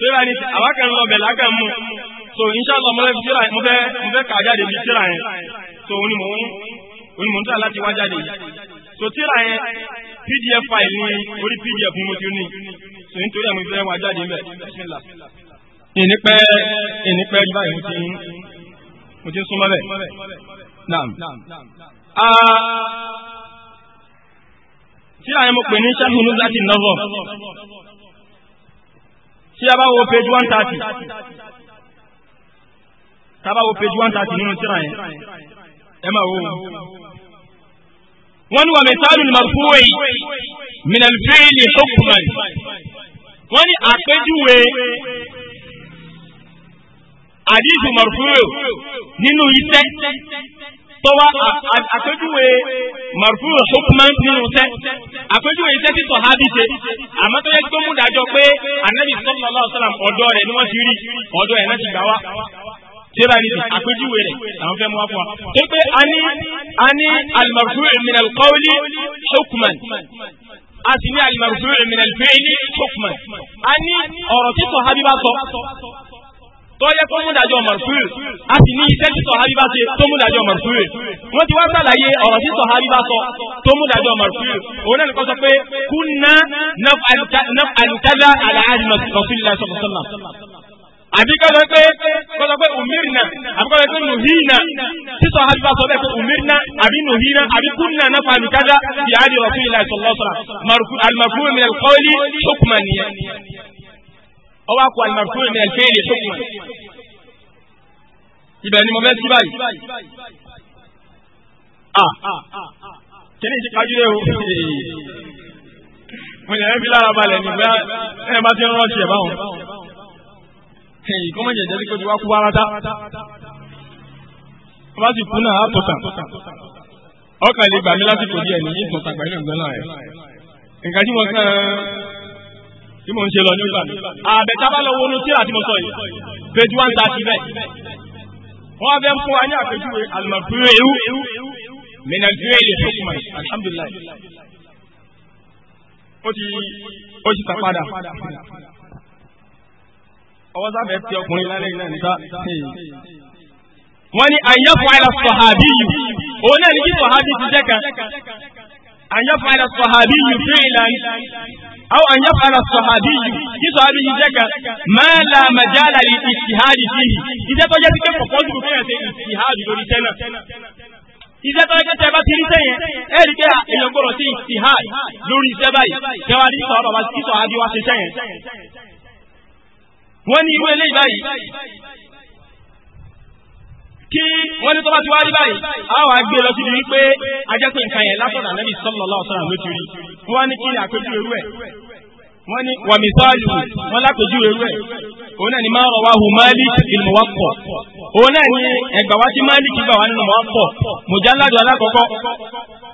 tíra ní àwọn kan lọ bẹ̀lá kan mú so inshallah mo fẹ́ mo fẹ́ kà jáde bí tíra yẹn so òun ni mò ń òun ni mò ń tà láti wá jáde yìí so tíra yẹn pdf file ní orí pdf mo ti ní so nítorí àwọn ìfẹ́ wa jáde mbẹ bismillah. ìnípẹ́ ìnípẹ́ báyìí mo ti ń mo ti ń súnmọ́ bẹ́ẹ̀ naam tíra yẹn mo pè ní sẹ́gun nuzati nọ́vọ̀ tí a bá wo page one thirty tá a bá wo page one thirty nínú tírà yẹn ẹ máa wo wọ́n ní wà mẹ́tàlù marfu'i min al-fi'li hukman wọ́n ní àpéjúwe àdìsù marfu'i nínú iṣẹ́ tọ́wá àpéjúwe marfu hukman nínú sẹ́ àpéjúwe iṣẹ́ tí sọ̀hábì ṣe àmọ́ tó yẹ kí ó mú dájọ́ pé anabi sallallahu alaihi wasallam ọ̀dọ́ rẹ̀ ni wọ́n ti rí ọ̀dọ́ ẹ̀ náà ti gbà wá tẹ́lá ní àpéjúwe rẹ̀ àwọn fẹ́ mú wá fún wa. tó pé a alimarufu min alqawli hukman a sì alimarufu min alfi'li hukman a ọ̀rọ̀ tí sọ̀hábì bá sọ tọ́yẹ tó mú dájọ́ mọ̀rùfúrù a sì ní iṣẹ́ tí sọ̀hábí bá ṣe tó mú dájọ́ mọ̀rùfúrù wọ́n ti wá sàlàyé ọ̀rọ̀ tí sọ̀hábí bá sọ tó mú dájọ́ mọ̀rùfúrù òun náà nìkan sọ pé kúnná alùkádà àlàáàdì mọ̀sílẹ̀ sọ̀kọ̀sọ̀lá àbí kọ́sọ̀ pé kọ́sọ̀ pé umirna àbí kọ́sọ̀ pé nuhina tí sọ̀hábí bá sọ bẹ́ẹ̀ pé umirna àbí nuhina àbí kúnná náfa alùkádà ìyáàdì rọ̀fún ilẹ̀ sọ̀lọ́sọ̀lá alùmọ̀fúrù mi alùkọ́lì ṣókùmá nìyẹn ọwọ́ àpò àlùmọ̀tò ní ẹ̀fẹ́ ilé tó kùn. ibẹ̀ ni mo fẹ́ sí báyìí. a kìíní ti kájú lé o. mo yẹn fi lára balẹ̀ nígbà ẹ bá ti rán ọ̀ṣẹ̀ báwọn. kọ́mọ̀ jẹ̀jẹ̀ ní kojú wa kú wárátá. wọ́n bá sì kú náà á tó tàn. ọkàn lè gbà mí lásìkò díẹ̀ ní yìí tó tàgbà ní ọ̀gbẹ́ náà rẹ̀. nǹkan tí mo kàn án tí mò ń ṣe lọ ní ìgbà mi. àbẹ̀tá bá lọ wọnú tíra tí mo sọ yìí page one thirty bẹ́ẹ̀. wọ́n fẹ́ fún wa ní àpèjúwe alimọ̀kúrú ewu mìnàgbé ilé fúnkùmá alhamdulilayi. ó ti ó ti tàpadà. ọwọ́ sáfẹ́ ti ọkùnrin lálẹ́ iná níta. wọ́n ní àyẹ̀fọ́ àìlà sọ̀hábí yìí òun náà ní kí sọ̀hábí ti jẹ́ kan. àyẹ̀fọ́ àìlà sọ̀hábí yìí fẹ́ ìlànà. أو أن يفعل الصحابي في صحابي ذاك ما لا مجال للاجتهاد فيه إذا توجد كيف قلت كيف اجتهاد لرسالة iṣẹ́ tó ẹgbẹ́ tẹ́bá ti rí sẹ́yìn ẹ̀rí pé èèyàn gbọ́dọ̀ sí ìtìhàd lórí iṣẹ́ báyìí tẹ́wà ní sọ̀rọ̀ bàbá títọ̀ àdíwá sẹ́yìn. wọ́n ní irú eléyìí báyìí kí wọ́n ní tó bá ti wá rí báyìí a wà gbé lọ síbi wípé ajẹ́pẹ̀ nǹkan yẹn látọ̀dọ̀ ànábì sallallahu alaihi wasallam ló ti rí wọ́n ní kí ni àpéjú irú ẹ̀ wọ́n ní wàmísáàlù wọ́n lápéjú irú ẹ̀ òun náà ni máa rọwá hu Malik al-Muwatta òun náà ni ẹgbà wá sí Malik gbà wá nínú Muwatta mujalladu alákọ̀ọ́kọ́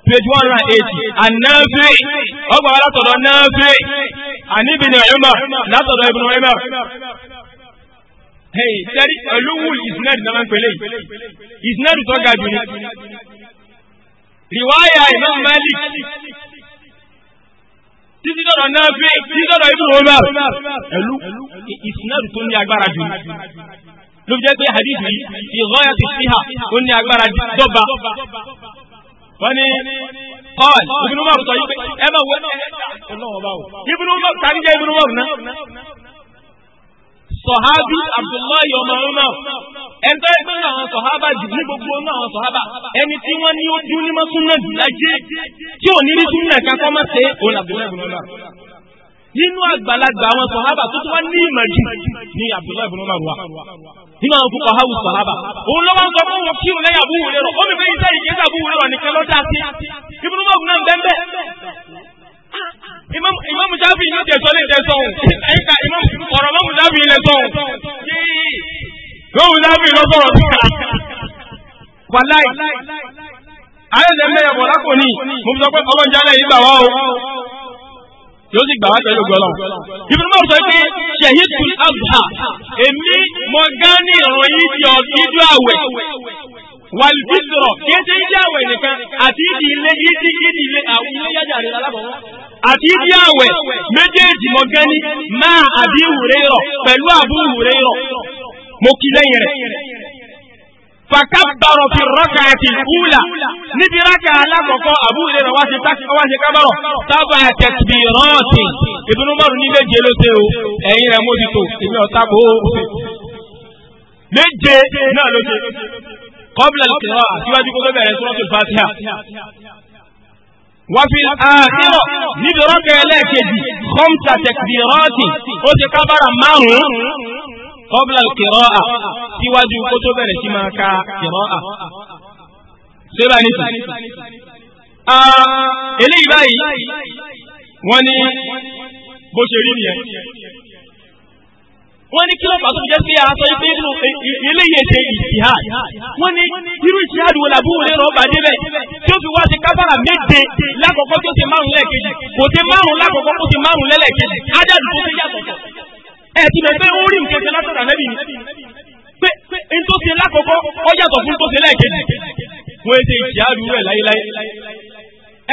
page one hundred and eighty anafe ọgbà wá látọ̀dọ̀ anafe anibini Umar látọ̀dọ̀ ibn Umar hey sẹ́rí olówó isnad náà máa ń pèlè isnad tó ga jù ní. riwaya imam malik títí lọ́dọ̀ náà fi títí lọ́dọ̀ ibùdó omar ẹ̀lú isnad tó ní agbára jù ní. ló fi jẹ́ pé hadith yìí ìrọ́yà ti síhà ó ní agbára dọ́gba. wọ́n ní kọ́ọ̀l ibùdó omar sọ yìí pé ẹ máa wọ ẹ náà. ibùdó omar tani jẹ́ ibùdó omar náà sọ̀hábí abdullahi ọmọ umar ẹni tó yẹ pé àwọn sọ̀hábà jù ní gbogbo ọmọ àwọn sọ̀hábà ẹni tí wọ́n ní ó dún ní mọ́ súnà jù láyé tí ò ní rí súnà kankan má ṣe òun abdullahi ọmọ nínú àgbàlagbà àwọn sọ̀hábà tó tún wá ní ìmọ̀jì ní abdullahi ọmọ umar wa nínú àwọn fúnpọ̀ hawu sọ̀hábà òun lọ́wọ́ ń sọ fún wọn kí òun lẹ́yà bú wùlé rọ omi fẹ́ yíṣẹ́ ìjẹ́sà bú wùlé rọ nìkan lọ́dá sí ibùdó Imam Shafi ní tẹ̀sán ní tẹ̀sán ẹ̀ka ọ̀rọ̀ Imam Shafi ní tẹ̀sán. Imam Shafi lọ sọ̀rọ̀ síta. Wàláì. Ayé lè mẹ́rẹ̀ bọ̀ lápò ní. Mo sọ pé ọlọ́run jálẹ̀ yìí gbà wá o. Yóò sì gbà wá pẹ̀lú gbọ́lọ̀. Ibùdó náà sọ pé Ṣèyíd Kùl Azhar, èmi mo gán ní ìròyìn ìjọ ìjọ àwẹ̀ wàlùfíìsọ̀rọ̀ kéde ìdí àwẹ̀ nìkan àti ìdí ilé ìdí ìdí ilé àwọn ilé yájà rẹ̀ lálábọ̀ àti ìdí àwẹ̀ méjèèjì mọ̀ gẹ́ni máa àbí ìwúre rọ̀ pẹ̀lú àbú ìwúre rọ̀ mo kí lẹ́yìn rẹ̀. fàkàbàrọ̀ fi rọ́kà àti ìkúlà níbi rákà alákọ̀ọ́kọ́ àbú ìwúre rọ̀ wá ṣe kábàrọ̀ sábà tẹ̀sí rọ́ọ̀tì ìdùnnú márùn nílé jẹ́ ló ṣe o ẹ̀yin rẹ̀ mójútó ìmí ọ̀tá kó méje náà ló ṣe qabla al-qira'ah àtiwájú kó tó bẹ̀rẹ̀ suratul Fatiha. وفي الآخرة ندرك لك خمسة تكبيرات وتكبر معه قبل القراءة في وجه كتب رسمك قراءة سيبا نسي آه إلي باي وني بوشرين wọ́n ní kí ló fà tó fi jẹ́ sí aṣọ ipe inú e, e, eléyìí ṣe ìjìhàd wọ́n ní irú ìjìhàd wo làbú wòlé rọ́ọ̀bà débẹ̀ tí ó fi wá sí kábàrà méje lákọ̀ọ́kọ́ tó ṣe márùn lẹ́ẹ̀kejì kò ṣe márùn lákọ̀ọ́kọ́ tó ṣe márùn lẹ́lẹ́kejì ájàdù tó ṣe yàtọ̀tọ̀ ẹ̀ ti mọ̀ pé ó rí nǹkan ṣe látọ̀dà nẹ́bì pé n tó ṣe lákọ̀ọ́kọ́ ó yàtọ̀ fún tó ṣe lẹ́ẹ̀kejì wọ́n ṣe ìjìhàd rẹ̀ láyéláyé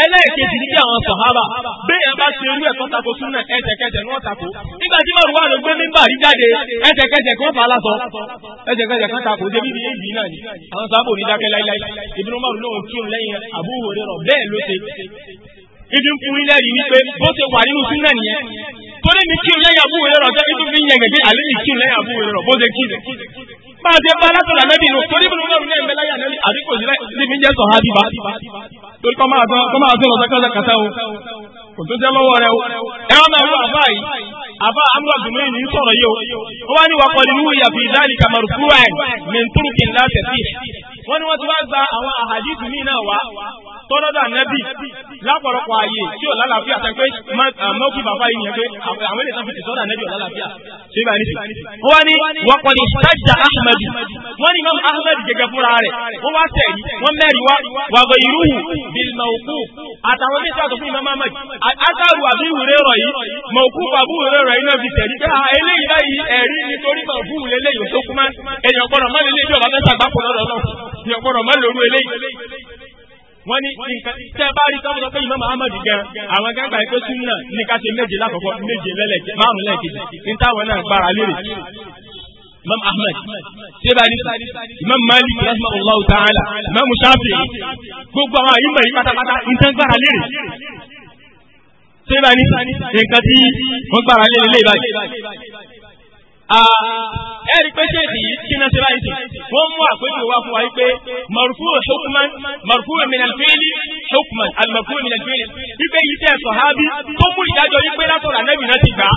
ẹlẹ́ẹ̀kejì ní bí àwọn sọ̀hábà bẹ́ẹ̀ yẹn bá ṣe irú ẹ̀kọ́ tako súnmọ́ ẹsẹ̀kẹsẹ̀ ní wọ́n tako nígbà tí wọ́n wà ló gbé nígbà rí jáde ẹsẹ̀kẹsẹ̀ kan fà á lásọ ẹsẹ̀kẹsẹ̀ kan tako débi ní èyí náà ni àwọn sábà ò ní dákẹ́ láíláí ìbínú máa lóun kírun lẹ́yìn àbúrò rẹ̀ rọ̀ bẹ́ẹ̀ ló ṣe ibi ń fún ilé rí wípé bó ṣe wà nínú súnmọ́ nìyẹn torí mi kírun lẹ́yìn àbúrò rẹ̀ rọ̀ jẹ́ ibi fi ń yẹn gẹ̀gẹ́ àlẹ́ yìí kírun lẹ́yìn àbúrò rẹ̀ bó ṣe kírun máa ṣe bá látọ̀dà nẹ́bí inú torí bí mo náà rí ẹ̀mẹ́láyà nẹ́bí àbíkò sílẹ̀ níbi ń jẹ́ sọ̀hábíbá torí kọ́ máa tó lọ sọ́kẹ́ ọ̀sẹ̀kẹ́sẹ́ o kò tó jẹ́ lọ́wọ́ rẹ o. ẹ wá máa wọ àbá yìí àbá amúlàdùnmí ní sọ̀rọ̀ yìí o. ó wá ní wàá kọ́ni níwò yàtọ̀ ìdáàlì kàmàrú fúwà ẹ̀ mẹ́ntúrù kì í láṣẹ̀ sí wọ́n ní wọ́n ti wá gba àwọn àhàdìsì míì náà wá tọ́lọ́dọ̀ ànábì lápọ̀lọpọ̀ ààyè tí ò lálàáfíà tẹ́ pé mọ́kì bàbá yìí yẹn pé àwọn èdè fi tìsọ́dọ̀ ànábì ò lálàáfíà ṣé bá ní sí. wọ́n ní wọ́n kọ́ ní sájà ahmed wọ́n ní imam ahmed gẹ́gẹ́ fúnra rẹ̀ wọ́n wá tẹ̀ yìí wọ́n mẹ́rin wá wàgbọ̀ ìrúhù bilmọ̀kú àtàwọn bí sọ́dọ̀ fún imam ahmed akáàrù àbí ìwúrẹ́ rọ̀ yìí mọ̀kú àbú ìwúrẹ́ rọ̀ yìí náà fi tẹ̀ nípa ah, eléyìí báyìí ẹ̀rí nítorí mọ̀kú lélẹ́yìn tó kú mọ́ èèyàn gbọ́dọ̀ mọ́ lélẹ́yìn ni ọ̀gbọ́dọ̀ má lóru eléyìí wọ́n ní nǹkan tẹ́ bá rí sọ́kùnrin pé ìmọ̀ muhammadu gan àwọn gàgbà ẹgbẹ́ súnà ní ká ṣe méje lákọ̀ọ́kọ́ méje lẹ́lẹ̀ márùn lẹ́ẹ̀kejì ní táwọn náà gbára lérè imam ahmed sebani imam malik rahimahullah ta'ala imam shafi gbogbo àwọn àyíká yìí pátápátá nǹkan gbára lérè sebani nǹkan wọ́n gbára lérè lé báyìí. Ah, ẹ̀rí pé ṣéèkì yìí kí náà ṣe báyìí sí wọ́n mú àpéjì wá fún wa wípé marfu hukman marfu minal fi'li hukman al-marfu minal fi'li wípé yìí tẹ̀ sọ̀hábí tó mú ìdájọ́ wípé látọ̀rọ̀ anẹ́bì náà ti gbà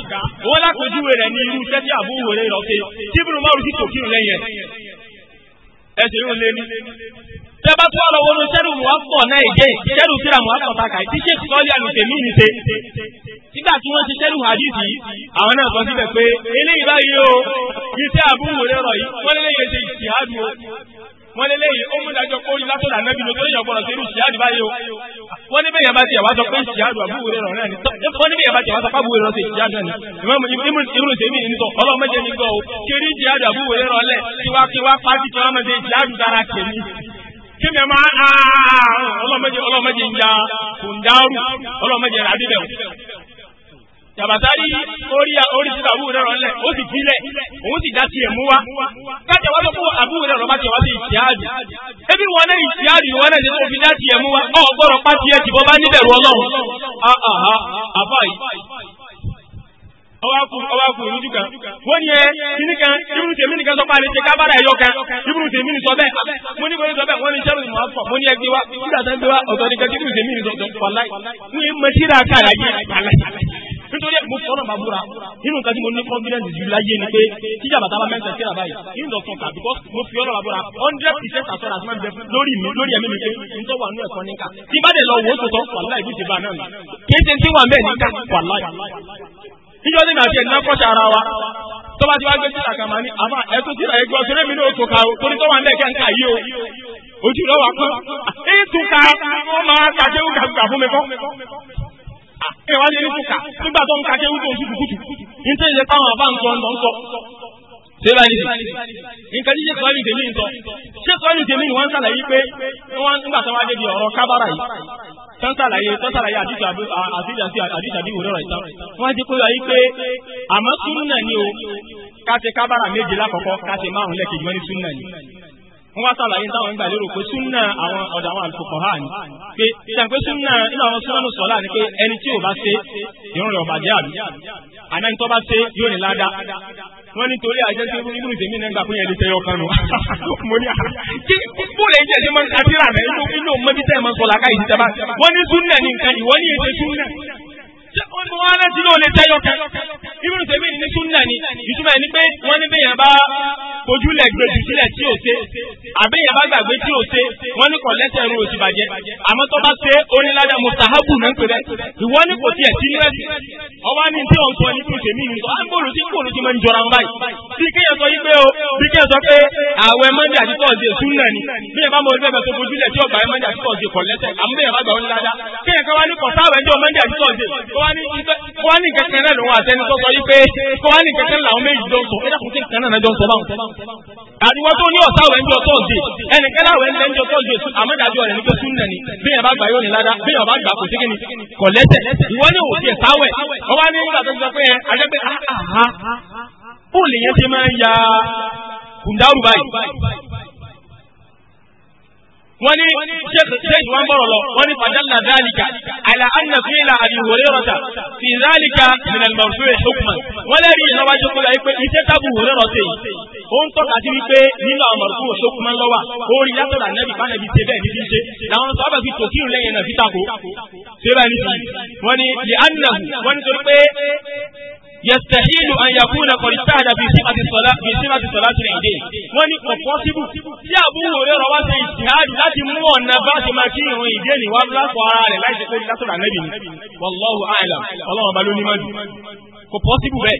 wọ́n lápèjúwe rẹ̀ ní irú iṣẹ́ tí àbúrò rẹ̀ lọ́sẹ̀ tí ibùdó tòkìrù lẹ́yìn ẹsẹ̀ yóò lé ní. tẹ́ bá tún ọ̀rọ̀ wọnú sẹ́rù mu náà èjé sẹ́rù síra mu àpọ̀ tí ṣé ti sọ́ọ́lì àlùfẹ́ mí ní ṣe. nígbà tí wọ́n ti sẹ́rù hadith yìí àwọn náà sọ síbẹ̀ pé eléyìí báyìí o iṣẹ́ àbúrò rẹ̀ rọ̀ yìí wọ́n lé wọ́n lé lẹ́yìn ó mú dájọ́ kó látọ̀dà nẹ́bí ló tó yẹ sí irú báyìí o wọ́n ní bẹ́yẹn bá ti ẹ̀wá sọ pé ṣíádùú àbúwèrè rọ̀ náà ni wọ́n ní bẹ́yẹn bá ti ẹ̀wá sọ pé àbúwèrè rọ̀ sí ṣíádùú ni irú ni sọ ọlọ́run ni gbọ́ o kiri ṣíádùú àbúwèrè rọ̀ lẹ̀ tiwa tiwa pàtì ń ja kò ń dárú jàbàtàrí orí orí sí àbúrò náà rọlẹ̀ ó sì kílẹ̀ òun sì dá sí ẹ̀mú wa kájà wá lọ́pọ̀ àbúrò náà rọ̀ bá tiẹ̀ wá sí ìṣíáàdì ebi wọn náà ìṣíáàdì wọn náà ṣe tó fi dá sí ẹ̀mú wa gbọ́dọ̀ pàṣẹ ẹ̀ bá ọlọ́run àbá yìí wọ́n kíní kan ibùdó tèmi nìkan sọ pé kábàrà nítorí ẹ̀kú fọ́nà bá búra nínú nǹkan tí mo ní confidence jù láyé ni pé tíjà bàtà bá mẹ́sàn-án síra báyìí nínú ìdọ̀tún kà because mo fi ọ̀nà bá búra hundred percent assurance máa ń lórí mi lórí ẹ̀mí mi pé n tó wà nínú ẹ̀kọ́ níkà tí bá dẹ̀ lọ wò ó sòtọ́ wàhálà ìbí ti bá náà nù kí n ṣe tí wà mẹ́ẹ̀ níkà wàhálà níjọ́ ní àti ẹ̀dínlá kọ́ṣẹ́ ara wa tó bá ti wá gbé síra kan máa ní àmà ẹ̀tún síra wà ní ẹ̀kẹ́ nǹkan ká ó máa kàdéhùn kàgbà fún mi kọ́. Ah, ẹ wá lé ní kùkà nígbà tó ń ka kéwú tó ń tutù tutù nítorí ṣe táwọn àbá ń sọ ń sọ ṣé báyìí nǹkan tí ṣètò ẹni tèmi ń sọ ṣètò ẹni tèmi wọn ṣàlàyé pé wọn nígbà tó wá débi ọ̀rọ̀ kábàrà yìí tán ṣàlàyé tán ṣàlàyé àdìjà bí òwúrọ̀ ìta wọn ti kó ayé pé àmọ́ súnà ni o ká ṣe kábàrà méje lákọ̀ọ́kọ́ ká ṣe márùn-ún lẹ́kẹ̀ẹ́ wọ́n wá sàlàyé táwọn ń gbà lérò pé súnà àwọn ọ̀dọ̀ àwọn àlùkò hàn pé ìyàn pé súnà nínú àwọn súnmọ́nù sọ̀lá ni pé ẹni tí ò bá ṣe ìrún rẹ̀ ọ̀bàjẹ́ àbí àná ní tó bá ṣe yóò ní ládàá wọ́n ní torí àjẹ́ tí ibùdó tèmi náà gbà pé yẹn lè tẹyọ kan nù. mo kí bóòlù ẹ̀jẹ̀ ṣe mo wá rántí ló lè tẹ́yọ̀ kan Ibn Taymi ní súnà ni ìtumọ̀ ẹni pé wọ́n ní bẹ́yàn bá fojú lẹ̀ gbèjù sílẹ̀ tí ò ṣe àbẹ́yàn bá gbàgbé tí ò ṣe wọ́n ní kò lẹ́sẹ̀ ẹ̀rù òsì bàjẹ́ àmọ́ tó bá ṣe onílàdà mustahabu náà pé rẹ̀ ìwọ́n ní kò tiẹ̀ sí rẹ̀ ọwọ́ ní tí ò ń sọ ní Ibn Taymi ní sọ àgbòrò tí kò ló ti máa ń jọra báyìí bí kéèyàn sọ yí pé o bí kéèyàn sọ pé àwẹ̀ mọ́ndé àti tọ́ọ̀dé súnà ni bí ẹ bá mọ orílẹ̀ wọ́n ní kẹ̀kẹ́ náà lòun àtẹni tó sọ yí pé wọ́n ní kẹ̀kẹ́ làwọn méjì jọ ń sọ ẹ dàkún kẹ̀kẹ́ náà jọ ń sọ báwọn. àdìwọ́ tó ní ọ̀sá ọ̀rẹ́ ń jọ tọ́ọ̀dì ẹnìkẹ́ láwẹ̀ ń jọ tọ́ọ̀dì àmọ́dájọ́ rẹ̀ ní pé sún nẹ̀ni bí yàrá gbà yóò ní ládá bí yàrá gbà kò sí kíni kọ̀ lẹ́sẹ̀ ìwọ ní òkè sáwẹ̀ ọba ní wọ́n ní sheikh wọn bọ̀rọ̀ lọ wọ́n ní fadalla dhalika ala anna fi'la abi hurairata fi dhalika min al-marfu' hukman wọ́n lẹ́rí ìlọ́wà jókòó yà pé iṣẹ́ tábù hurairata yìí ó ń tọ́ka sí wípé nínú àwọn marfu' lọ́wà ó rí látọ̀dà nẹ́bí bá nẹ́bí yẹsẹ̀hílù àyàkúnà kọ̀lìtàdà bí símàtì sọ̀láti rẹ̀ dé wọ́n ní ọ̀pọ̀síbù tí àbúrò rẹ̀ rọ̀ wá sí ìṣìhádì láti mú ọ̀nà bá ti máa kí ìrun ìdí ènì wá lásọ̀ ara rẹ̀ láì ṣe pé látọ̀rọ̀ ànẹ́bì ni wallahu a'lam ọlọ́run ọba ló ní mọ́jú kò pọ́síbù bẹ́ẹ̀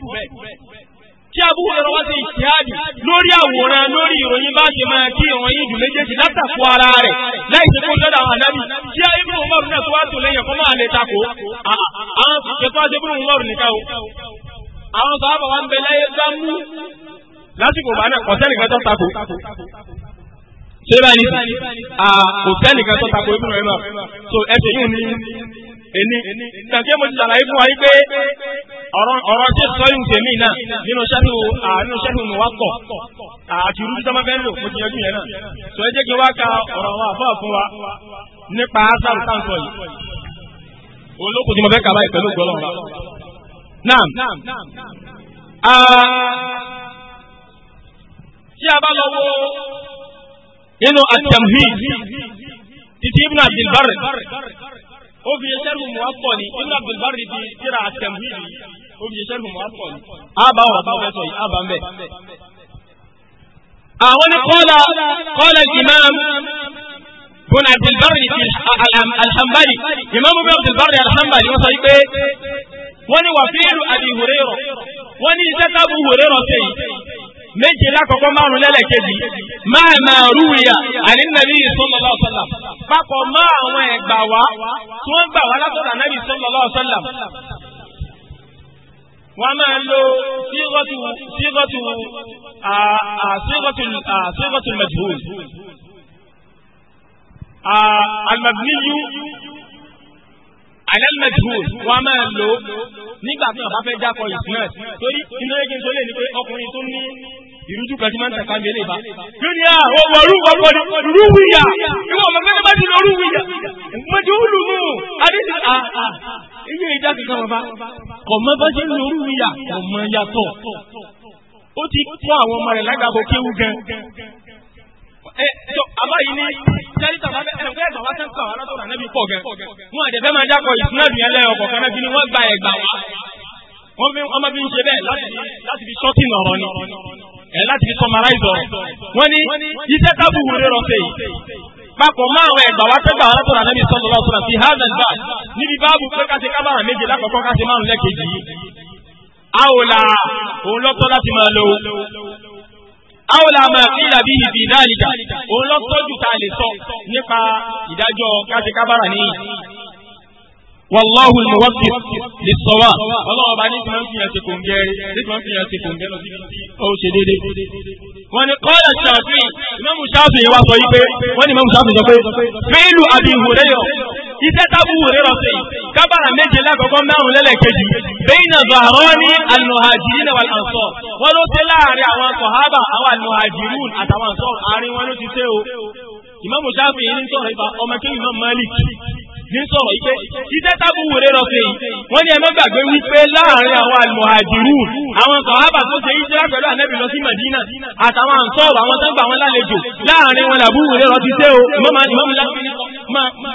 tí àbúrò rẹ̀ wá sí ìṣìhádì lórí àwòrán lórí ìròyìn bá ti máa kí ìrun yìí jù méjèèjì látàkọ́ ara rẹ̀ láì ṣe pé lọ́dọ̀ àwọn tí ibùdó mọ́rù náà tó wá tò lẹ́yìn ọkọ̀ máa lè takò àwọn ṣètò àwọn sàábà wa ń bẹ láyé gbámú lásìkò bá náà ọ̀sẹ́ nìkan tó takò ṣé báyìí ọ̀sẹ́ nìkan tó takò ibùdó ẹ̀rọ so ẹsẹ̀ yìí ni èmi ìtàkì mo ti ṣàlàyé fún wa yìí pé ọ̀rọ̀ tí sọ́yìn tèmi náà nínú ṣẹ́tù nínú ṣẹ́tù mi wá kọ̀ àti irú títọ́ máa fẹ́ lò mo ti yanjú yẹn náà so ẹ jẹ́ kí n wá ka ọ̀rọ̀ àwọn àfọ́ fún wa nípa sáàrù táǹsọ̀ yìí olókùn tí mo fẹ́ kà pẹ̀lú gbọ́lọ́ Naam. Tí a bá lọ wo nínú Atamhid títí Ibn Abdulbar ó fi ṣe sẹ́rù mu ọ̀pọ̀ ni Ibn Abdulbar ti kíra Atamhid ó fi ṣe sẹ́rù mu ọ̀pọ̀ ni. A bá wà bá wẹ́ sọ yìí, a bá ń bẹ̀. Àwọn ni kọ́lá kọ́lá Imam Bùn Abdulbar Alhambali, Imam Bùn Abdulbar Alhambali wọ́n sọ yìí pé wọ́n ní wàfíìlù àbí Hurayra wọ́n ní iṣẹ́ tábù Hurayra ṣe yìí méje lákọ̀ọ́kọ́ márùn lẹ́lẹ̀kejì máa máa rúwìyà àníńnàbí sallallahu alaihi wasallam papọ̀ mọ́ àwọn ẹ̀gbà wá tí wọ́n gbà wá látọ̀dọ̀ ànábì sallallahu alaihi wọ́n máa lo sígọ́tù sígọ́tù àìlẹ́lẹ́mẹ̀jùwò wọn máa lò nígbà tí wọn bá fẹ́ jákọ̀ ìsinmi torí inú ẹgbẹ́ tó lè ní pé ọkùnrin tó ní ìrújú kan tí máa ń tẹ̀ka mi bá. yóò ní àwọn ọmọ ni rú wíyà ìwọ ọmọ fẹ́lẹ́ bá ti lọ rú wíyà mọ̀jú òòlù mú adéṣe àà iye ìjà kankan wọn bá kọ̀ mọ́ bá ṣe lọ rú wíyà yàtọ̀ ó ti kún àwọn ọmọ rẹ̀ lágbàgbọ́ kéwú gan ẹ eh, tó àbá yìí ní sẹ́rí tàbá ẹ̀rọ pé ẹ̀gbà wá tán kọ́ àwọn alátọ̀rọ̀ ànábì pọ̀ gan. wọn àdẹ̀fẹ́ máa dákọ̀ ìsúnádùn yẹn lẹ́yìn ọkọ̀ kanáà fi ni wọ́n gba ẹ̀gbà wá. wọ́n fi ọmọ bí ń ṣe bẹ́ẹ̀ láti fi ṣọ́ọ̀tì nọ̀rọ̀ ni ẹ̀ láti fi sọmaráìzọ̀ wọ́n ní iṣẹ́ tábù wúre rọ̀ sẹ́yìn papọ̀ mọ́ àwọn ẹ̀gbà wá tẹ́gbà wọn látọ̀rọ̀ ànábì sallallahu alaihi wasallam fi hazard bá níbi báàbù pé káṣe kábàrà méje lákọ̀ọ́kọ́ káṣe márùn-ún lẹ́kẹ̀ẹ́jì yìí. a ò la òun lọ́tọ́ láti máa lo àwòlà máa fi ìlàbí ìdí náà nìjà òun lọ tọ́jú ta lè sọ nípa ìdájọ́ káṣe kábàrà níyì. wàláhùn mọ̀wọ́pì lè sọ wá ọlọ́wọ́ bá ní tí wọ́n fi hàn ṣe kò ń gẹ́rẹ́ ní tí wọ́n fi hàn ṣe kò ń gẹ́rẹ́ ó ṣe déédéé iṣẹ́ tábù rẹ̀ rọ̀ṣẹ̀ yìí kábàrà méje lákọ̀ọ́kọ́ márùn lẹ́lẹ́kejì bẹ́yìnà zọ̀hárọ́ní alùhàjìrìn wal ansar wọ́n ló ṣe láàrin àwọn sọ̀hábà àwọn alùhàjìrún àtàwọn ansar àárín wọn ló ti ṣe o ní sọ̀rọ̀ yìí pé iṣẹ́ tábù wòlé lọ sí yìí wọ́n ní ẹ gbàgbé wípé láàrin àwọn àlùmọ̀hàjìrù àwọn sàhábà tó ṣe iṣẹ́ pẹ̀lú ànẹ́bì lọ sí Madina àtàwọn àǹsọ̀rọ̀ àwọn tó gbà wọn lálejò láàrin wọn làbú wòlé lọ sí ṣé o ìmọ̀mọ̀ ìmọ̀mọ̀ láti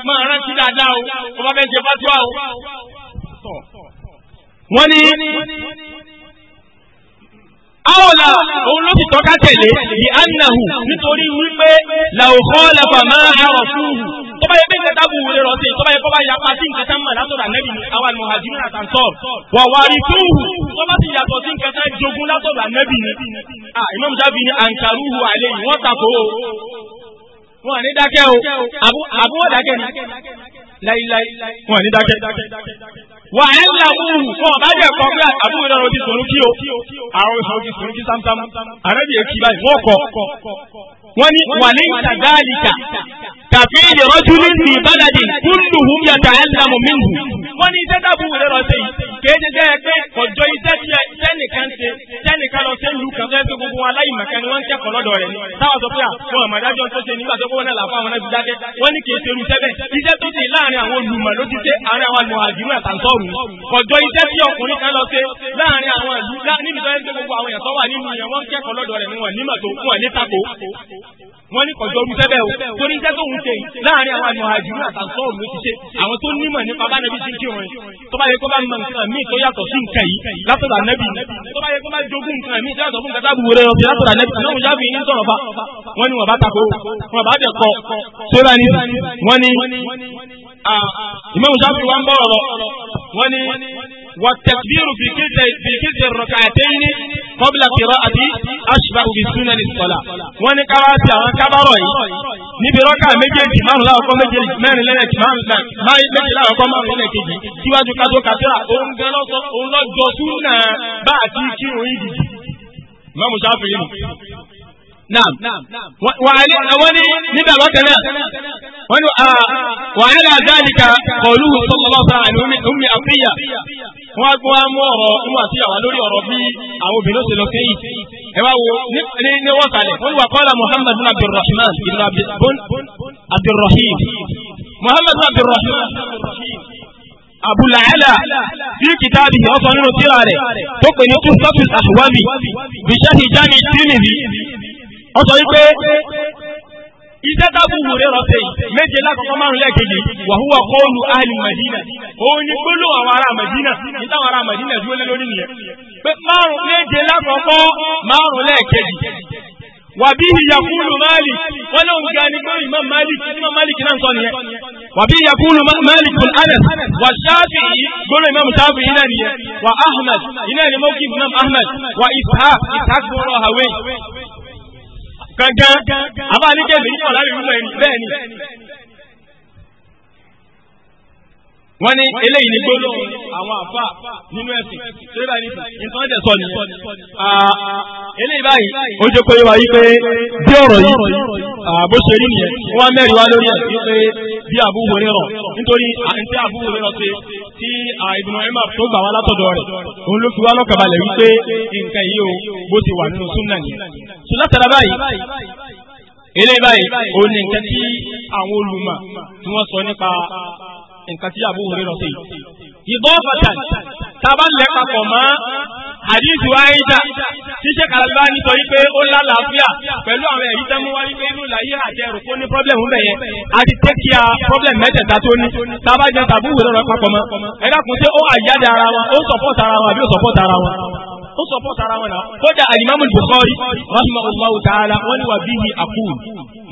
máa rántí dáadáa o ọba bẹ́ẹ̀ ṣe fásitì wa o àwòlà òun ló sì tọ́ka tẹ̀lé di annahu nítorí wípé làwòkọ́ lẹ́fà máa ń rọ̀ fúhù tó bá yẹ pé nǹkan tábù wòlé rọ̀ sí tó bá yẹ kó bá yapa sí nǹkan tá mà látọ̀dọ̀ ànẹ́bì ni àwọn àlùmọ̀hájúmí àtàntọ́ wà wà rí fúhù tó bá sì yàtọ̀ sí nǹkan tá jogún látọ̀dọ̀ ànẹ́bì ni Imam Shafi ni àǹkàrúhù àlẹ́ yìí wọ́n tako o wọn ní dákẹ́ o àbúwọ̀ dákẹ́ ni láíláí wọn ní dákẹ́ wà á ń làbúrú fún ọba jẹ kọ pé àbúrò náà ti sọ̀rọ̀ kí o àwọn ìsọ̀rọ̀ ti sọ̀rọ̀ kí sámsámú àrẹ́bìyẹ kí báyìí wọ́n kọ wọ́n ní wà ní ìtàgáàlìkà كفيل رجل في بلد كلهم يتعلم منه wọ́n ní iṣẹ́ dábò wò lọ́rọ̀ ṣe yìí kéde jẹ́ ẹ pé kọjọ iṣẹ́ tí ẹnìkan ṣe tẹnìkan lọ sí ìlú kan fẹ́ tó gbogbo aláìmọ̀kan ni wọ́n ń kẹ́kọ̀ọ́ lọ́dọ̀ rẹ̀ táwọn sọ pé àwọn àmàdájọ́ tó ṣe nígbà tó kó wọn náà làfáà wọn náà fi wọ́n ní kì í ṣe iṣẹ́ bẹ́ẹ̀ iṣẹ́ tó ṣe láàrin àwọn olùmọ̀ ló ti ṣe àárín àwọn àlùmọ̀ àdìmọ̀ àtàntọ́rù kọjọ iṣẹ́ tí ọkùnrin kan lọ ṣe láàrin àwọn wọ́n ní kọjọ́ ọdún sẹ́bẹ̀ o torí iṣẹ́ tó ń ṣe láàrin àwọn àmì àjùmọ̀ àtàǹsọ́ òun ló ti ṣe àwọn tó nímọ̀ nípa bá nẹbi ṣe ń kírun tó bá yẹ kó bá mọ nǹkan míì tó yàtọ̀ sí nǹkan yìí látọ̀dọ̀ ànẹ́bì tó bá yẹ kó bá jogún nǹkan míì tó yàtọ̀ fún kẹta àbúrò rẹ ọ̀sẹ̀ látọ̀dọ̀ ànẹ́bì náà wọ́n jáfi sọ̀rọ̀ bá wọ́n ní wọ́n bá tako wọ́n bá والتكبير في كلتا في كلتا الركعتين قبل قراءة أشبه بسنن الصلاة وأنا قرأت أنا كبروي نبي ركعة مجي الجمال لا أقوم مجي الجمال لا الجمال لا ما مجي لا أقوم مجي لا سوى جكاتو كاترا أم جلو أم جسونا بعد كيو يدي ما مشافي نعم وعلي أولي نبي ركعة وعلى ذلك قوله صلى الله عليه وسلم أم أبية wọ́n á gbọ́n á mú ọ̀rọ̀ ń wà lórí ọ̀rọ̀ bí àwọn obìnrin ṣe lọ sẹ́yìn ẹ wo ní ní wọ́n kalẹ̀ wọ́n wà kọ́lá Muhammad bin abdulrahman bin abdulrahim Muhammad bin abdulrahman abulala fi kitaabi ọsọ nínú tírà rẹ̀ tó pè ní tuhfatul ahwabi bishahi jami tirmidhi ọsọ yìí pé iṣẹ́ tábù wòrẹ́ rọ̀ṣẹ̀ yìí méje lákọ̀ọ́kọ́ márùn lẹ́ẹ̀kejì wàhúwà kọ́ọ̀lù ahli madina òun ni gbólò àwọn ará madina níta àwọn ará madina dúró lé lórí nìyẹn pé márùn méje lákọ̀ọ́kọ́ márùn lẹ́ẹ̀kejì wàbí ìyàkúlù máàlì wọn lóun ga ni gbóyìn mọ máàlì tí mọ máàlì kì náà ń sọ nìyẹn wàbí ìyàkúlù máàlì kùn anas wà ṣáàfì yìí gbóyìn mọ ṣáàfì yìí náà nìyẹn wà ahmed yìí náà ni mọ́kì mọ́ ahmed wà ishaq ishaq gbọ́rọ̀ hawe gangan àbá ní kébìrì kọ̀ lábẹ́ ìwúlò ẹni bẹ́ẹ̀ wọ́n ní eléyìí ní gbọ́dọ̀ àwọn àfa nínú ẹ̀sìn ṣé báyìí nìkan nǹkan tẹ̀ sọ nìyẹn. eléyìí báyìí ó jẹ́ pé wáyé pé bí ọ̀rọ̀ yìí bó ṣe rí nìyẹn wọ́n mẹ́rin wá lórí ẹ̀ wípé bí àbúrò rẹ̀ rọ̀ nítorí àǹtí àbúrò rẹ̀ rọ̀ ṣe tí Ibn Umar tó gbà wá látọ̀dọ̀ rẹ̀ òun ló fi wá lọ́kàbalẹ̀ wípé nǹkan yìí ó bó ti wà nínú súnà nìyẹn. sùlátàrà báyìí eléyìí báyìí òun ni nǹkan tí àwọn olùmọ̀ tí wọ́n sọ nípa nǹkan tí Abu Hurairah ṣe ìbọ́fàtàn tábà ń lẹ́ka pọ̀ mọ́ àdìsù àìjà tí Sheikh Al-Albani sọ wípé ó lálàáfíà pẹ̀lú àwọn ẹ̀rí tẹ́mú wá wípé inú làyé àjẹ rò kó ní pọ́blẹ̀mù bẹ̀ yẹn àti tẹ́kíà pọ́blẹ̀mù mẹ́tẹ̀ẹ̀ta tó ní tábà jẹ́ tàbí Abu Hurairah papọ̀ mọ́ ẹ̀dá kùn sí ó àyáde ara wọn ó sọ̀pọ̀t ara wọn àbí ó sọ̀pọ̀t ara wọn ó sọ fún tara wọn náà kódà alimami Bukhari rahimahullahu ta'ala wọn ni wà bíbí àkúù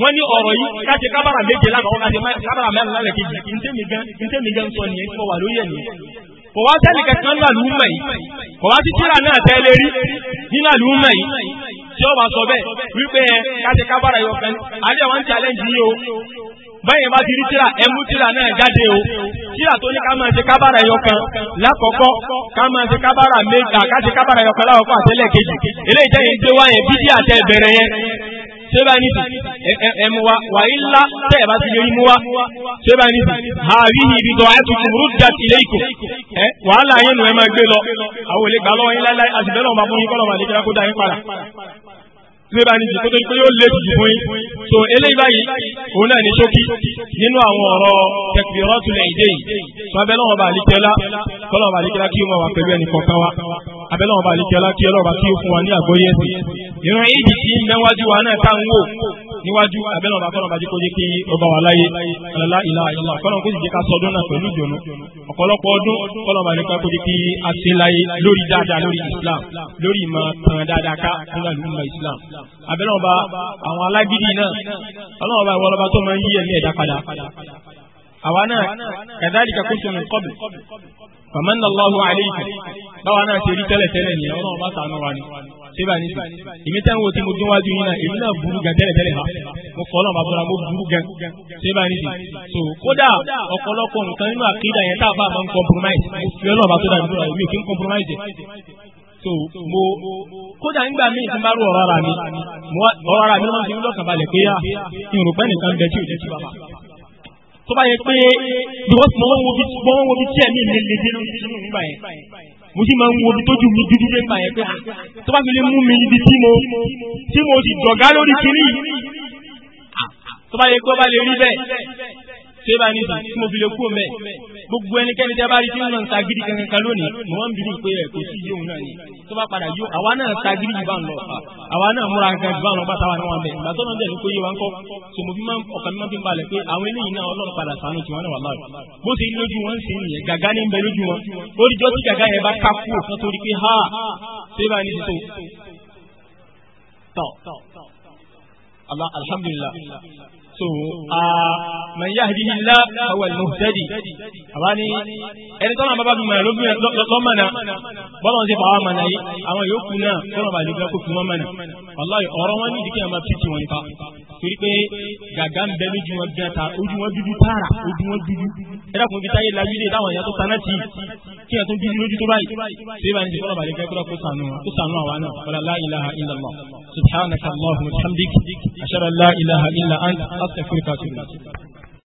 wọn ni ọ̀rọ̀ yìí káṣe kábàrà méje lákọ̀ọ́ káṣe kábàrà mẹ́rin lálẹ́ kejì ntẹ́migán sọ nìyẹn tí mo wà lórí ẹ̀ nìyẹn kò wá sẹ́ni kankan nínú àlùmọ̀ yìí kò wá sí tíra náà tẹ́lẹ̀ rí nínú àlùmọ̀ yìí tí ó wà sọ bẹ́ẹ̀ wípé ẹ káṣe kábàrà yọ kan alẹ́ wọn challenge yìí o bẹ́ẹ̀ bá ti rí tíra ẹmú tíra náà jáde o tíra tó ní ká máa ṣe kábàrà yọ kan lákọ̀ọ́kọ́ ká máa ṣe kábàrà méjì káṣe kábàrà yọ kan lákọ̀ọ́kọ́ àtẹ́lẹ̀ kejì eléyìí jẹ́ ìgbé wáyé bídí àtẹ ìbẹ̀rẹ̀ yẹn seba ni ti ẹmu wa wa ila tẹ ẹ bá ti lè mu wa seba ni ti hàbí ibi tó ẹ tuntun rú da tilé ikò ẹ wàhálà yẹn nù ẹ máa gbé lọ àwọn olè gbà yín láíláí àti bẹ́ẹ̀ lọ́wọ́ máa fún yín kọ́ lọ́wọ́ àdékẹ́lá kó da yín padà tí bá ní ti tó yóò lé jù fún yín so eléyìí báyìí òun náà ní ṣókí nínú àwọn ọ̀rọ̀ tẹkbiratul ìdè yìí so abẹ́lọ́wọ̀n bá àlíkẹ́lá kọ́lọ́wọ̀n bá àlíkẹ́lá kí wọ́n wà pẹ̀lú ẹnì kọ̀ọ̀kan wa abẹ́lọ́wọ̀n bá àlíkẹ́lá kí ọlọ́wọ̀n bá kí ó fún wa ní àgbọ́yé ẹ̀sìn ìran ìdì tí mẹ́wájú wa náà tá ń wò níwájú abẹ́lọ́wọ̀n bá kọ́lọ́wọ̀n bá jẹ́ kó jẹ́ kí ọba wa láyé ọ̀làlá ìlà ìlà kọ́lọ́wọ̀n kó sì jẹ́ Islam lórí ìmọ̀ tàn dáadáa ká fún Islam abẹ́rẹ́ ọba àwọn alágídí náà ọlọ́run ọba ìwọlọ́ba tó máa ń yí ẹ̀mí ẹ̀dá padà àwa náà kadhalika kuntum min qabl Allahu alaykum báwa náà ṣe rí tẹ́lẹ̀ tẹ́lẹ̀ nìyẹn ni síbà ní èmi tẹ́ ń wo tí mo dún yín náà èmi ha mo fọ́ bàbá mo burú so kódà ọ̀pọ̀lọpọ̀ nǹkan nínú àkídà yẹn tá a bá máa ń compromise mo fi so mo kódà nígbà míì tí n bá rú ọ̀rọ̀ ara mi ọ̀rọ̀ ara mi ló ń fi lọ́kàn balẹ̀ pé à ah, ìrùpẹ́ nìkan bẹ tí ò jẹ́ tí bàbá tó bá yẹ pé mo máa ń wo bí mo máa ń wo bí tí ẹ̀mí mi lè dé nínú nígbà yẹn mo sì máa ń wo bí tójú mi dúdú dé nígbà yẹn pé à ah, tó bá fi lè mú mi ibi tí mo tí mo sì dọ̀gá lórí kiri ah, tó bá yẹ pé ó bá lè rí bẹ́ẹ̀ ṣé bá ní sùn tí mo fi lè kú mẹ́ gbogbo ẹnikẹ́ni tẹ́ bá rí tí ń lọ ń sagídí kankan kan lónìí mo máa ń bínú pé ẹ̀ kò sí yóò náà ni tó bá padà yóò àwa náà sagídí yìí bá ń lọ fà àwa náà múra gan jù bá ń lọ pátá wa ní wọn bẹ ìgbà tó náà dẹ̀ ní kó yé wa ń kọ́ so mo fi máa ọkàn mi máa fi ń balẹ̀ pé àwọn eléyìí náà ọlọ́run padà sànú tiwọn náà wà láàrú bó ṣe ha ṣé bá ní sísò tán so man yahdihillah huwa al-muhtadi àbá ní ẹni tọ́lá bàbá fi mọ̀nà lóbi lọ́mọ̀nà bọ́lá ṣe fàá mọ̀nà yìí àwọn yòókù náà tọ́lá bàbá lóbi kó fi wọ́n mọ̀nà wàláhì ọ̀rọ̀ wọn ní ìdíkẹ́ àmà pìtì wọn nípa torí pé gàgà ń bẹ lójú wọn bí ata ojú wọn dúdú tààrà ojú wọn dúdú ẹ̀rọ kò fi táyé lajú lé táwọn èèyàn tó taná tì kí ẹ̀ tó bí lójú tó báyìí ṣé bá ní ṣe tọ́lá bàbá lóbi kó sànù àwa náà wàlá la ilaha illallah subhanaka wa bihamdik تكلفتنا